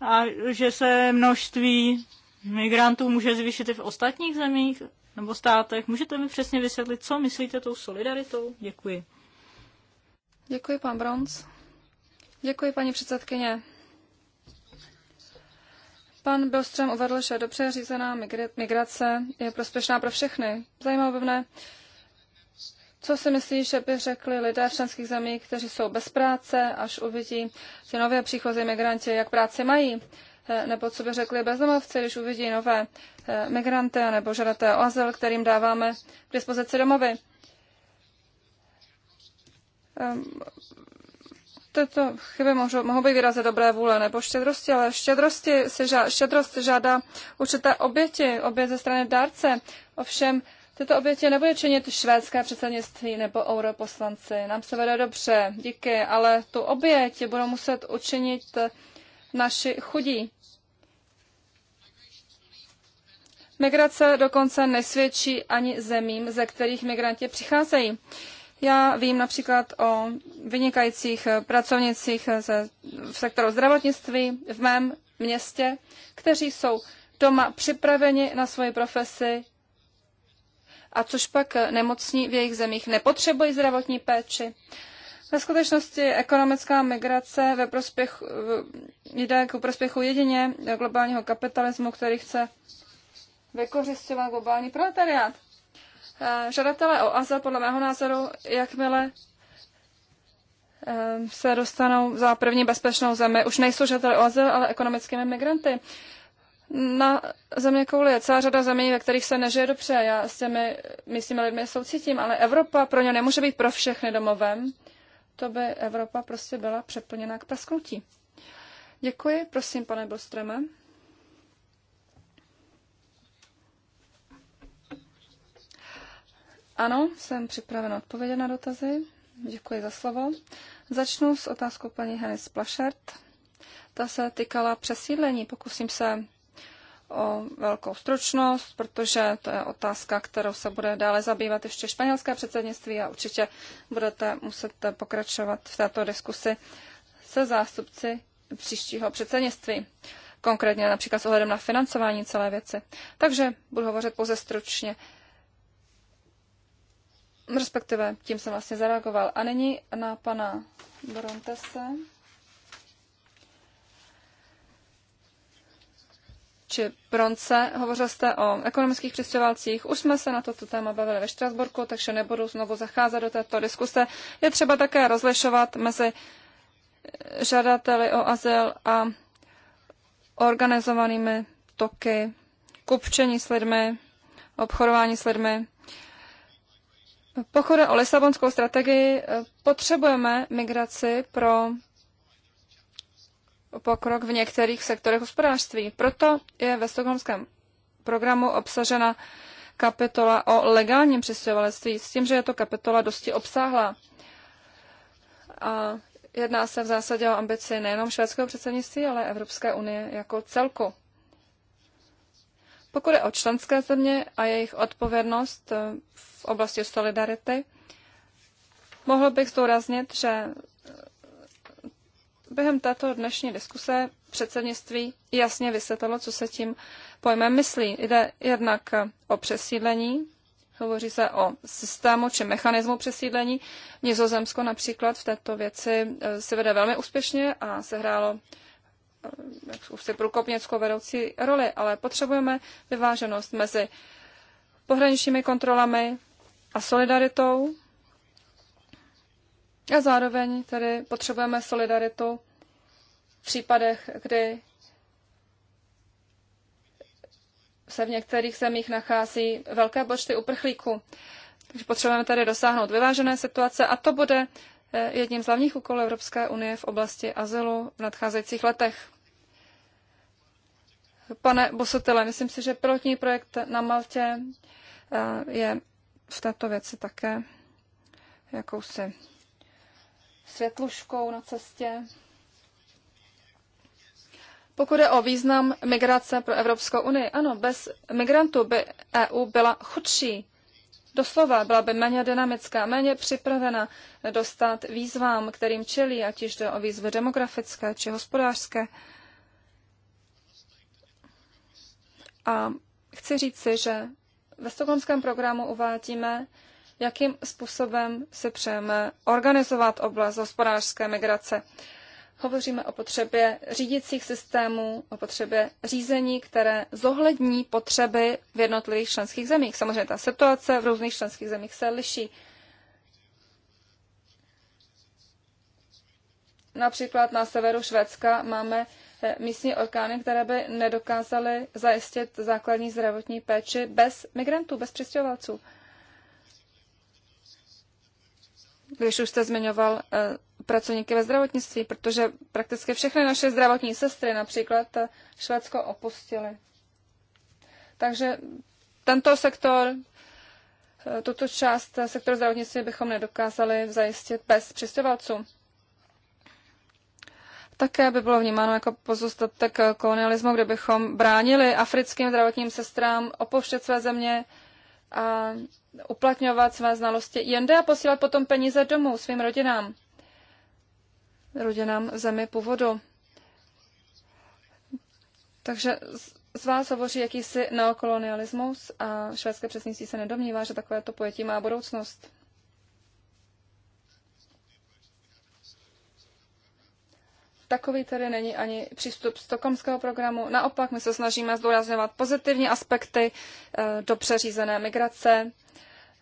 a že se množství migrantů může zvýšit i v ostatních zemích nebo státech. Můžete mi přesně vysvětlit, co myslíte tou solidaritou? Děkuji. Děkuji, pan Bronz. Děkuji, paní předsedkyně. Pan Belström uvedl, že dobře řízená migrace je prospěšná pro všechny. Zajímavé mne, co si myslíš, že by řekli lidé v členských zemí, kteří jsou bez práce, až uvidí ty nově příchozí migranti, jak práci mají? Eh, nebo co by řekli bezdomovci, když uvidí nové eh, migranty nebo žadaté o azyl, kterým dáváme k dispozici domovy? Ehm, tyto chyby mohou, mohou být výrazy dobré vůle nebo štědrosti, ale štědrosti si žádá. štědrost žádá určité oběti, obě ze strany dárce. Ovšem Tyto oběti nebude činit švédské předsednictví nebo europoslanci. Nám se vede dobře, díky, ale tu oběť budou muset učinit naši chudí. Migrace dokonce nesvědčí ani zemím, ze kterých migranti přicházejí. Já vím například o vynikajících pracovnicích ze, v sektoru zdravotnictví v mém městě, kteří jsou doma připraveni na svoji profesi, a což pak nemocní v jejich zemích nepotřebují zdravotní péči. Ve skutečnosti ekonomická migrace ve prospěch, jde k prospěchu jedině globálního kapitalismu, který chce vykořišťovat globální proletariát. Eh, žadatelé o azyl, podle mého názoru, jakmile eh, se dostanou za první bezpečnou zemi, už nejsou žadatelé o azyl, ale ekonomickými migranty na země kouli jako je celá řada zemí, ve kterých se nežije dobře. Já s těmi místními lidmi soucítím, ale Evropa pro ně nemůže být pro všechny domovem. To by Evropa prostě byla přeplněná k prasknutí. Děkuji, prosím, pane Bostreme. Ano, jsem připravena odpovědět na dotazy. Děkuji za slovo. Začnu s otázkou paní Hennis Plašert. Ta se týkala přesídlení. Pokusím se o velkou stručnost, protože to je otázka, kterou se bude dále zabývat ještě španělské předsednictví a určitě budete muset pokračovat v této diskusi se zástupci příštího předsednictví, konkrétně například s ohledem na financování celé věci. Takže budu hovořit pouze stručně. Respektive tím jsem vlastně zareagoval. A nyní na pana Brontese. či Bronce. Hovořil jste o ekonomických přistěhovalcích. Už jsme se na toto téma bavili ve Štrasburku, takže nebudu znovu zacházet do této diskuse. Je třeba také rozlišovat mezi žadateli o azyl a organizovanými toky, kupčení s lidmi, obchodování s lidmi. Pokud o Lisabonskou strategii, potřebujeme migraci pro pokrok v některých sektorech hospodářství. Proto je ve stokholmském programu obsažena kapitola o legálním přistěhovalectví, s tím, že je to kapitola dosti obsáhlá. A jedná se v zásadě o ambici nejenom švédského předsednictví, ale Evropské unie jako celku. Pokud je o členské země a jejich odpovědnost eh, v oblasti solidarity, mohl bych zdůraznit, že Během této dnešní diskuse předsednictví jasně vysvětlilo, co se tím pojmem myslí. Jde jednak o přesídlení, hovoří se o systému či mechanismu přesídlení. Nizozemsko například v této věci eh, se vede velmi úspěšně a sehrálo eh, jak už si průkopnickou vedoucí roli, ale potřebujeme vyváženost mezi pohraničními kontrolami a solidaritou. A zároveň tedy potřebujeme solidaritu případech, kdy se v některých zemích nachází velké počty uprchlíků. Takže potřebujeme tady dosáhnout vyvážené situace a to bude eh, jedním z hlavních úkolů Evropské unie v oblasti azylu v nadcházejících letech. Pane Bosotele, myslím si, že pilotní projekt na Maltě eh, je v této věci také jakousi světluškou na cestě. Pokud je o význam migrace pro Evropskou unii, ano, bez migrantů by EU byla chudší. Doslova byla by méně dynamická, méně připravena dostat výzvám, kterým čelí, ať již jde o výzvy demografické či hospodářské. A chci říci, že ve stokholmském programu uvádíme, jakým způsobem si přejeme organizovat oblast hospodářské migrace hovoříme o potřebě řídicích systémů, o potřebě řízení, které zohlední potřeby v jednotlivých členských zemích. Samozřejmě ta situace v různých členských zemích se liší. Například na severu Švédska máme eh, místní orgány, které by nedokázaly zajistit základní zdravotní péči bez migrantů, bez přistěhovalců. když už jste zmiňoval eh, pracovníky ve zdravotnictví, protože prakticky všechny naše zdravotní sestry například eh, Švédsko opustily. Takže tento sektor, eh, tuto část sektoru zdravotnictví bychom nedokázali zajistit bez přistěhovalců. Také by bylo vnímáno jako pozostatek kolonialismu, kde bychom bránili africkým zdravotním sestrám opouštět své země, a uplatňovat své znalosti jinde a posílat potom peníze domů svým rodinám, rodinám v zemi původu. Takže z vás hovoří jakýsi neokolonialismus a švédské přesnictví se nedomnívá, že takovéto pojetí má budoucnost. Takový tedy není ani přístup stokomského programu. Naopak, my se snažíme zdůrazňovat pozitivní aspekty eh, do přeřízené migrace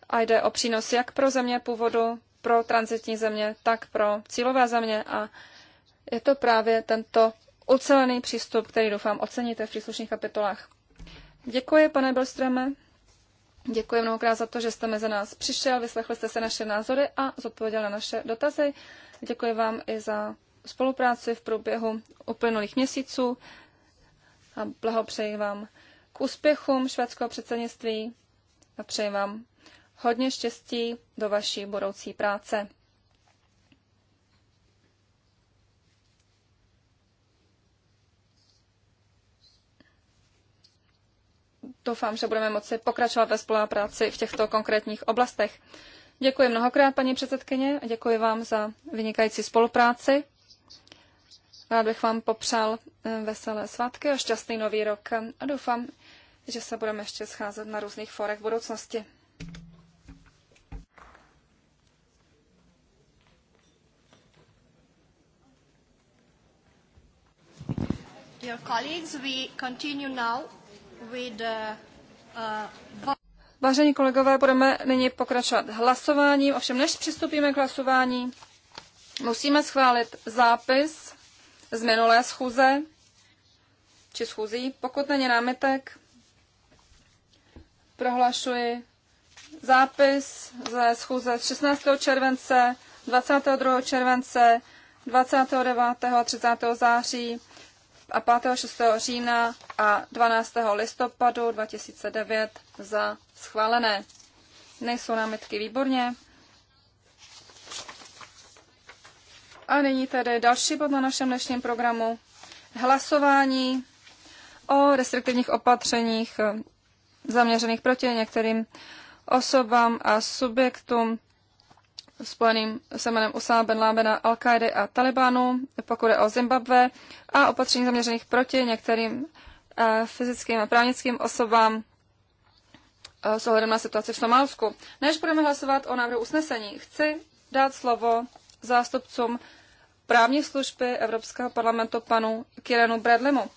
a jde o přínos jak pro země původu, pro transitní země, tak pro cílové země a je to právě tento ucelený přístup, který doufám oceníte v příslušných kapitolách. Děkuji, pane Belstreme. Děkuji mnohokrát za to, že jste mezi nás přišel, vyslechli jste se naše názory a zodpověděl na naše dotazy. Děkuji vám i za spolupráci v průběhu uplynulých měsíců a blahopřeji vám k úspěchům švédského předsednictví a přeji vám hodně štěstí do vaší budoucí práce. Doufám, že budeme moci pokračovat ve spolupráci v těchto konkrétních oblastech. Děkuji mnohokrát, paní předsedkyně, a děkuji vám za vynikající spolupráci. Rád bych vám popřál eh, veselé svátky a šťastný nový rok a doufám, že se budeme ještě scházet na různých forech v budoucnosti. Dear colleagues, we continue now with uh, uh Vážení kolegové, budeme nyní pokračovat hlasováním. Ovšem, než přistoupíme k hlasování, musíme schválit zápis z minulé schůze či schůzí. Pokud není námitek, prohlašuji zápis ze schůze z 16. července, 22. července, 29. a 30. září a 5. a 6. října a 12. listopadu 2009 za schválené. Nejsou námitky výborně. A nyní tedy další bod na našem dnešním programu. Hlasování o restriktivních opatřeních zaměřených proti některým osobám a subjektům spojeným se jménem Usama Ben Lábena, al qaidy a Talibanu, pokud je o Zimbabwe, a opatření zaměřených proti některým eh, fyzickým a právnickým osobám eh, s ohledem na situaci v Somálsku. Než budeme hlasovat o návrhu usnesení, chci dát slovo zástupcům právní služby Evropského parlamentu panu Kirenu Bradlemu.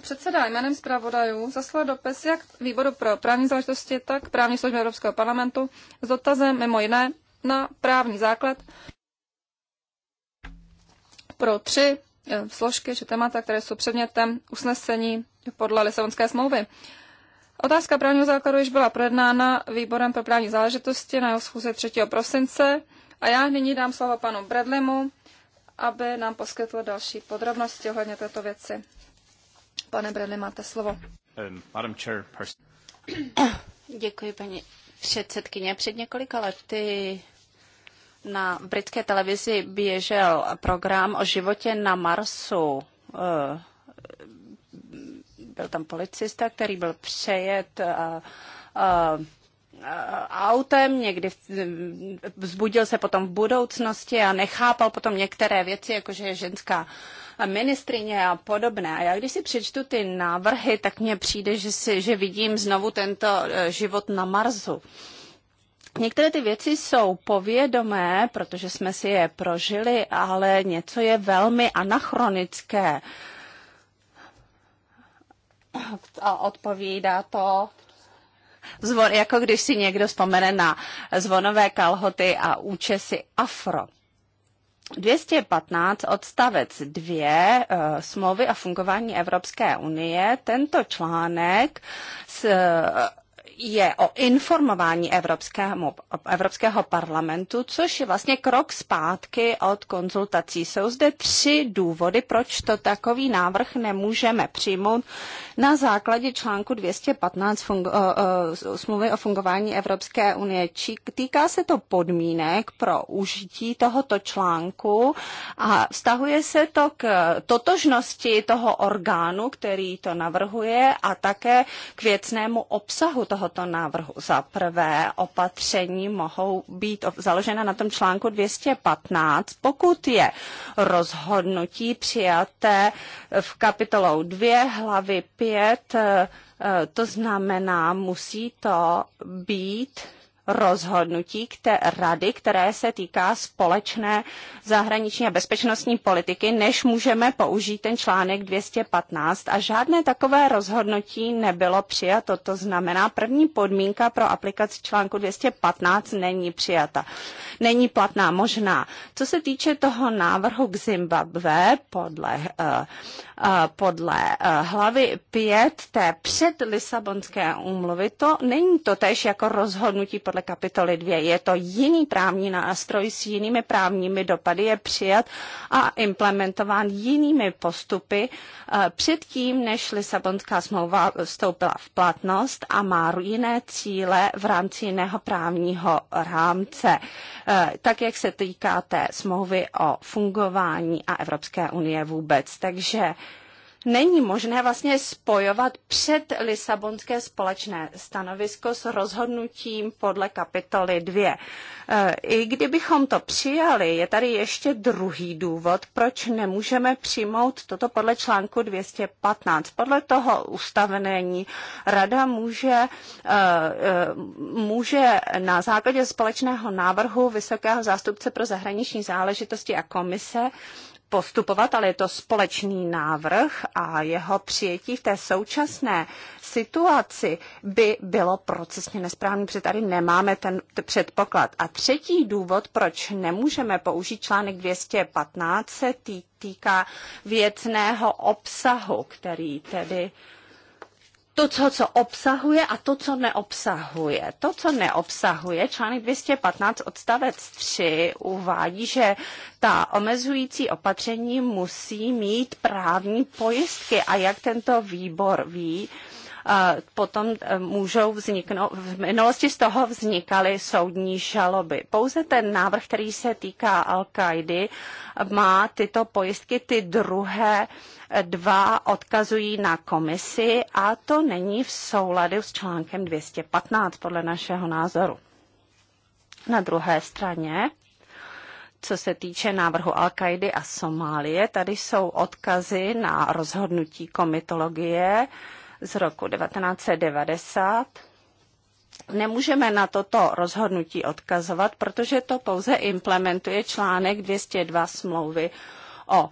Předseda jménem zpravodajů zaslal dopis jak výboru pro právní záležitosti, tak právní služby Evropského parlamentu s dotazem mimo jiné na právní základ pro tři eh, složky či témata, které jsou předmětem usnesení podle Lisabonské smlouvy. Otázka právního základu již byla projednána výborem pro právní záležitosti na jeho schůzi 3. prosince a já nyní dám slovo panu Bradlemu, aby nám poskytl další podrobnosti ohledně této věci. Pane Bradley, máte slovo. Um, Chair, Děkuji, paní předsedkyně. Před několika lety na britské televizi běžel program o životě na Marsu. Eh, byl tam policista, který byl přejet a, a Eh, autem, někdy eh, vzbudil se potom v budoucnosti a nechápal potom některé věci, jakože je ženská ministrině a podobné. A já když si přečtu ty návrhy, tak mně přijde, že, si, že vidím znovu tento eh, život na Marsu. Některé ty věci jsou povědomé, protože jsme si je prožili, ale něco je velmi anachronické. A odpovídá to zvon, jako když si někdo vzpomene na zvonové kalhoty a účesy afro. 215 odstavec 2 eh, smlouvy o fungování Evropské unie. Tento článek s, je o informování Evropskému, Evropského parlamentu, což je vlastně krok zpátky od konzultací. Jsou zde tři důvody, proč to takový návrh nemůžeme přijmout na základě článku 215 fungu, uh, smluvy o fungování Evropské unie. Či, týká se to podmínek pro užití tohoto článku a vztahuje se to k totožnosti toho orgánu, který to navrhuje a také k věcnému obsahu toho tohoto návrhu. Za prvé, opatření mohou být založena na tom článku 215, pokud je rozhodnutí přijaté v kapitolou 2 hlavy 5, eh, eh, to znamená, musí to být rozhodnutí k rady, které se týká společné zahraniční a bezpečnostní politiky, než můžeme použít ten článek 215 a žádné takové rozhodnutí nebylo přijato. To znamená, první podmínka pro aplikaci článku 215 není přijata. Není platná, možná. Co se týče toho návrhu k Zimbabwe podle uh, podle hlavy 5 té před Lisabonské úmluvy, to není to tež jako rozhodnutí podle kapitoly 2. Je to jiný právní nástroj s jinými právními dopady, je přijat a implementován jinými postupy předtím, než Lisabonská smlouva vstoupila v platnost a má jiné cíle v rámci jiného právního rámce, tak jak se týká té smlouvy o fungování a Evropské unie vůbec. Takže není možné vlastně spojovat před Lisabonské společné stanovisko s rozhodnutím podle kapitoly 2. E, I kdybychom to přijali, je tady ještě druhý důvod, proč nemůžeme přijmout toto podle článku 215. Podle toho ustavení rada může, e, e, může na základě společného návrhu Vysokého zástupce pro zahraniční záležitosti a komise postupovat, ale je to společný návrh a jeho přijetí v té současné situaci by bylo procesně nesprávný, protože tady nemáme ten předpoklad. A třetí důvod, proč nemůžeme použít článek 215, se tý, týká věcného obsahu, který tedy uh, to, co, co obsahuje a to, co neobsahuje. To, co neobsahuje, článek 215 odstavec 3 uvádí, že ta omezující opatření musí mít právní pojistky. A jak tento výbor ví, potom e, můžou vzniknout, v minulosti z toho vznikaly soudní žaloby. Pouze ten návrh, který se týká al qaidy má tyto pojistky, ty druhé dva odkazují na komisi a to není v souladu s článkem 215 podle našeho názoru. Na druhé straně co se týče návrhu al kaidy a Somálie, tady jsou odkazy na rozhodnutí komitologie, z roku 1990. Nemůžeme na toto rozhodnutí odkazovat, protože to pouze implementuje článek 202 smlouvy o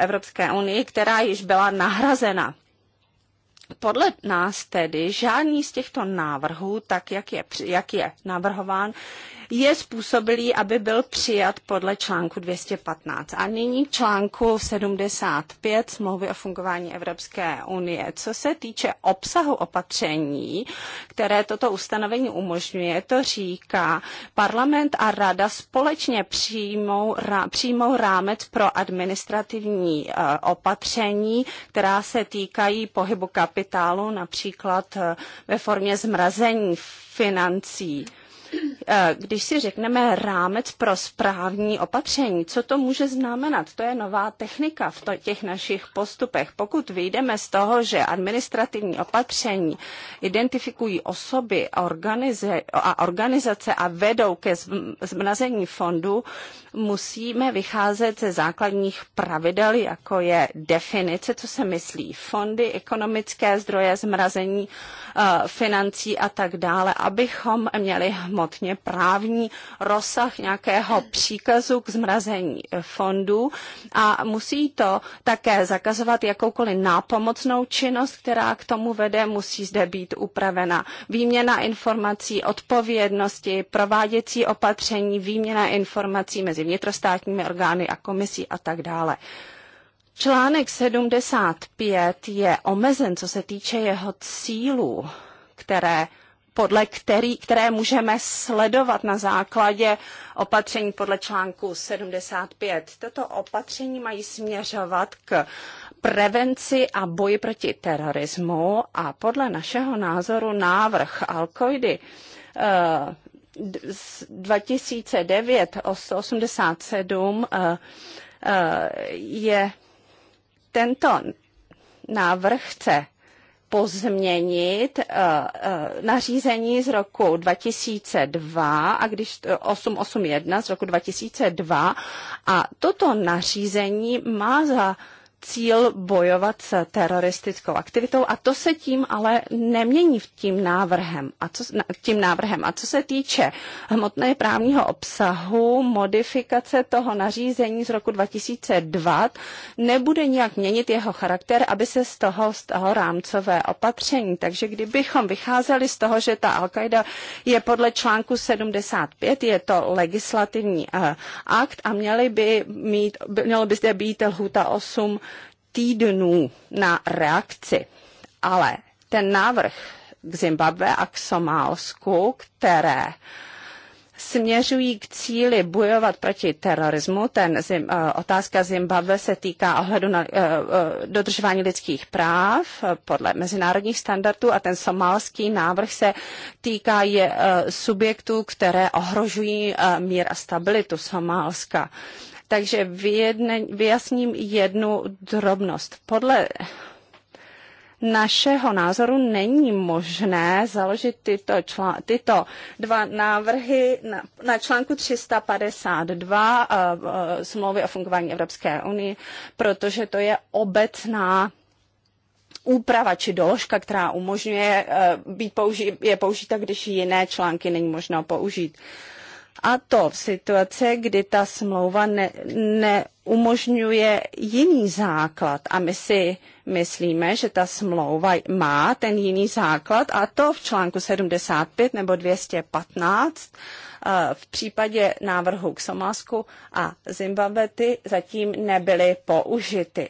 Evropské unii, která již byla nahrazena podle nás tedy žádný z těchto návrhů, tak jak je, jak je navrhován, je způsobilý, aby byl přijat podle článku 215. A nyní článku 75 smlouvy o fungování Evropské unie. Co se týče obsahu opatření, které toto ustanovení umožňuje, to říká, parlament a rada společně přijmou, rá, přijmou rámec pro administrativní uh, opatření, která se týkají pohybu kapitálu kapitálu, například eh, ve formě zmrazení financí eh, když si řekneme rámec pro správní opatření, co to může znamenat? To je nová technika v těch našich postupech. Pokud vyjdeme z toho, že administrativní opatření identifikují osoby a organizace a vedou ke zmrazení fondu, musíme vycházet ze základních pravidel, jako je definice, co se myslí fondy, ekonomické zdroje, zmrazení eh, financí a tak dále, abychom měli hmotně právní rozsah nějakého příkazu k zmrazení fondů a musí to také zakazovat jakoukoliv nápomocnou činnost, která k tomu vede, musí zde být upravena výměna informací, odpovědnosti, prováděcí opatření, výměna informací mezi mezi vnitrostátními orgány a komisí a tak dále. Článek 75 je omezen, co se týče jeho cílů, které podle který, které můžeme sledovat na základě opatření podle článku 75. Toto opatření mají směřovat k prevenci a boji proti terorismu a podle našeho názoru návrh Alkoidy eh, 2009 o 187 eh, eh, je tento návrh chce pozměnit eh, nařízení z roku 2002 a když 881 z roku 2002 a toto nařízení má za cíl bojovat s teroristickou aktivitou a to se tím ale nemění v tím návrhem. A co, tím návrhem. A co se týče hmotné právního obsahu, modifikace toho nařízení z roku 2002 nebude nijak měnit jeho charakter, aby se z toho stalo rámcové opatření. Takže kdybychom vycházeli z toho, že ta Al-Qaida je podle článku 75, je to legislativní eh, akt a měli by mít, mělo by zde být lhůta 8 týdnů na reakci, ale ten návrh k Zimbabwe a k Somálsku, které směřují k cíli bojovat proti terorismu. Ten zim, eh, otázka Zimbabwe se týká ohledu na eh, eh, dodržování lidských práv podle mezinárodních standardů a ten somálský návrh se týká je subjektů, které ohrožují mír a stabilitu Somálska. Takže vyjedne, vyjasním jednu drobnost. Podle našeho názoru není možné založit tyto, čl- tyto dva návrhy na, na článku 352 uh, uh, smlouvy o fungování Evropské unie, protože to je obecná úprava či doložka, která umožňuje uh, být použi- je použita, když jiné články není možno použít. Uh, a to v situaci, kdy ta smlouva ne, neumožňuje jiný základ. A my si myslíme, že ta smlouva má ten jiný základ a to v článku 75 nebo 215 eh, v případě návrhu k Somásku a Zimbabvety zatím nebyly použity.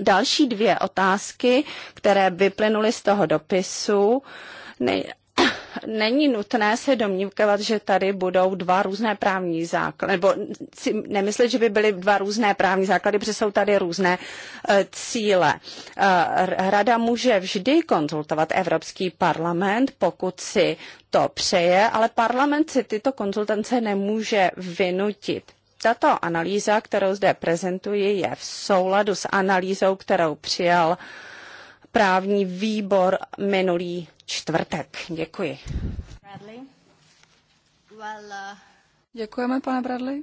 Další dvě otázky, které vyplynuly z toho dopisu, není nutné se domnívat, že tady budou dva různé právní základy, nebo si nemyslet, že by byly dva různé právní základy, protože jsou tady různé eh, cíle. Eh, Rada může vždy konzultovat Evropský parlament, pokud si to přeje, ale parlament si tyto konzultance nemůže vynutit. Tato analýza, kterou zde prezentuji, je v souladu s analýzou, kterou přijal uh, právní výbor minulý čtvrtek. Děkuji. Well, uh... Děkujeme, pane Bradley.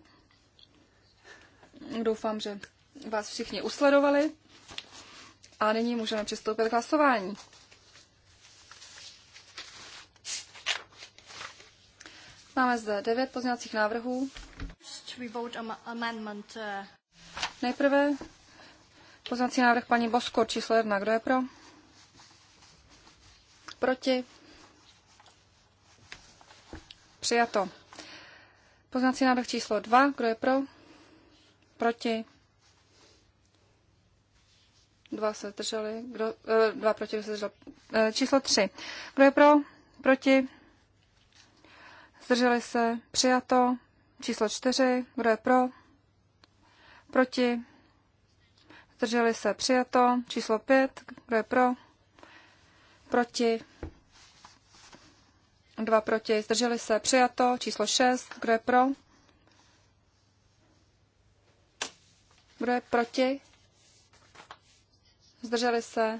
Doufám, že vás všichni usledovali. A nyní můžeme přistoupit k hlasování. Máme zde devět pozměňovacích návrhů. Uh, Nejprve pozměňovací návrh paní Bosko číslo jedna. Kdo je pro? Proti? Přijato. Poznací návrh číslo 2. Kdo je pro? Proti? Dva se drželi. Kdo, eh, dva proti, kdo se zdržel. Eh, číslo 3. Kdo je pro? Proti? Zdrželi se. Přijato. Číslo 4. Kdo je pro? Proti? Zdrželi se. Přijato. Číslo 5. Kdo je pro? Proti? Dva proti, zdrželi se, přijato. Číslo 6, kdo je pro? Kdo je proti? Zdrželi se?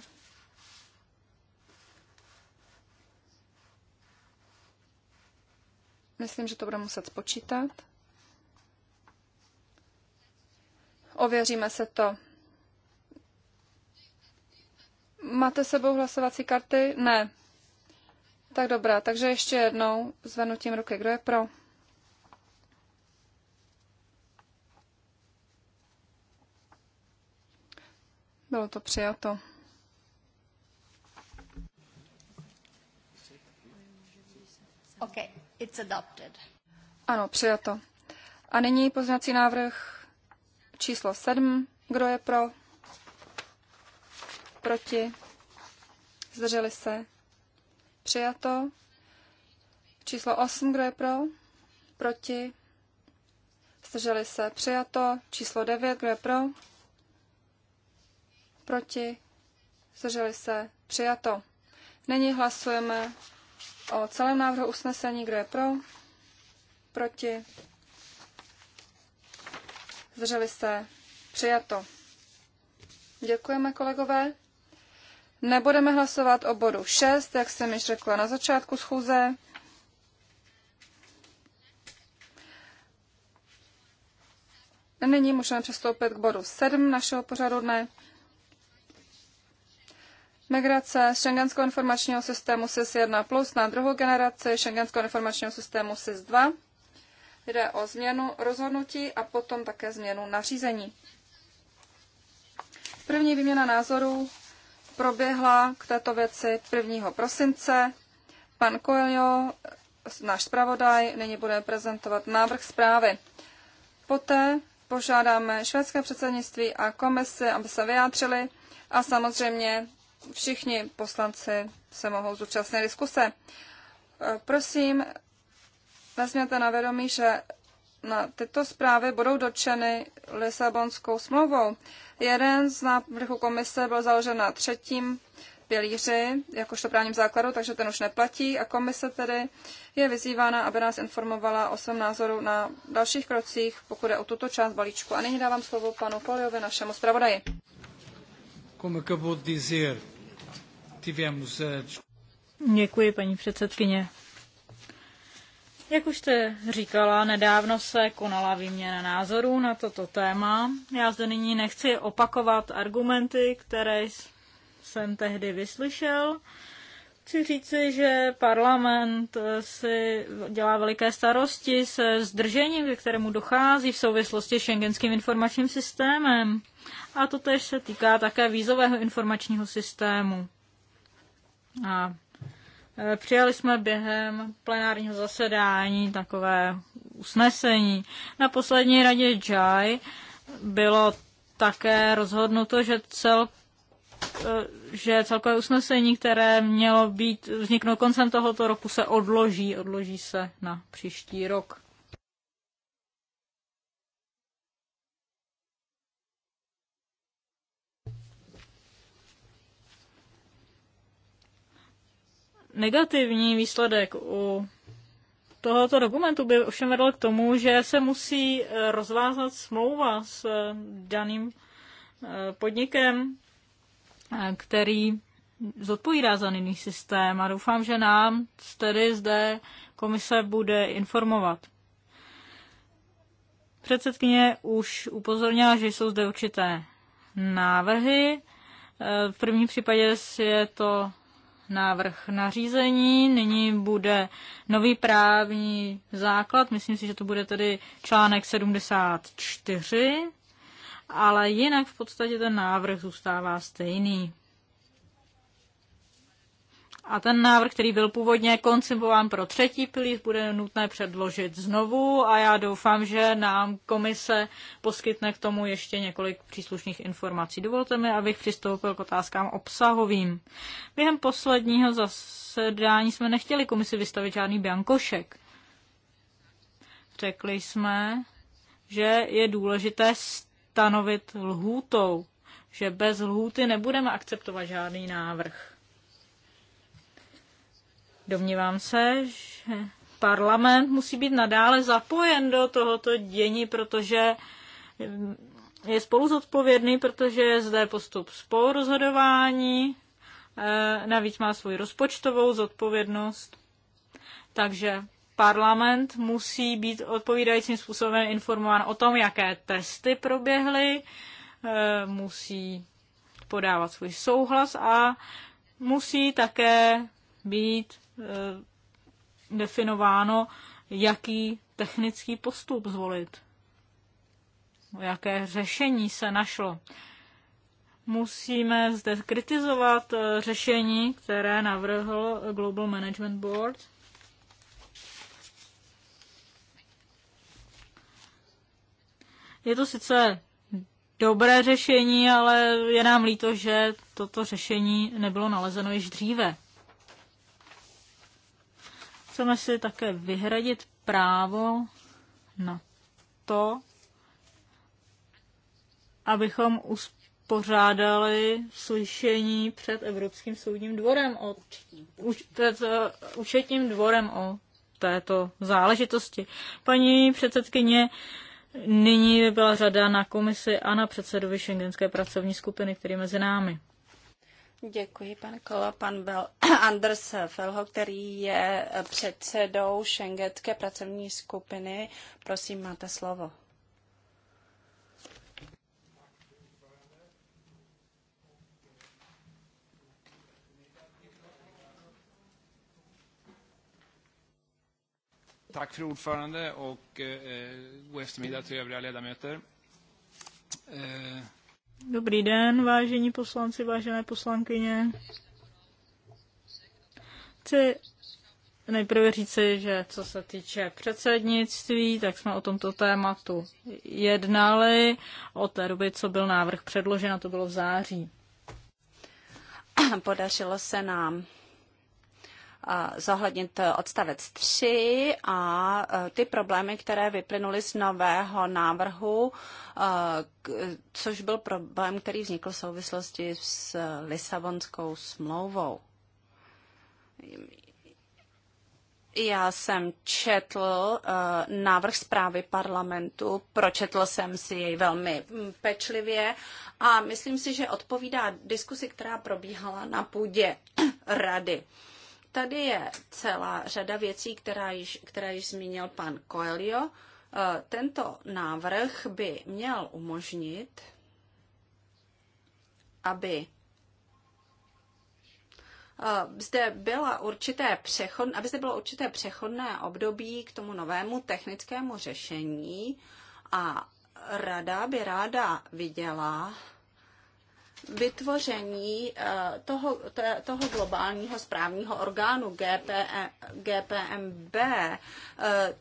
Myslím, že to budeme muset spočítat. Ověříme se to. Máte sebou hlasovací karty? Ne. Tak dobrá, takže ještě jednou zvednutím ruky. Kdo je pro? Bylo to přijato. Okay, it's adopted. Ano, přijato. A nyní poznací návrh číslo 7. Kdo je pro? Proti? Zdrželi se? Přijato. Číslo 8, kdo je pro? Proti. Zdrželi se. Přijato. Číslo 9, kdo je pro? Proti. Zdrželi se. Přijato. Nyní hlasujeme o celém návrhu usnesení, kdo je pro? Proti. Zdrželi se. Přijato. Děkujeme, kolegové. Nebudeme hlasovat o bodu 6, jak jsem již řekla na začátku schůze. Nyní můžeme přistoupit k bodu 7 našeho pořadu dne. Migrace Schengenského informačního systému SIS 1 plus na druhou generaci Schengenského informačního systému SIS 2. Jde o změnu rozhodnutí a potom také změnu nařízení. První výměna názorů proběhla k této věci 1. prosince. Pan Coelho, náš zpravodaj, nyní bude prezentovat návrh zprávy. Poté požádáme švédské předsednictví a komisi, aby se vyjádřili a samozřejmě všichni poslanci se mohou zúčastnit diskuse. Prosím, vezměte na vědomí, že na tyto zprávy budou dotčeny Lisabonskou smlouvou. Jeden z návrhů komise byl založen na třetím pilíři, jakožto právním základu, takže ten už neplatí a komise tedy je vyzývána, aby nás informovala o svém názoru na dalších krocích, pokud je o tuto část balíčku. A nyní dávám slovo panu Poliovi, našemu zpravodaji. Děkuji, paní předsedkyně. Jak už jste říkala, nedávno se konala výměna názorů na toto téma. Já zde nyní nechci opakovat argumenty, které jsem tehdy vyslyšel. Chci říci, že parlament si dělá veliké starosti se zdržením, ke kterému dochází v souvislosti s šengenským informačním systémem. A to tež se týká také vízového informačního systému. A Eh, přijali jsme během plenárního zasedání takové usnesení. Na poslední radě JAI bylo také rozhodnuto, že cel eh, že celkové usnesení, které mělo být vzniknout koncem tohoto roku, se odloží, odloží se na příští rok. negativní výsledek u tohoto dokumentu by ovšem vedl k tomu, že se musí eh, rozvázat smlouva s eh, daným eh, podnikem, který zodpovídá za nyní systém a doufám, že nám tedy zde komise bude informovat. Předsedkyně už upozornila, že jsou zde určité návrhy. V prvním případě je to návrh nařízení. Nyní bude nový právní základ, myslím si, že to bude tedy článek 74, ale jinak v podstatě ten návrh zůstává stejný. A ten návrh, který byl původně koncipován pro třetí pilíř, bude nutné předložit znovu a já doufám, že nám komise poskytne k tomu ještě několik příslušných informací. Dovolte mi, abych přistoupil k otázkám obsahovým. Během posledního zasedání jsme nechtěli komisi vystavit žádný biankošek. Řekli jsme, že je důležité stanovit lhůtou, že bez lhůty nebudeme akceptovat žádný návrh. Domnívám se, že parlament musí být nadále zapojen do tohoto dění, protože mm, je spolu zodpovědný, protože je zde postup spolurozhodování, eh, navíc má svou rozpočtovou zodpovědnost. Takže parlament musí být odpovídajícím způsobem informován o tom, jaké testy proběhly, eh, musí podávat svůj souhlas a musí také být Eh, definováno, jaký technický postup zvolit, jaké řešení se našlo. Musíme zde kritizovat eh, řešení, které navrhl Global Management Board. Je to sice dobré řešení, ale je nám líto, že toto řešení nebylo nalezeno již dříve. Chceme si také vyhradit právo na to, abychom uspořádali slyšení před Evropským soudním dvorem o, před, eh, účetním dvorem o této záležitosti. Paní předsedkyně, nyní by byla řada na komisi a na předsedovi šengenské pracovní skupiny, který mezi námi. Děkuji, pan Kolo. Pan Bel- [clears throat] Anders Felho, který je předsedou Šengetské pracovní skupiny. Prosím, máte slovo. Tack för ordförande och eh, eh, god eftermiddag till övriga ledamöter. Eh, Dobrý den, vážení poslanci, vážené poslankyně. Chci nejprve říci, že co se týče předsednictví, tak jsme o tomto tématu jednali od té doby, co byl návrh předložen, a to bylo v září. Podařilo se nám zohlednit odstavec 3 a e, ty problémy, které vyplynuly z nového návrhu, e, což byl problém, který vznikl v souvislosti s Lisabonskou smlouvou. Já jsem četl uh, návrh zprávy parlamentu, pročetl jsem si jej velmi mm, pečlivě a myslím si, že odpovídá diskusi, která probíhala na půdě [clears throat] rady. Uh, Tady je celá řada věcí, která již, která již zmínil pan Coelho. Eh, tento návrh by měl umožnit, aby eh, zde byla určité přechod, aby zde bylo určité přechodné období k tomu novému technickému řešení a rada by ráda viděla, vytvoření eh, toho, toho globálního správního orgánu GPMB, eh,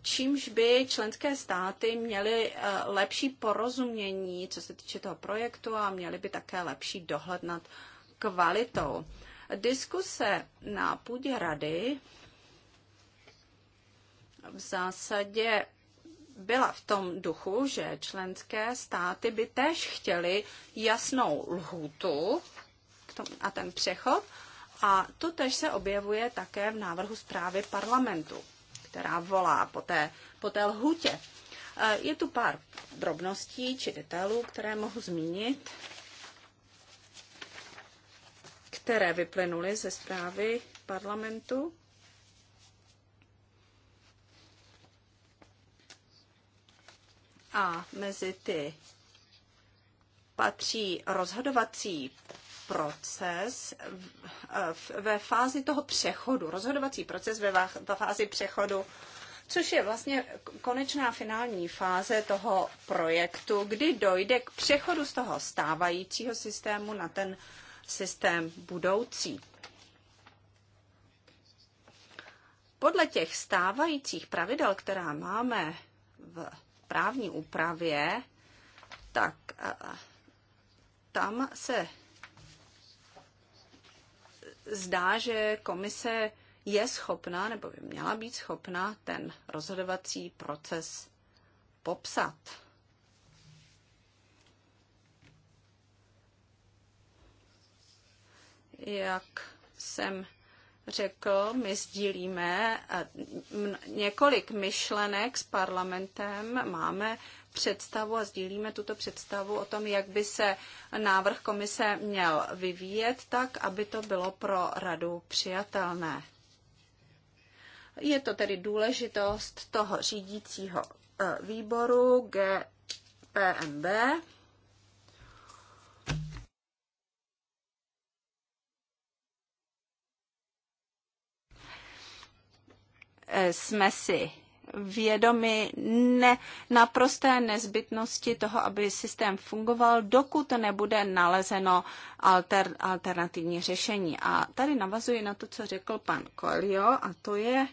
čímž by členské státy měly eh, lepší porozumění, co se týče toho projektu a měly by také lepší dohled nad kvalitou. Diskuse na půdě rady v zásadě byla v tom duchu, že členské státy by též chtěly jasnou lhůtu a ten přechod. A to tež se objevuje také v návrhu zprávy parlamentu, která volá po té, po té lhůtě. E, je tu pár drobností či detailů, které mohu zmínit, které vyplynuly ze zprávy parlamentu. A mezi ty patří rozhodovací proces ve fázi toho přechodu, rozhodovací proces ve fázi přechodu, což je vlastně konečná finální fáze toho projektu, kdy dojde k přechodu z toho stávajícího systému na ten systém budoucí. Podle těch stávajících pravidel, která máme v právní úpravě, tak tam se zdá, že komise je schopna, nebo by měla být schopna, ten rozhodovací proces popsat. Jak jsem řekl, my sdílíme několik myšlenek s parlamentem, máme představu a sdílíme tuto představu o tom, jak by se návrh komise měl vyvíjet tak, aby to bylo pro radu přijatelné. Je to tedy důležitost toho řídícího e, výboru GPMB jsme si vědomi ne, naprosté nezbytnosti toho, aby systém fungoval, dokud nebude nalezeno alter, alternativní řešení. A tady navazuji na to, co řekl pan Kolio, a to je,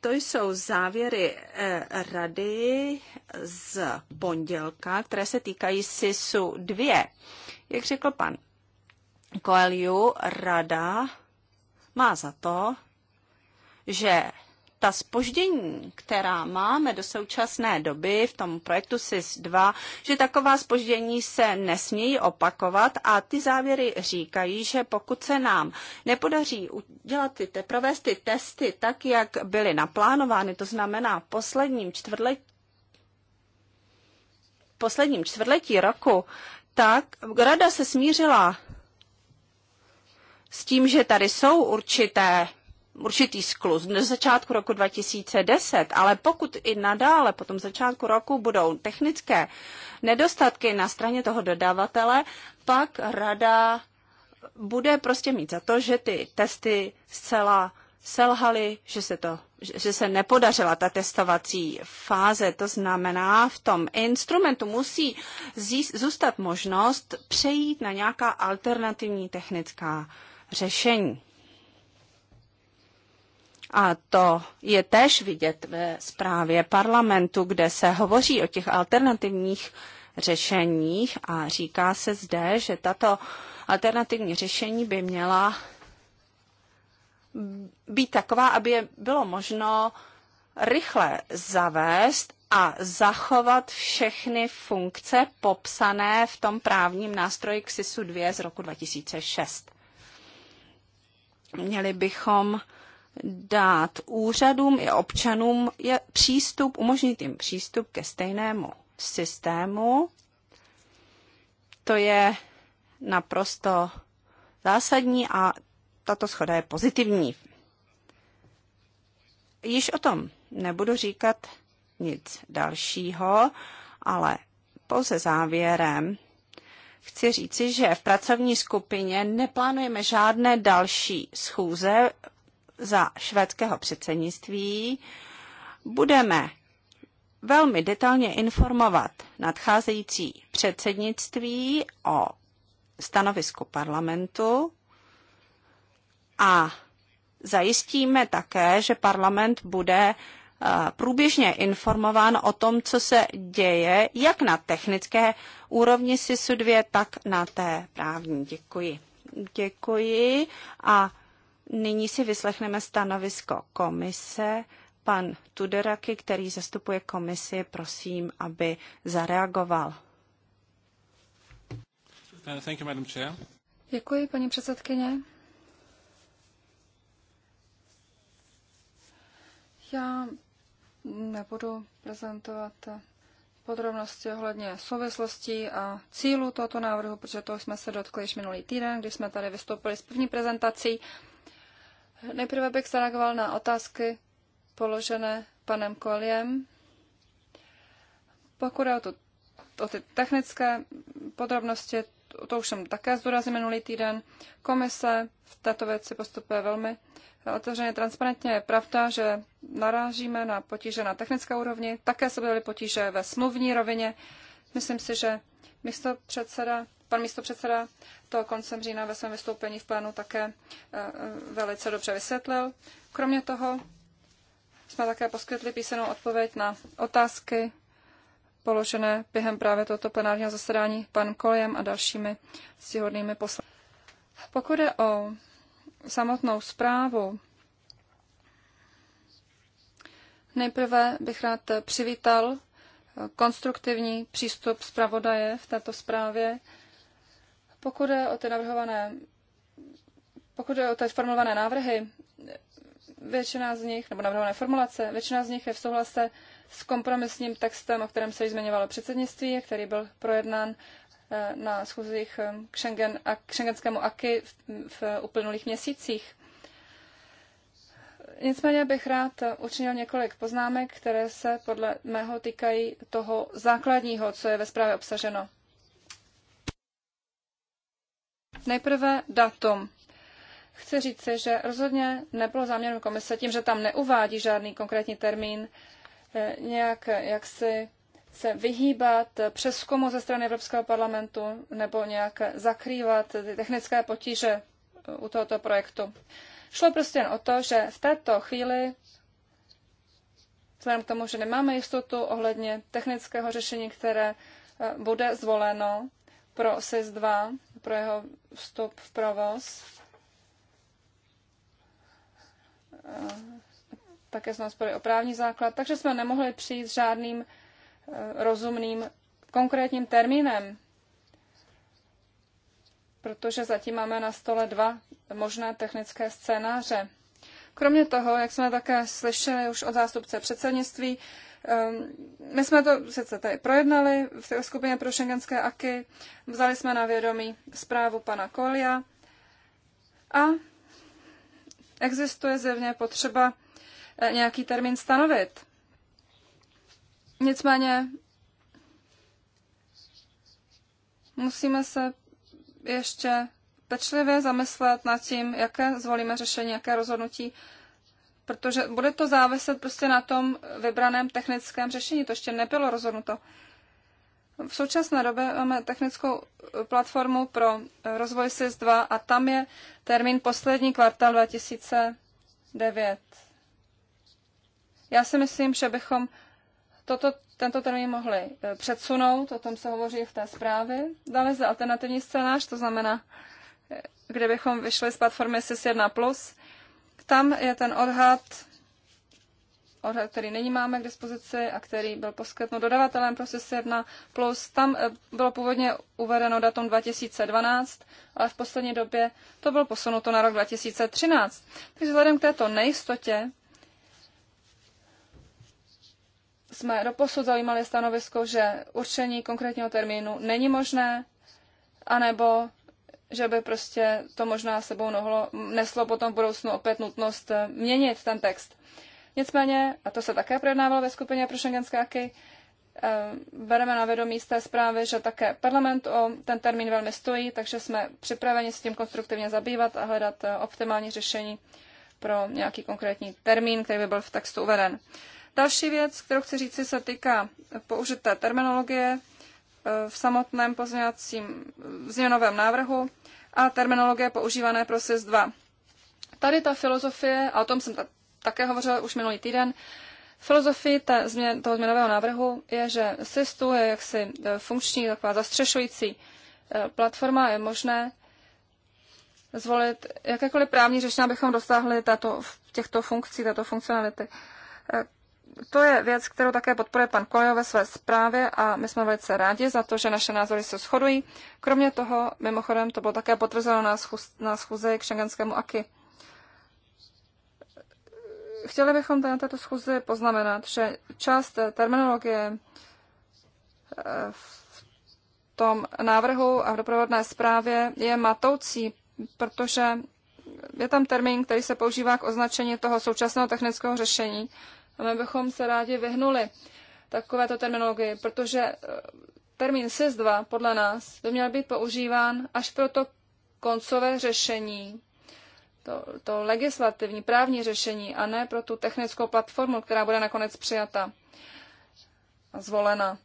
to jsou závěry eh, rady z pondělka, které se týkají SISu 2. Jak řekl pan Coelho, rada má za to, že ta spoždění, která máme do současné doby v tom projektu SIS 2, že taková spoždění se nesmějí opakovat a ty závěry říkají, že pokud se nám nepodaří udělat ty, te, provést ty testy tak, jak byly naplánovány, to znamená v posledním čtvrtletí, posledním čtvrtletí roku, tak rada se smířila s tím, že tady jsou určité určitý sklus do začátku roku 2010, ale pokud i nadále po tom začátku roku budou technické nedostatky na straně toho dodavatele, pak rada bude prostě mít za to, že ty testy zcela selhaly, že se to že se nepodařila ta testovací fáze. To znamená, v tom instrumentu musí zůstat možnost přejít na nějaká alternativní technická řešení. A to je též vidět ve zprávě parlamentu, kde se hovoří o těch alternativních řešeních a říká se zde, že tato alternativní řešení by měla být taková, aby je bylo možno rychle zavést a zachovat všechny funkce popsané v tom právním nástroji KSISu 2 z roku 2006. Měli bychom dát úřadům i občanům je přístup, umožnit jim přístup ke stejnému systému. To je naprosto zásadní a tato schoda je pozitivní. Již o tom nebudu říkat nic dalšího, ale pouze závěrem chci říci, že v pracovní skupině neplánujeme žádné další schůze za švédského předsednictví budeme velmi detailně informovat nadcházející předsednictví o stanovisku parlamentu a zajistíme také, že parlament bude eh, průběžně informován o tom, co se děje jak na technické úrovni SISu 2, tak na té právní. Děkuji. Děkuji a Nyní si vyslechneme stanovisko komise. Pan Tuderaky, který zastupuje komisi, prosím, aby zareagoval. Uh, thank you, Madam Chair. Děkuji, paní předsedkyně. Já nebudu prezentovat podrobnosti ohledně souvislostí a cílů tohoto návrhu, protože toho jsme se dotkli již minulý týden, kdy jsme tady vystoupili s první prezentací. Nejprve bych zareagoval na otázky položené panem Koliem. Pokud je o, to, o ty technické podrobnosti, to už jsem také zdůraznil minulý týden, komise v této věci postupuje velmi otevřeně transparentně. Je pravda, že narážíme na potíže na technické úrovni, také se byly potíže ve smluvní rovině. Myslím si, že místo předseda Pan místopředseda to koncem října ve svém vystoupení v plénu také eh, eh, velice dobře vysvětlil. Kromě toho jsme také poskytli písemnou odpověď na otázky položené během právě tohoto plenárního zasedání panem Kolem a dalšími stihodnými poslanci. Pokud je o samotnou zprávu, nejprve bych rád přivítal konstruktivní přístup zpravodaje v této zprávě. Pokud je o ty navrhované, pokud je o ty formulované návrhy, většina z nich, nebo navrhované formulace, většina z nich je v souhlase s kompromisním textem, o kterém se již zmiňovalo předsednictví, který byl projednán eh, na schůzích eh, k, Schengen, a k šengenskému AKI v, v uplynulých měsících. Nicméně bych rád učinil několik poznámek, které se podle mého týkají toho základního, co je ve zprávě obsaženo. Nejprve datum. Chci říci, že rozhodně nebylo záměrem komise tím, že tam neuvádí žádný konkrétní termín, eh, nějak jaksi se vyhýbat přeskumu ze strany Evropského parlamentu nebo nějak zakrývat ty technické potíže eh, u tohoto projektu. Šlo prostě jen o to, že v této chvíli, vzhledem k tomu, že nemáme jistotu ohledně technického řešení, které eh, bude zvoleno pro SIS-2, pro jeho vstup v provoz. Eh, také jsme spory o právní základ, takže jsme nemohli přijít s žádným eh, rozumným konkrétním termínem, protože zatím máme na stole dva možné technické scénáře. Kromě toho, jak jsme také slyšeli už od zástupce předsednictví, Ehm, my jsme to sice tady projednali v té skupině pro šengenské aky, vzali jsme na vědomí zprávu pana Kolia a existuje zjevně potřeba eh, nějaký termín stanovit. Nicméně musíme se ještě pečlivě zamyslet nad tím, jaké zvolíme řešení, jaké rozhodnutí protože bude to záviset prostě na tom vybraném technickém řešení. To ještě nebylo rozhodnuto. V současné době máme technickou platformu pro rozvoj SIS 2 a tam je termín poslední kvartál 2009. Já si myslím, že bychom toto, tento termín mohli eh, předsunout, o tom se hovoří v té zprávě. Dále za alternativní scénář, to znamená, eh, kdybychom vyšli z platformy SIS 1+, tam je ten odhad, odhad, který nyní máme k dispozici a který byl poskytnut dodavatelem Process 1 Plus. Tam eh, bylo původně uvedeno datum 2012, ale v poslední době to bylo posunuto na rok 2013. Takže vzhledem k této nejistotě jsme doposud zaujímali stanovisko, že určení konkrétního termínu není možné, anebo že by prostě to možná sebou nohlo, neslo potom v budoucnu opět nutnost eh, měnit ten text. Nicméně, a to se také projednávalo ve skupině pro šengenské aky, eh, bereme na vědomí z té zprávy, že také parlament o ten termín velmi stojí, takže jsme připraveni s tím konstruktivně zabývat a hledat eh, optimální řešení pro nějaký konkrétní termín, který by byl v textu uveden. Další věc, kterou chci říci, se týká použité terminologie v samotném pozměňovacím změnovém návrhu a terminologie používané pro SIS-2. Tady ta filozofie, a o tom jsem ta, také hovořila už minulý týden, Filozofie ta změn, toho změnového návrhu je, že SIS-2 je jaksi e, funkční, taková zastřešující e, platforma, je možné zvolit jakékoliv právní řešení, abychom dosáhli tato, těchto funkcí, této funkcionality. E, to je věc, kterou také podporuje pan Kolejo ve své zprávě a my jsme velice rádi za to, že naše názory se shodují. Kromě toho, mimochodem, to bylo také potvrzeno na, schůz, na schůzi k šengenskému AKI. Chtěli bychom na této schůzi poznamenat, že část terminologie eh, v tom návrhu a v doprovodné zprávě je matoucí, protože je tam termín, který se používá k označení toho současného technického řešení, a my bychom se rádi vyhnuli takovéto terminologii, protože eh, termín SIS-2 podle nás by měl být používán až pro to koncové řešení, to, to legislativní, právní řešení, a ne pro tu technickou platformu, která bude nakonec přijata a zvolena.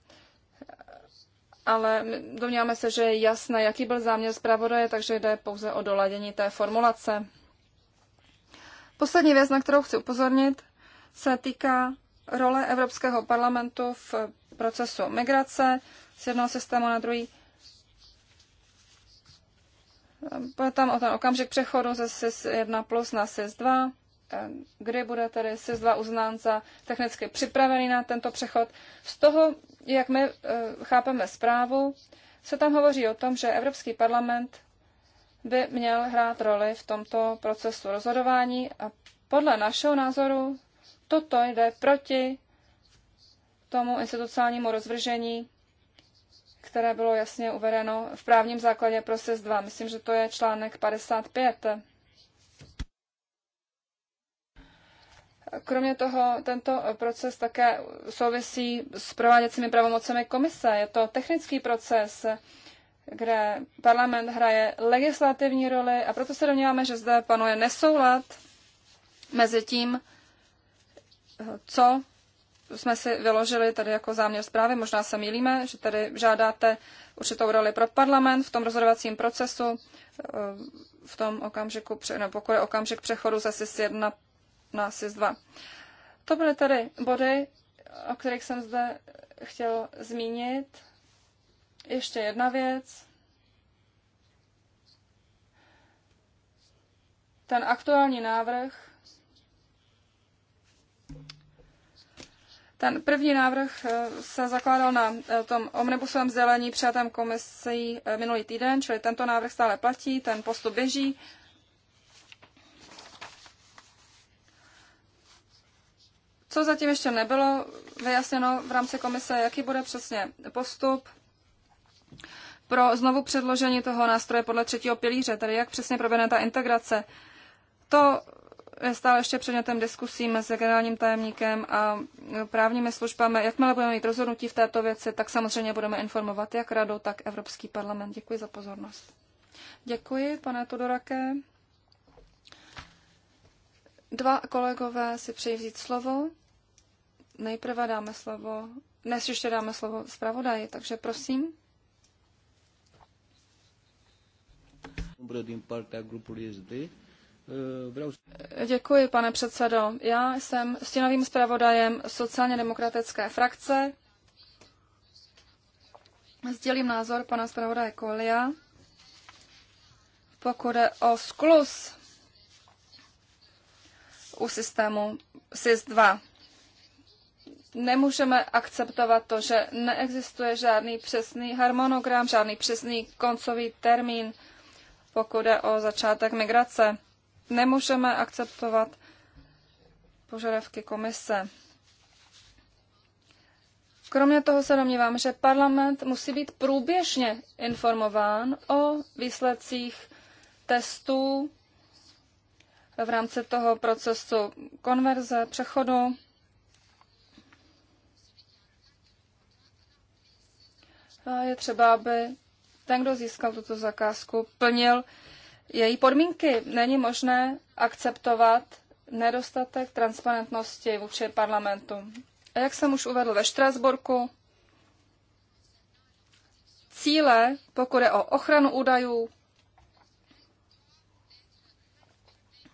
Ale domníváme se, že je jasné, jaký byl záměr zpravodaje, takže jde pouze o doladění té formulace. Poslední věc, na kterou chci upozornit, se týká role Evropského parlamentu v procesu migrace z jednoho systému na druhý. Bude tam o ten okamžik přechodu ze SIS 1 plus na SIS 2, kdy bude tedy SIS 2 uznán za technicky připravený na tento přechod. Z toho, jak my eh, chápeme zprávu, se tam hovoří o tom, že Evropský parlament by měl hrát roli v tomto procesu rozhodování a podle našeho názoru Toto jde proti tomu institucionálnímu rozvržení, které bylo jasně uvedeno v právním základě pro SIS 2. Myslím, že to je článek 55. Kromě toho, tento proces také souvisí s prováděcími pravomocemi komise. Je to technický proces, kde parlament hraje legislativní roli a proto se domníváme, že zde panuje nesoulad mezi tím, co jsme si vyložili tady jako záměr zprávy, možná se mýlíme, že tady žádáte určitou roli pro parlament v tom rozhodovacím procesu, eh, v tom okamžiku, nebo pokud je okamžik přechodu ze SIS 1 na SIS 2. To byly tady body, o kterých jsem zde chtěl zmínit. Ještě jedna věc. Ten aktuální návrh Ten první návrh eh, se zakládal na eh, tom omnibusovém zelení přijatém komisí eh, minulý týden, čili tento návrh stále platí, ten postup běží. Co zatím ještě nebylo vyjasněno v rámci komise, jaký bude přesně postup pro znovu předložení toho nástroje podle třetího pilíře, tedy jak přesně proběhne ta integrace. To je stále ještě předmětem diskusí mezi generálním tajemníkem a e, právními službami. Jakmile budeme mít rozhodnutí v této věci, tak samozřejmě budeme informovat jak radu, tak Evropský parlament. Děkuji za pozornost. Děkuji, pane Todorake. Dva kolegové si přeji vzít slovo. Nejprve dáme slovo, dnes ještě dáme slovo zpravodaji, takže prosím. den, partea grupu SD Eh, Děkuji, pane předsedo. Já jsem stínovým zpravodajem sociálně demokratické frakce. Sdělím názor pana zpravodaje Kolia. Pokud je o sklus u systému SIS-2, nemůžeme akceptovat to, že neexistuje žádný přesný harmonogram, žádný přesný koncový termín, pokud je o začátek migrace nemůžeme akceptovat požadavky komise. Kromě toho se domnívám, že parlament musí být průběžně informován o výsledcích testů v rámci toho procesu konverze, přechodu. Je třeba, aby ten, kdo získal tuto zakázku, plnil její podmínky. Není možné akceptovat nedostatek transparentnosti vůči parlamentu. A jak jsem už uvedl ve Štrasburku, cíle, pokud je o ochranu údajů,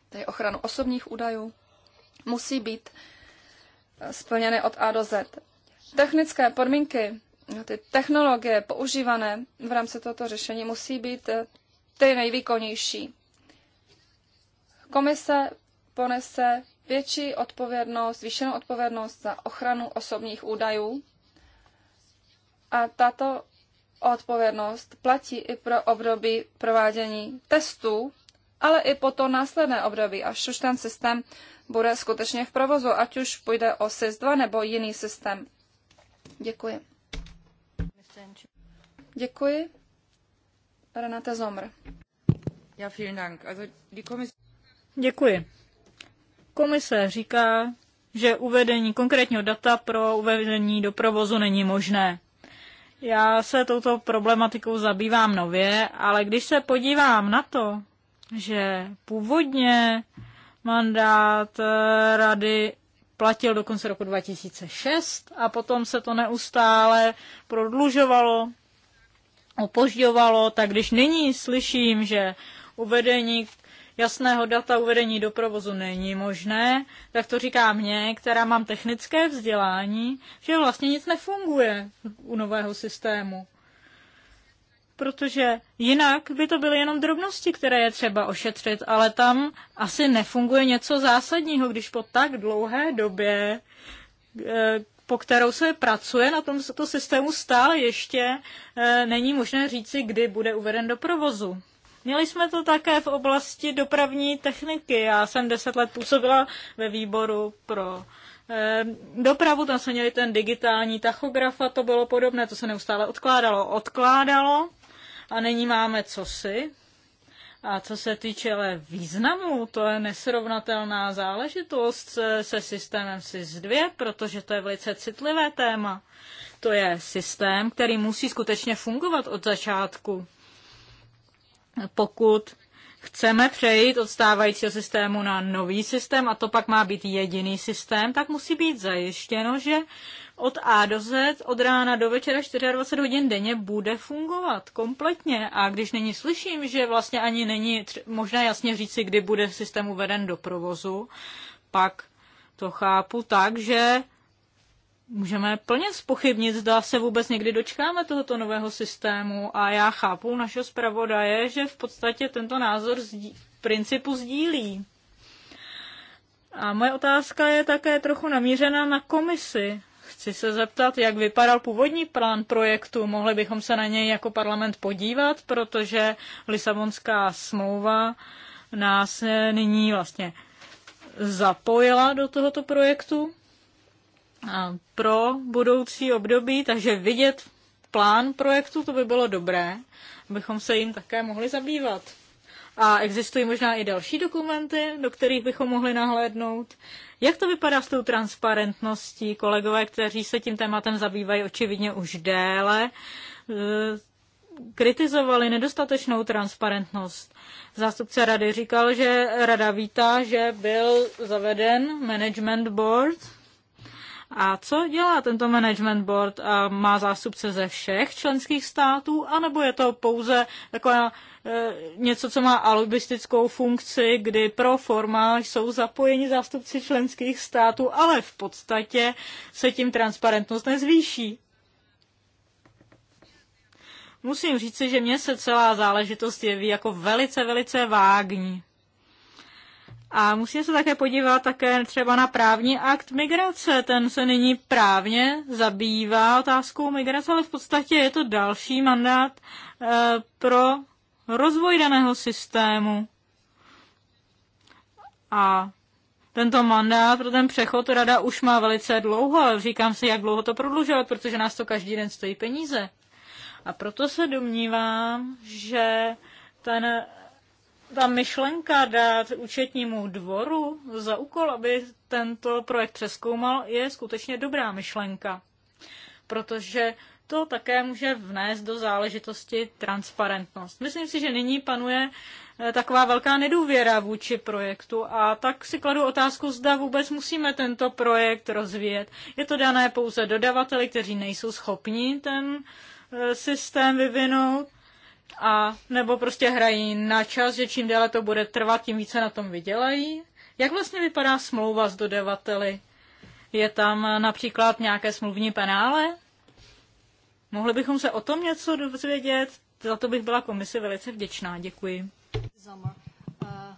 tedy ochranu osobních údajů, musí být splněny od A do Z. Technické podmínky, ty technologie používané v rámci tohoto řešení musí být ty nejvýkonnější. Komise ponese větší odpovědnost, zvýšenou odpovědnost za ochranu osobních údajů a tato odpovědnost platí i pro období provádění testů, ale i po to následné období, až už ten systém bude skutečně v provozu, ať už půjde o SIS-2 nebo jiný systém. Děkuji. Děkuji. Renate Zomr. Ja, vielen Dank. Also die komis- Děkuji. Komise říká, že uvedení konkrétního data pro uvedení do provozu není možné. Já se touto problematikou zabývám nově, ale když se podívám na to, že původně mandát eh, rady platil do konce roku 2006 a potom se to neustále prodlužovalo opožďovalo, tak když nyní slyším, že uvedení jasného data uvedení do provozu není možné, tak to říká mě, která mám technické vzdělání, že vlastně nic nefunguje u nového systému. Protože jinak by to byly jenom drobnosti, které je třeba ošetřit, ale tam asi nefunguje něco zásadního, když po tak dlouhé době eh, po kterou se pracuje na tomto systému, stále ještě eh, není možné říci, kdy bude uveden do provozu. Měli jsme to také v oblasti dopravní techniky. Já jsem deset let působila ve výboru pro eh, dopravu, tam jsme měli ten digitální tachograf a to bylo podobné, to se neustále odkládalo, odkládalo a nyní máme cosi, a co se týče ale významu, to je nesrovnatelná záležitost se, se systémem SIS-2, protože to je velice citlivé téma. To je systém, který musí skutečně fungovat od začátku. Pokud chceme přejít od stávajícího systému na nový systém a to pak má být jediný systém, tak musí být zajištěno, že od A do Z, od rána do večera 24 hodin denně bude fungovat kompletně. A když není slyším, že vlastně ani není možné jasně říci, kdy bude systém uveden do provozu, pak to chápu tak, že můžeme plně spochybnit, zda se vůbec někdy dočkáme tohoto nového systému. A já chápu našeho zpravodaje, že v podstatě tento názor zdí, v principu sdílí. A moje otázka je také trochu namířena na komisi. Chci se zeptat, jak vypadal původní plán projektu. Mohli bychom se na něj jako parlament podívat, protože Lisabonská smlouva nás eh, nyní vlastně zapojila do tohoto projektu pro budoucí období, takže vidět plán projektu, to by bylo dobré, abychom se jim také mohli zabývat. A existují možná i další dokumenty, do kterých bychom mohli nahlédnout. Jak to vypadá s tou transparentností? Kolegové, kteří se tím tématem zabývají očividně už déle, e, kritizovali nedostatečnou transparentnost. Zástupce rady říkal, že rada vítá, že byl zaveden management board, a co dělá tento management board? Má zástupce ze všech členských států, anebo je to pouze taková e, něco, co má alibistickou funkci, kdy pro forma jsou zapojeni zástupci členských států, ale v podstatě se tím transparentnost nezvýší. Musím říci, že mně se celá záležitost jeví jako velice, velice vágní. A musíme se také podívat také třeba na právní akt migrace. Ten se nyní právně zabývá otázkou migrace, ale v podstatě je to další mandát eh, pro rozvoj daného systému. A tento mandát pro ten přechod rada už má velice dlouho, ale říkám si, jak dlouho to prodlužovat, protože nás to každý den stojí peníze. A proto se domnívám, že ten ta myšlenka dát účetnímu dvoru za úkol, aby tento projekt přeskoumal, je skutečně dobrá myšlenka. Protože to také může vnést do záležitosti transparentnost. Myslím si, že nyní panuje eh, taková velká nedůvěra vůči projektu a tak si kladu otázku, zda vůbec musíme tento projekt rozvíjet. Je to dané pouze dodavateli, kteří nejsou schopni ten eh, systém vyvinout a nebo prostě hrají na čas, že čím déle to bude trvat, tím více na tom vydělají. Jak vlastně vypadá smlouva s dodavateli? Je tam například nějaké smluvní penále? Mohli bychom se o tom něco dozvědět? Za to bych byla komisi velice vděčná. Děkuji. Uh,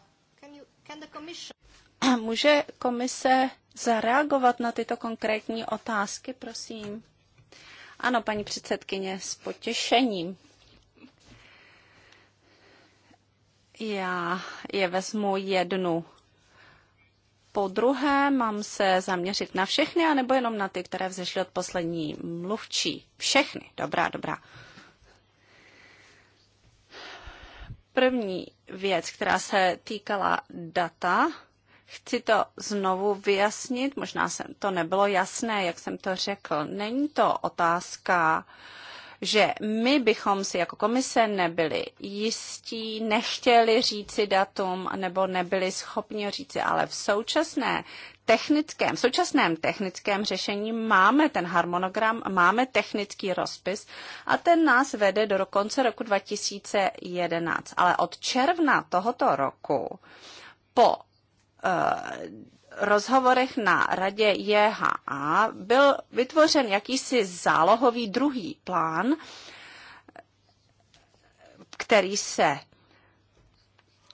[clears throat] Může komise zareagovat na tyto konkrétní otázky, prosím? Ano, paní předsedkyně, s potěšením. Já je vezmu jednu po druhé. Mám se zaměřit na všechny, anebo jenom na ty, které vzešly od poslední mluvčí. Všechny. Dobrá, dobrá. První věc, která se týkala data, chci to znovu vyjasnit, možná jsem to nebylo jasné, jak jsem to řekl. Není to otázka uh, že my bychom si jako komise nebyli jistí, nechtěli říci datum nebo nebyli schopni říci, ale v současné technickém, v současném technickém řešení máme ten harmonogram, máme technický rozpis a ten nás vede do konce roku 2011. Ale od června tohoto roku po eh, rozhovorech na radě JHA byl vytvořen jakýsi zálohový druhý plán, který se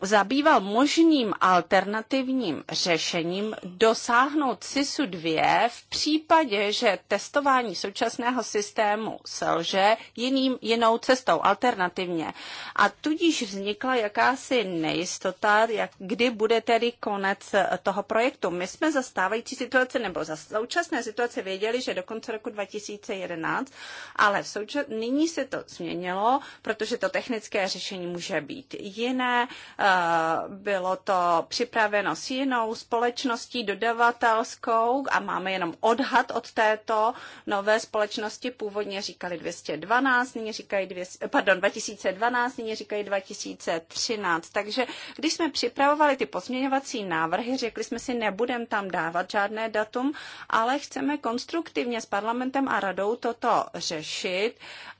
zabýval možným alternativním řešením dosáhnout SISu 2 v případě, že testování současného systému selže jiným, jinou cestou, alternativně. A tudíž vznikla jakási nejistota, jak, kdy bude tedy konec toho projektu. My jsme za stávající situace nebo za současné situace věděli, že do konce roku 2011, ale v součas... nyní se to změnilo, protože to technické řešení může být jiné, Eh, bylo to připraveno s jinou společností dodavatelskou a máme jenom odhad od této nové společnosti. Původně říkali 212, nyní říkají 200, pardon, 2012, nyní říkají 2013. Takže když jsme připravovali ty pozměňovací návrhy, řekli jsme si, nebudeme tam dávat žádné datum, ale chceme konstruktivně s parlamentem a radou toto řešit,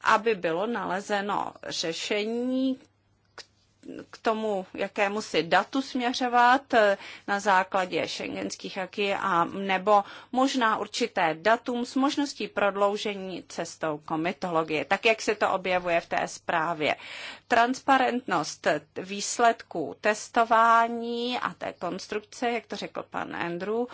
aby bylo nalezeno řešení, k tomu, jakému si datu směřovat eh, na základě šengenských aky a nebo možná určité datum s možností prodloužení cestou komitologie, tak jak se to objevuje v té zprávě. Transparentnost výsledků testování a té konstrukce, jak to řekl pan Andrew,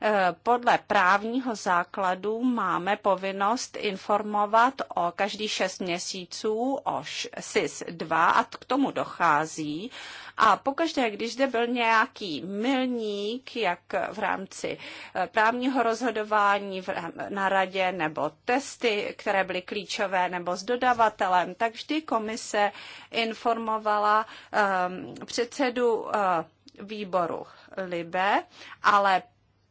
Eh, podle právního základu máme povinnost informovat o každý šest měsíců o SIS-2 a k tomu dochází. A pokaždé, když zde byl nějaký milník, jak v rámci eh, právního rozhodování na radě nebo testy, které byly klíčové nebo s dodavatelem, tak vždy komise informovala um, předsedu uh, výboru Libe, ale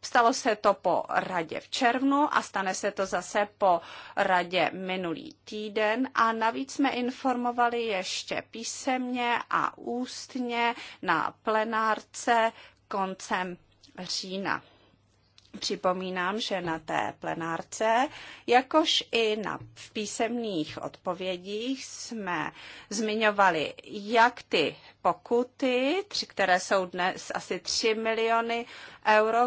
Stalo se to po radě v červnu a stane se to zase po radě minulý týden a navíc jsme informovali ještě písemně a ústně na plenárce koncem října. Připomínám, že na té plenárce, jakož i na, v písemných odpovědích jsme zmiňovali jak ty pokuty, tři, které jsou dnes asi 3 miliony euro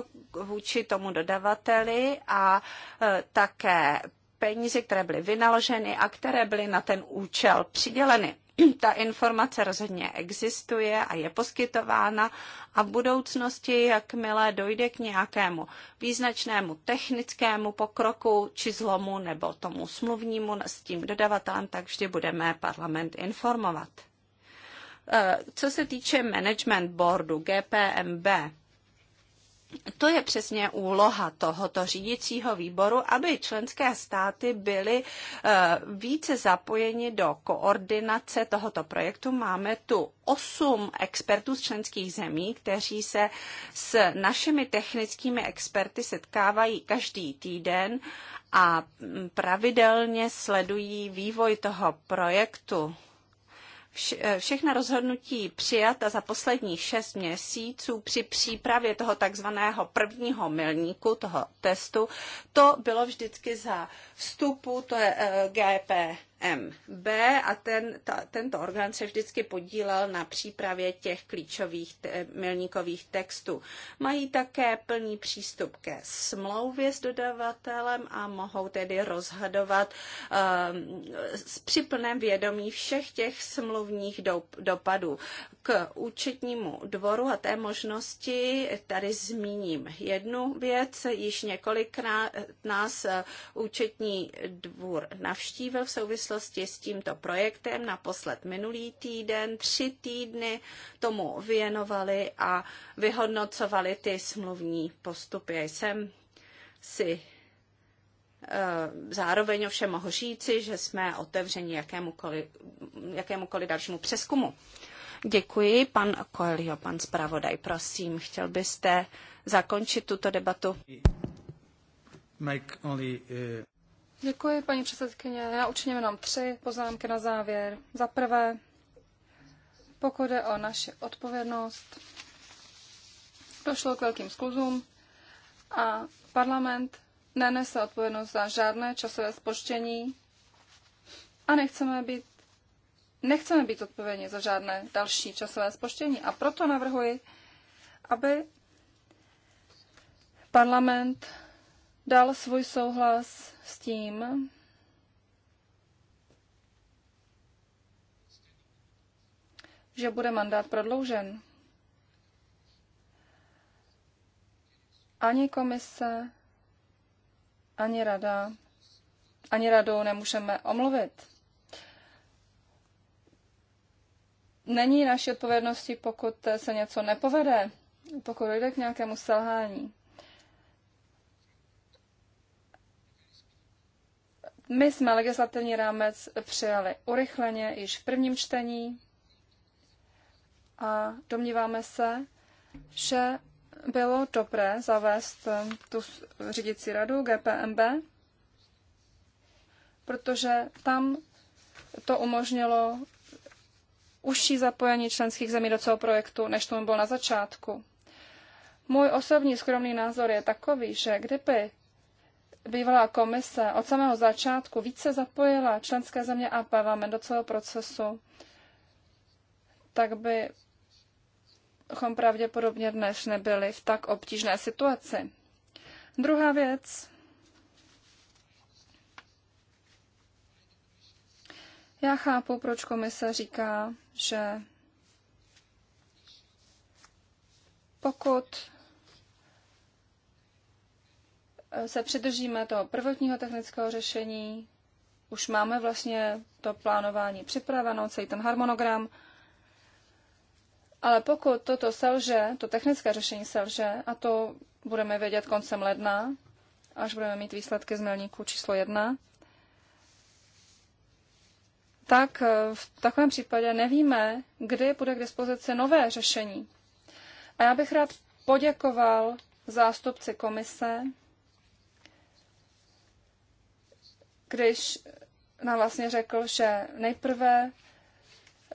vůči tomu dodavateli a e, také peníze, které byly vynaloženy a které byly na ten účel přiděleny. [clears throat] ta informace rozhodně existuje a je poskytována a v budoucnosti, jakmile dojde k nějakému význačnému technickému pokroku či zlomu nebo tomu smluvnímu s tím dodavatelem, tak vždy budeme parlament informovat. Eh, co se týče management boardu GPMB, to je přesně úloha tohoto řídícího výboru, aby členské státy byly eh, více zapojeni do koordinace tohoto projektu. Máme tu osm expertů z členských zemí, kteří se s našimi technickými experty setkávají každý týden a pravidelně sledují vývoj toho projektu. Eh, všechna rozhodnutí přijata za posledních šest měsíců při přípravě toho takzvaného prvního milníku, toho testu, to bylo vždycky za vstupu, to je eh, GP MB a ten, ta, tento orgán se vždycky podílel na přípravě těch klíčových te, milníkových textů. Mají také plný přístup ke smlouvě s dodavatelem a mohou tedy rozhodovat um, s připlném vědomí všech těch smluvních do, dopadů. K účetnímu dvoru a té možnosti tady zmíním jednu věc. Již několikrát nás účetní dvůr navštívil v souvislosti souvislosti s tímto projektem. Naposled minulý týden, tři týdny tomu věnovali a vyhodnocovali ty smluvní postupy. Já jsem si eh, Zároveň ovšem mohu říci, že jsme otevřeni jakémukoliv, jakémukoliv dalšímu přeskumu. Děkuji, pan Coelho, pan zpravodaj, prosím, chtěl byste zakončit tuto debatu? Only, uh... Děkuji, paní předsedkyně. Já učiním jenom tři poznámky na závěr. Za prvé, pokud je o naši odpovědnost, došlo k velkým skluzům a parlament nenese odpovědnost za žádné časové spoštění a nechceme být, nechceme být odpovědní za žádné další časové spoštění. A proto navrhuji, aby parlament dal svůj souhlas s tím, že bude mandát prodloužen. Ani komise, ani rada, ani radu nemůžeme omluvit. Není naší odpovědnosti, pokud se něco nepovede, pokud dojde k nějakému selhání. My jsme legislativní rámec přijali urychleně již v prvním čtení a domníváme se, že bylo dobré zavést eh, tu řídící radu GPMB, protože tam to umožnilo užší zapojení členských zemí do celého projektu, než tomu bylo na začátku. Můj osobní skromný názor je takový, že kdyby bývalá komise od samého začátku více zapojila členské země a parlament do celého procesu, tak bychom pravděpodobně dnes nebyli v tak obtížné situaci. Druhá věc. Já chápu, proč komise říká, že pokud se přidržíme toho prvotního technického řešení, už máme vlastně to plánování připraveno, celý ten harmonogram, ale pokud toto selže, to technické řešení selže, a to budeme vědět koncem ledna, až budeme mít výsledky z milníku číslo jedna, tak eh, v takovém případě nevíme, kdy bude k dispozici nové řešení. A já bych rád poděkoval zástupci komise když nám vlastně řekl, že nejprve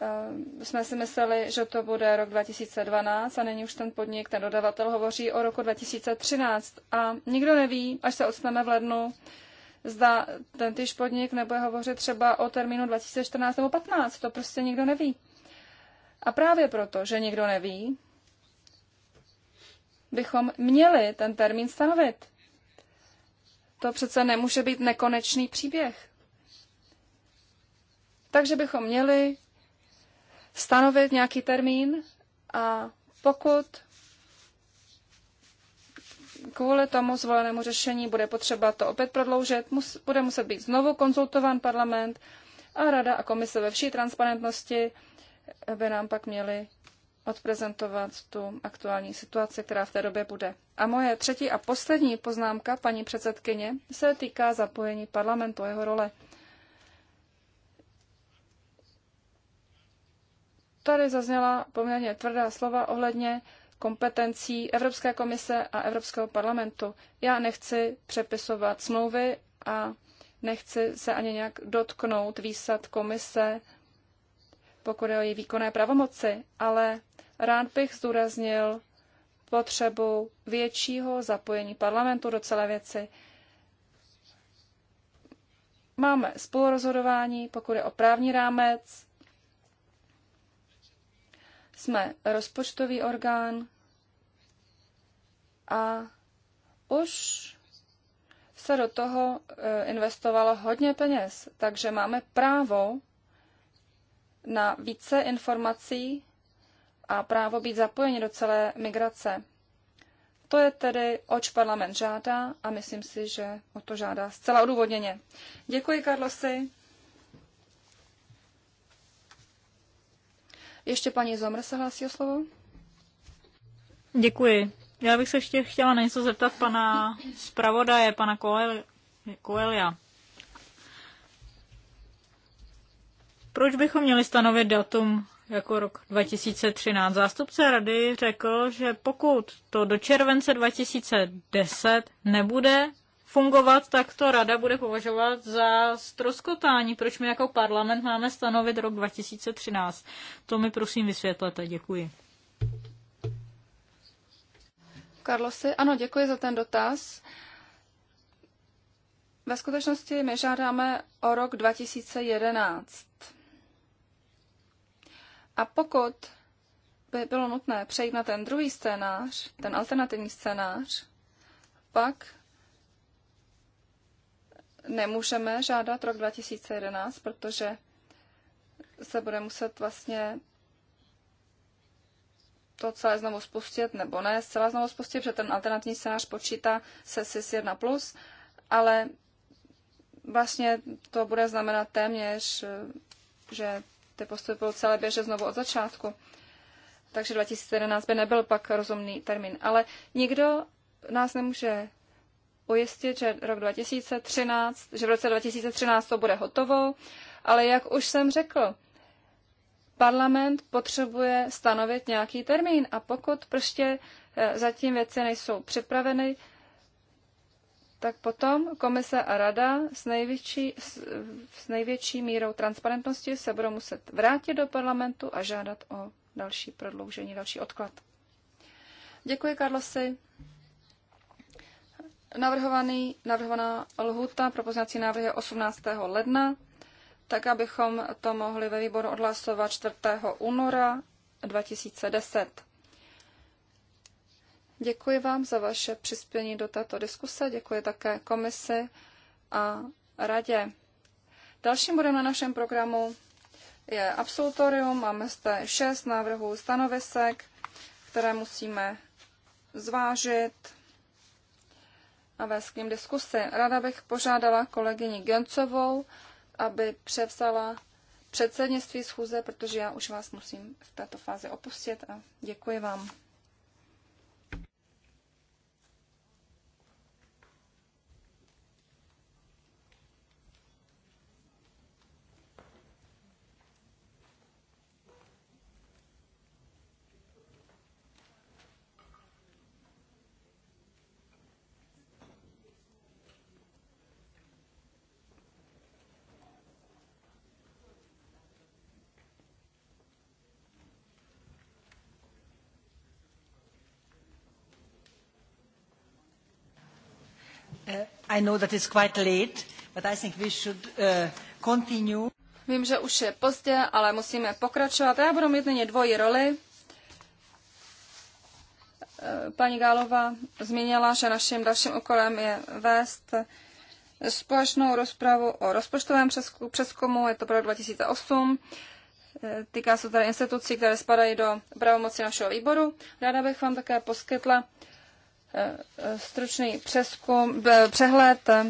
eh, jsme si mysleli, že to bude rok 2012 a není už ten podnik, ten dodavatel hovoří o roku 2013 a nikdo neví, až se odstaneme v lednu, zda ten týž podnik nebude hovořit třeba o termínu 2014 nebo 15, to prostě nikdo neví. A právě proto, že nikdo neví, bychom měli ten termín stanovit. To přece nemůže být nekonečný příběh. Takže bychom měli stanovit nějaký termín a pokud kvůli tomu zvolenému řešení bude potřeba to opět prodloužit, mus, bude muset být znovu konzultován parlament a rada a komise ve vší transparentnosti by nám pak měly odprezentovat tu aktuální situaci, která v té době bude. A moje třetí a poslední poznámka, paní předsedkyně, se týká zapojení parlamentu a jeho role. Tady zazněla poměrně tvrdá slova ohledně kompetencí Evropské komise a Evropského parlamentu. Já nechci přepisovat smlouvy a nechci se ani nějak dotknout výsad komise, pokud je o její výkonné pravomoci, ale Rád bych zdůraznil potřebu většího zapojení parlamentu do celé věci. Máme spolurozhodování, pokud je o právní rámec. Jsme rozpočtový orgán a už se do toho e, investovalo hodně peněz, takže máme právo na více informací a právo být zapojeni do celé migrace. To je tedy, oč parlament žádá a myslím si, že o to žádá zcela odůvodněně. Děkuji, Karlosi. Ještě paní Zomr se hlásí o slovo. Děkuji. Já bych se ještě chtěla něco zeptat pana zpravodaje, pana Koelia. Proč bychom měli stanovit datum jako rok 2013. Zástupce rady řekl, že pokud to do července 2010 nebude fungovat, tak to rada bude považovat za stroskotání. Proč my jako parlament máme stanovit rok 2013? To mi prosím vysvětlete. Děkuji. Karlosi, ano, děkuji za ten dotaz. Ve skutečnosti my žádáme o rok 2011. A pokud by bylo nutné přejít na ten druhý scénář, ten alternativní scénář, pak nemůžeme žádat rok 2011, protože se bude muset vlastně to celé znovu spustit, nebo ne celé znovu spustit, protože ten alternativní scénář počítá se SIS 1+, ale vlastně to bude znamenat téměř, že ty postupy celé běže znovu od začátku. Takže 2011 by nebyl pak rozumný termín. Ale nikdo nás nemůže ujistit, že rok 2013, že v roce 2013 to bude hotovo, ale jak už jsem řekl, parlament potřebuje stanovit nějaký termín a pokud prostě eh, zatím věci nejsou připraveny, tak potom komise a rada s největší, s, s největší mírou transparentnosti se budou muset vrátit do parlamentu a žádat o další prodloužení, další odklad. Děkuji, Karlosi. Navrhovaný, navrhovaná lhuta pro poznací návrhy 18. ledna, tak abychom to mohli ve výboru odhlasovat 4. února 2010. Děkuji vám za vaše přispění do této diskuse, děkuji také komisi a radě. Dalším bodem na našem programu je absolutorium. Máme zde šest návrhů stanovisek, které musíme zvážit a vést k ním diskusy. Rada bych požádala kolegyni Gencovou, aby převzala předsednictví schůze, protože já už vás musím v této fázi opustit a děkuji vám. Vím, že už je pozdě, ale musíme pokračovat. Já budu mít nyní dvoji roli. Eh, paní Gálova zmínila, že naším dalším úkolem je vést společnou rozpravu o rozpočtovém přeskumu, je to pro 2008. Eh, týká se tady institucí, které spadají do pravomoci našeho výboru. Ráda bych vám také poskytla stručný přeskum, eh, přehled eh,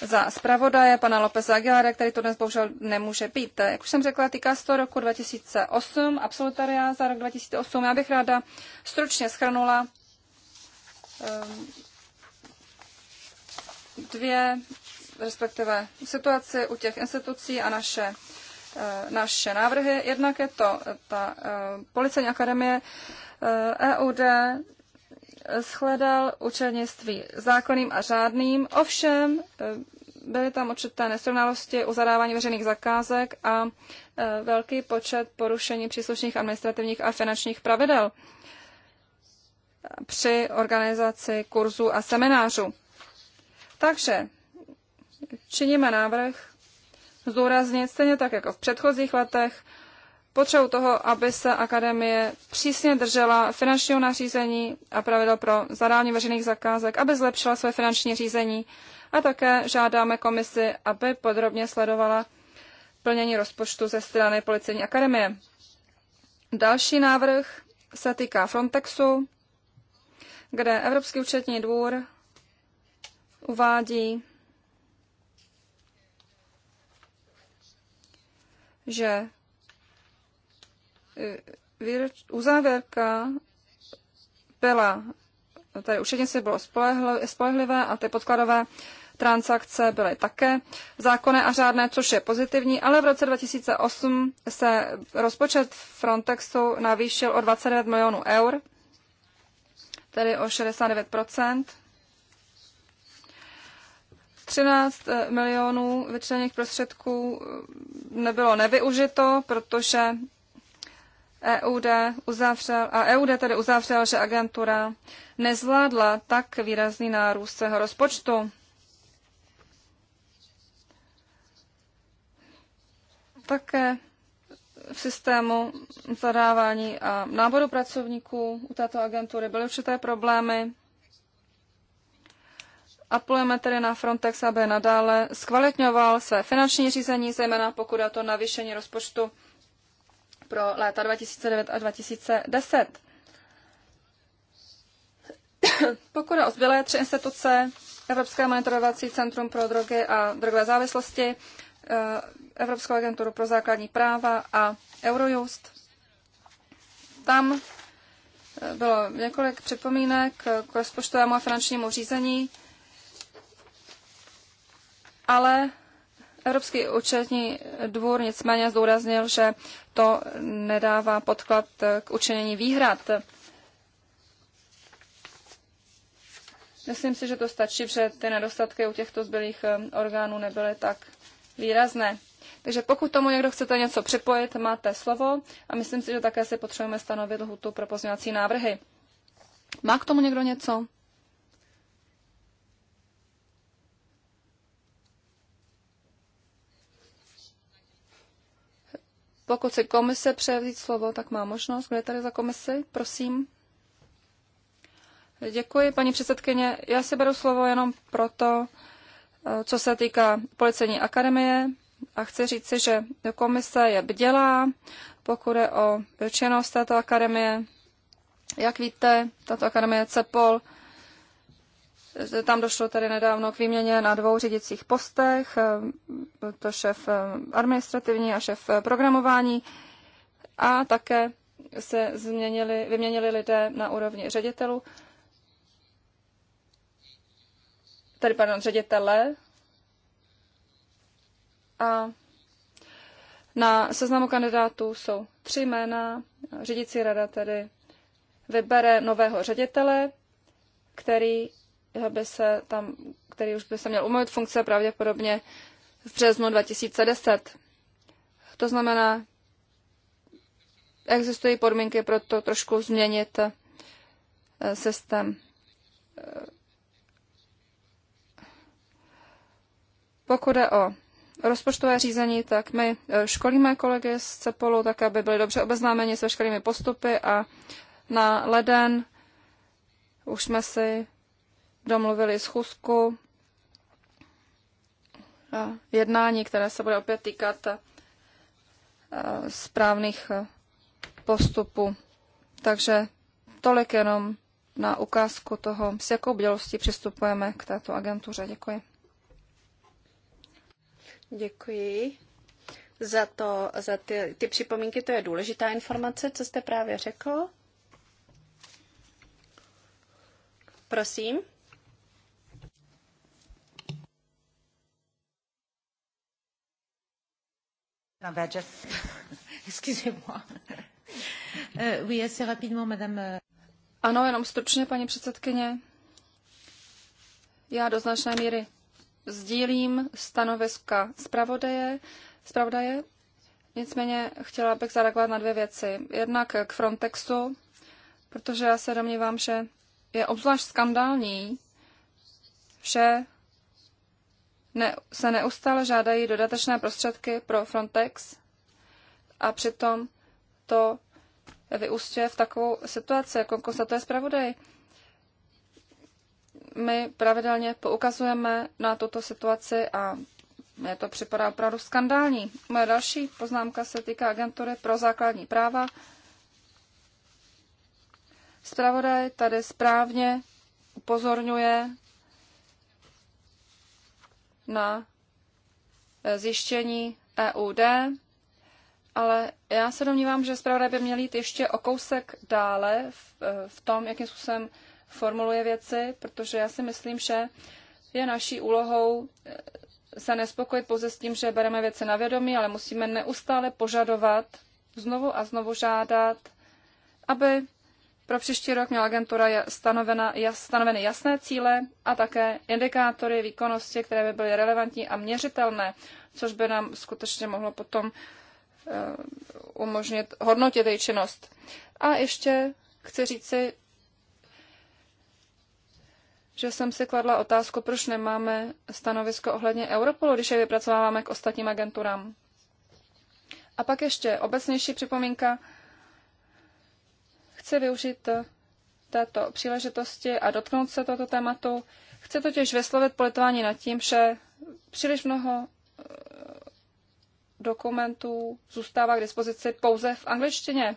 za zpravodaje pana Lopez Aguilera, který tu dnes bohužel nemůže být. Eh, jak už jsem řekla, týká se to roku 2008, absolutaria za rok 2008. Já bych ráda stručně schrnula ehm, dvě, respektive situaci u těch institucí a naše naše návrhy. Jednak je to ta Policejní akademie EUD e shledal učednictví zákonným a řádným, ovšem eh, byly tam určité nesrovnalosti u zadávání veřejných zakázek a eh, velký počet porušení příslušných administrativních a finančních pravidel při organizaci kurzů a seminářů. Takže činíme návrh zdůraznit, stejně tak jako v předchozích letech, potřebu toho, aby se akademie přísně držela finančního nařízení a pravidel pro zadání veřejných zakázek, aby zlepšila své finanční řízení a také žádáme komisi, aby podrobně sledovala plnění rozpočtu ze strany Policejní akademie. Další návrh se týká Frontexu, kde Evropský účetní dvůr uvádí, že Eh, výroč, uzávěrka byla, tady učetnictví bylo spolehlivé a ty podkladové transakce byly také zákonné a řádné, což je pozitivní, ale v roce 2008 se rozpočet Frontexu navýšil o 29 milionů eur, tedy o 69 13 eh, milionů vyčleněných prostředků eh, nebylo nevyužito, protože EUD uzavřel, a EUD tedy uzavřel, že agentura nezvládla tak výrazný nárůst svého rozpočtu. Také v systému zadávání a náboru pracovníků u této agentury byly určité problémy. Apelujeme tedy na Frontex, aby nadále zkvalitňoval své finanční řízení, zejména pokud je to navýšení rozpočtu pro léta 2009 a 2010. [coughs] Pokud o zbylé tři instituce, Evropské monitorovací centrum pro drogy a drogové závislosti, eh, Evropskou agenturu pro základní práva a Eurojust. Tam eh, bylo několik připomínek k rozpočtovému a finančnímu řízení, ale Evropský účetní dvůr nicméně zdůraznil, že to nedává podklad k učinění výhrad. Myslím si, že to stačí, protože ty nedostatky u těchto zbylých eh, orgánů nebyly tak výrazné. Takže pokud tomu někdo chcete něco připojit, máte slovo a myslím si, že také si potřebujeme stanovit lhutu pro pozměňovací návrhy. Má k tomu někdo něco? Pokud se komise převzít slovo, tak má možnost. Kdo je tady za komisi? Prosím. Děkuji, paní předsedkyně. Já si beru slovo jenom proto, eh, co se týká policejní akademie a chci říci, že komise je bdělá, pokud je o činnost této akademie. Jak víte, tato akademie CEPOL tam došlo tedy nedávno k výměně na dvou řídicích postech, byl to šéf eh, administrativní a šéf eh, programování a také se změnili, vyměnili lidé na úrovni ředitelů, tedy pardon, ředitele a na seznamu kandidátů jsou tři jména. Řídící rada tedy vybere nového ředitele, který by se tam, který už by se měl umovit funkce pravděpodobně v březnu 2010. To znamená, existují podmínky pro to trošku změnit eh, systém. Pokud je o rozpočtové řízení, tak my eh, školíme kolegy z CEPOLu, tak aby byli dobře obeznámeni s veškerými postupy a na leden už jsme si domluvili schůzku jednání, které se bude opět týkat eh, správných eh, postupů. Takže tolik jenom na ukázku toho, s jakou bdělostí přistupujeme k této agentuře. Děkuji. Děkuji za, to, za ty, ty připomínky. To je důležitá informace, co jste právě řekl. Prosím. [laughs] Euh, euh. Ano, jenom stručně, paní předsedkyně. Já do značné míry sdílím stanoviska zpravodaje, zpravodaje. Nicméně chtěla bych zareagovat na dvě věci. Jednak k Frontexu, protože já se domnívám, že je obzvlášť skandální, že ne, se neustále žádají dodatečné prostředky pro Frontex a přitom to vyústňuje v takovou situaci, jako konstatuje zpravodaj. My pravidelně poukazujeme na tuto situaci a mně to připadá opravdu skandální. Moje další poznámka se týká agentury pro základní práva. Spravodaj tady správně upozorňuje na eh, zjištění EUD, ale já se domnívám, že zpravodaj by měl jít ještě o kousek dále v, eh, v tom, jakým způsobem formuluje věci, protože já si myslím, že je naší úlohou eh, se nespokojit pouze s tím, že bereme věci na vědomí, ale musíme neustále požadovat, znovu a znovu žádat, aby pro příští rok měla agentura stanovena, jas, stanoveny jasné cíle a také indikátory výkonnosti, které by byly relevantní a měřitelné, což by nám skutečně mohlo potom eh, umožnit hodnotit její činnost. A ještě chci říci, že jsem si kladla otázku, proč nemáme stanovisko ohledně Europolu, když je vypracováváme k ostatním agenturám. A pak ještě obecnější připomínka – Chci využít eh, této příležitosti a dotknout se tohoto tématu. Chci totiž vyslovit politování nad tím, že příliš mnoho eh, dokumentů zůstává k dispozici pouze v angličtině.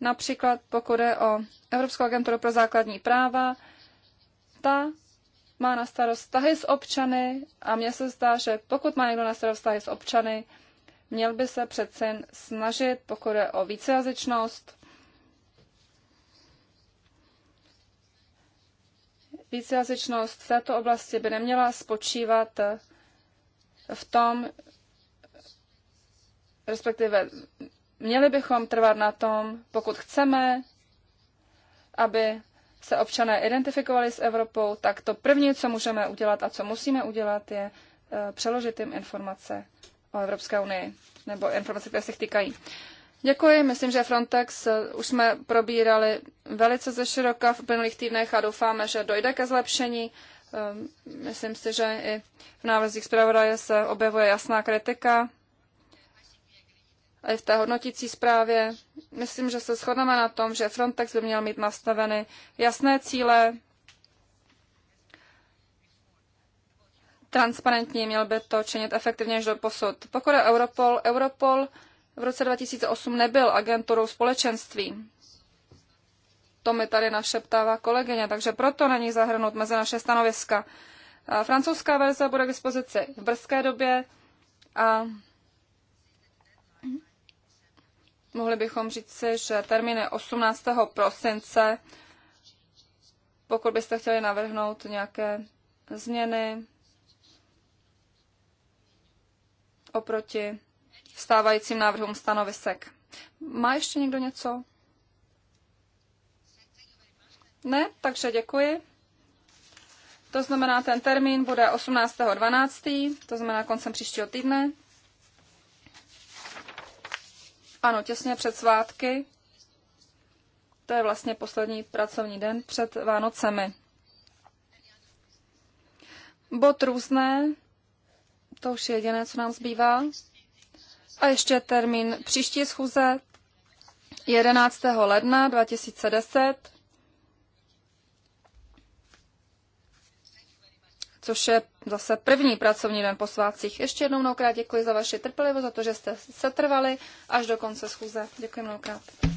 Například pokud je o Evropskou agenturu pro základní práva, ta má na starost vztahy s občany a mně se zdá, že pokud má někdo na starost vztahy s občany, měl by se přece snažit, pokud je o vícejazyčnost, Vícejazyčnost v této oblasti by neměla spočívat v tom, respektive měli bychom trvat na tom, pokud chceme, aby se občané identifikovali s Evropou, tak to první, co můžeme udělat a co musíme udělat, je eh, přeložit jim informace o Evropské unii nebo informace, které se týkají. Děkuji, myslím, že Frontex eh, už jsme probírali velice ze široka v plynulých týdnech a doufáme, že dojde ke zlepšení. Ehm, myslím si, že i v návrzích zpravodaje se objevuje jasná kritika. A i v té hodnotící zprávě. Myslím, že se shodneme na tom, že Frontex by měl mít nastaveny jasné cíle, transparentní, měl by to činit efektivně až do posud. Pokud je Europol, Europol v roce 2008 nebyl agenturou společenství. To mi tady našeptává kolegyně, takže proto není zahrnut mezi naše stanoviska. Francouzská verze bude k dispozici v brzké době a mohli bychom si, že termín je 18. prosince. Pokud byste chtěli navrhnout nějaké změny oproti stávajícím návrhům stanovisek. Má ještě někdo něco? Ne, takže děkuji. To znamená, ten termín bude 18.12., to znamená koncem příštího týdne. Ano, těsně před svátky. To je vlastně poslední pracovní den před Vánocemi. Bod různé, to už je jediné, co nám zbývá. A ještě termín příští schůze 11. ledna 2010, což je zase první pracovní den po svátcích. Ještě jednou mnohokrát děkuji za vaši trpělivost, za to, že jste setrvali až do konce schůze. Děkuji mnohokrát.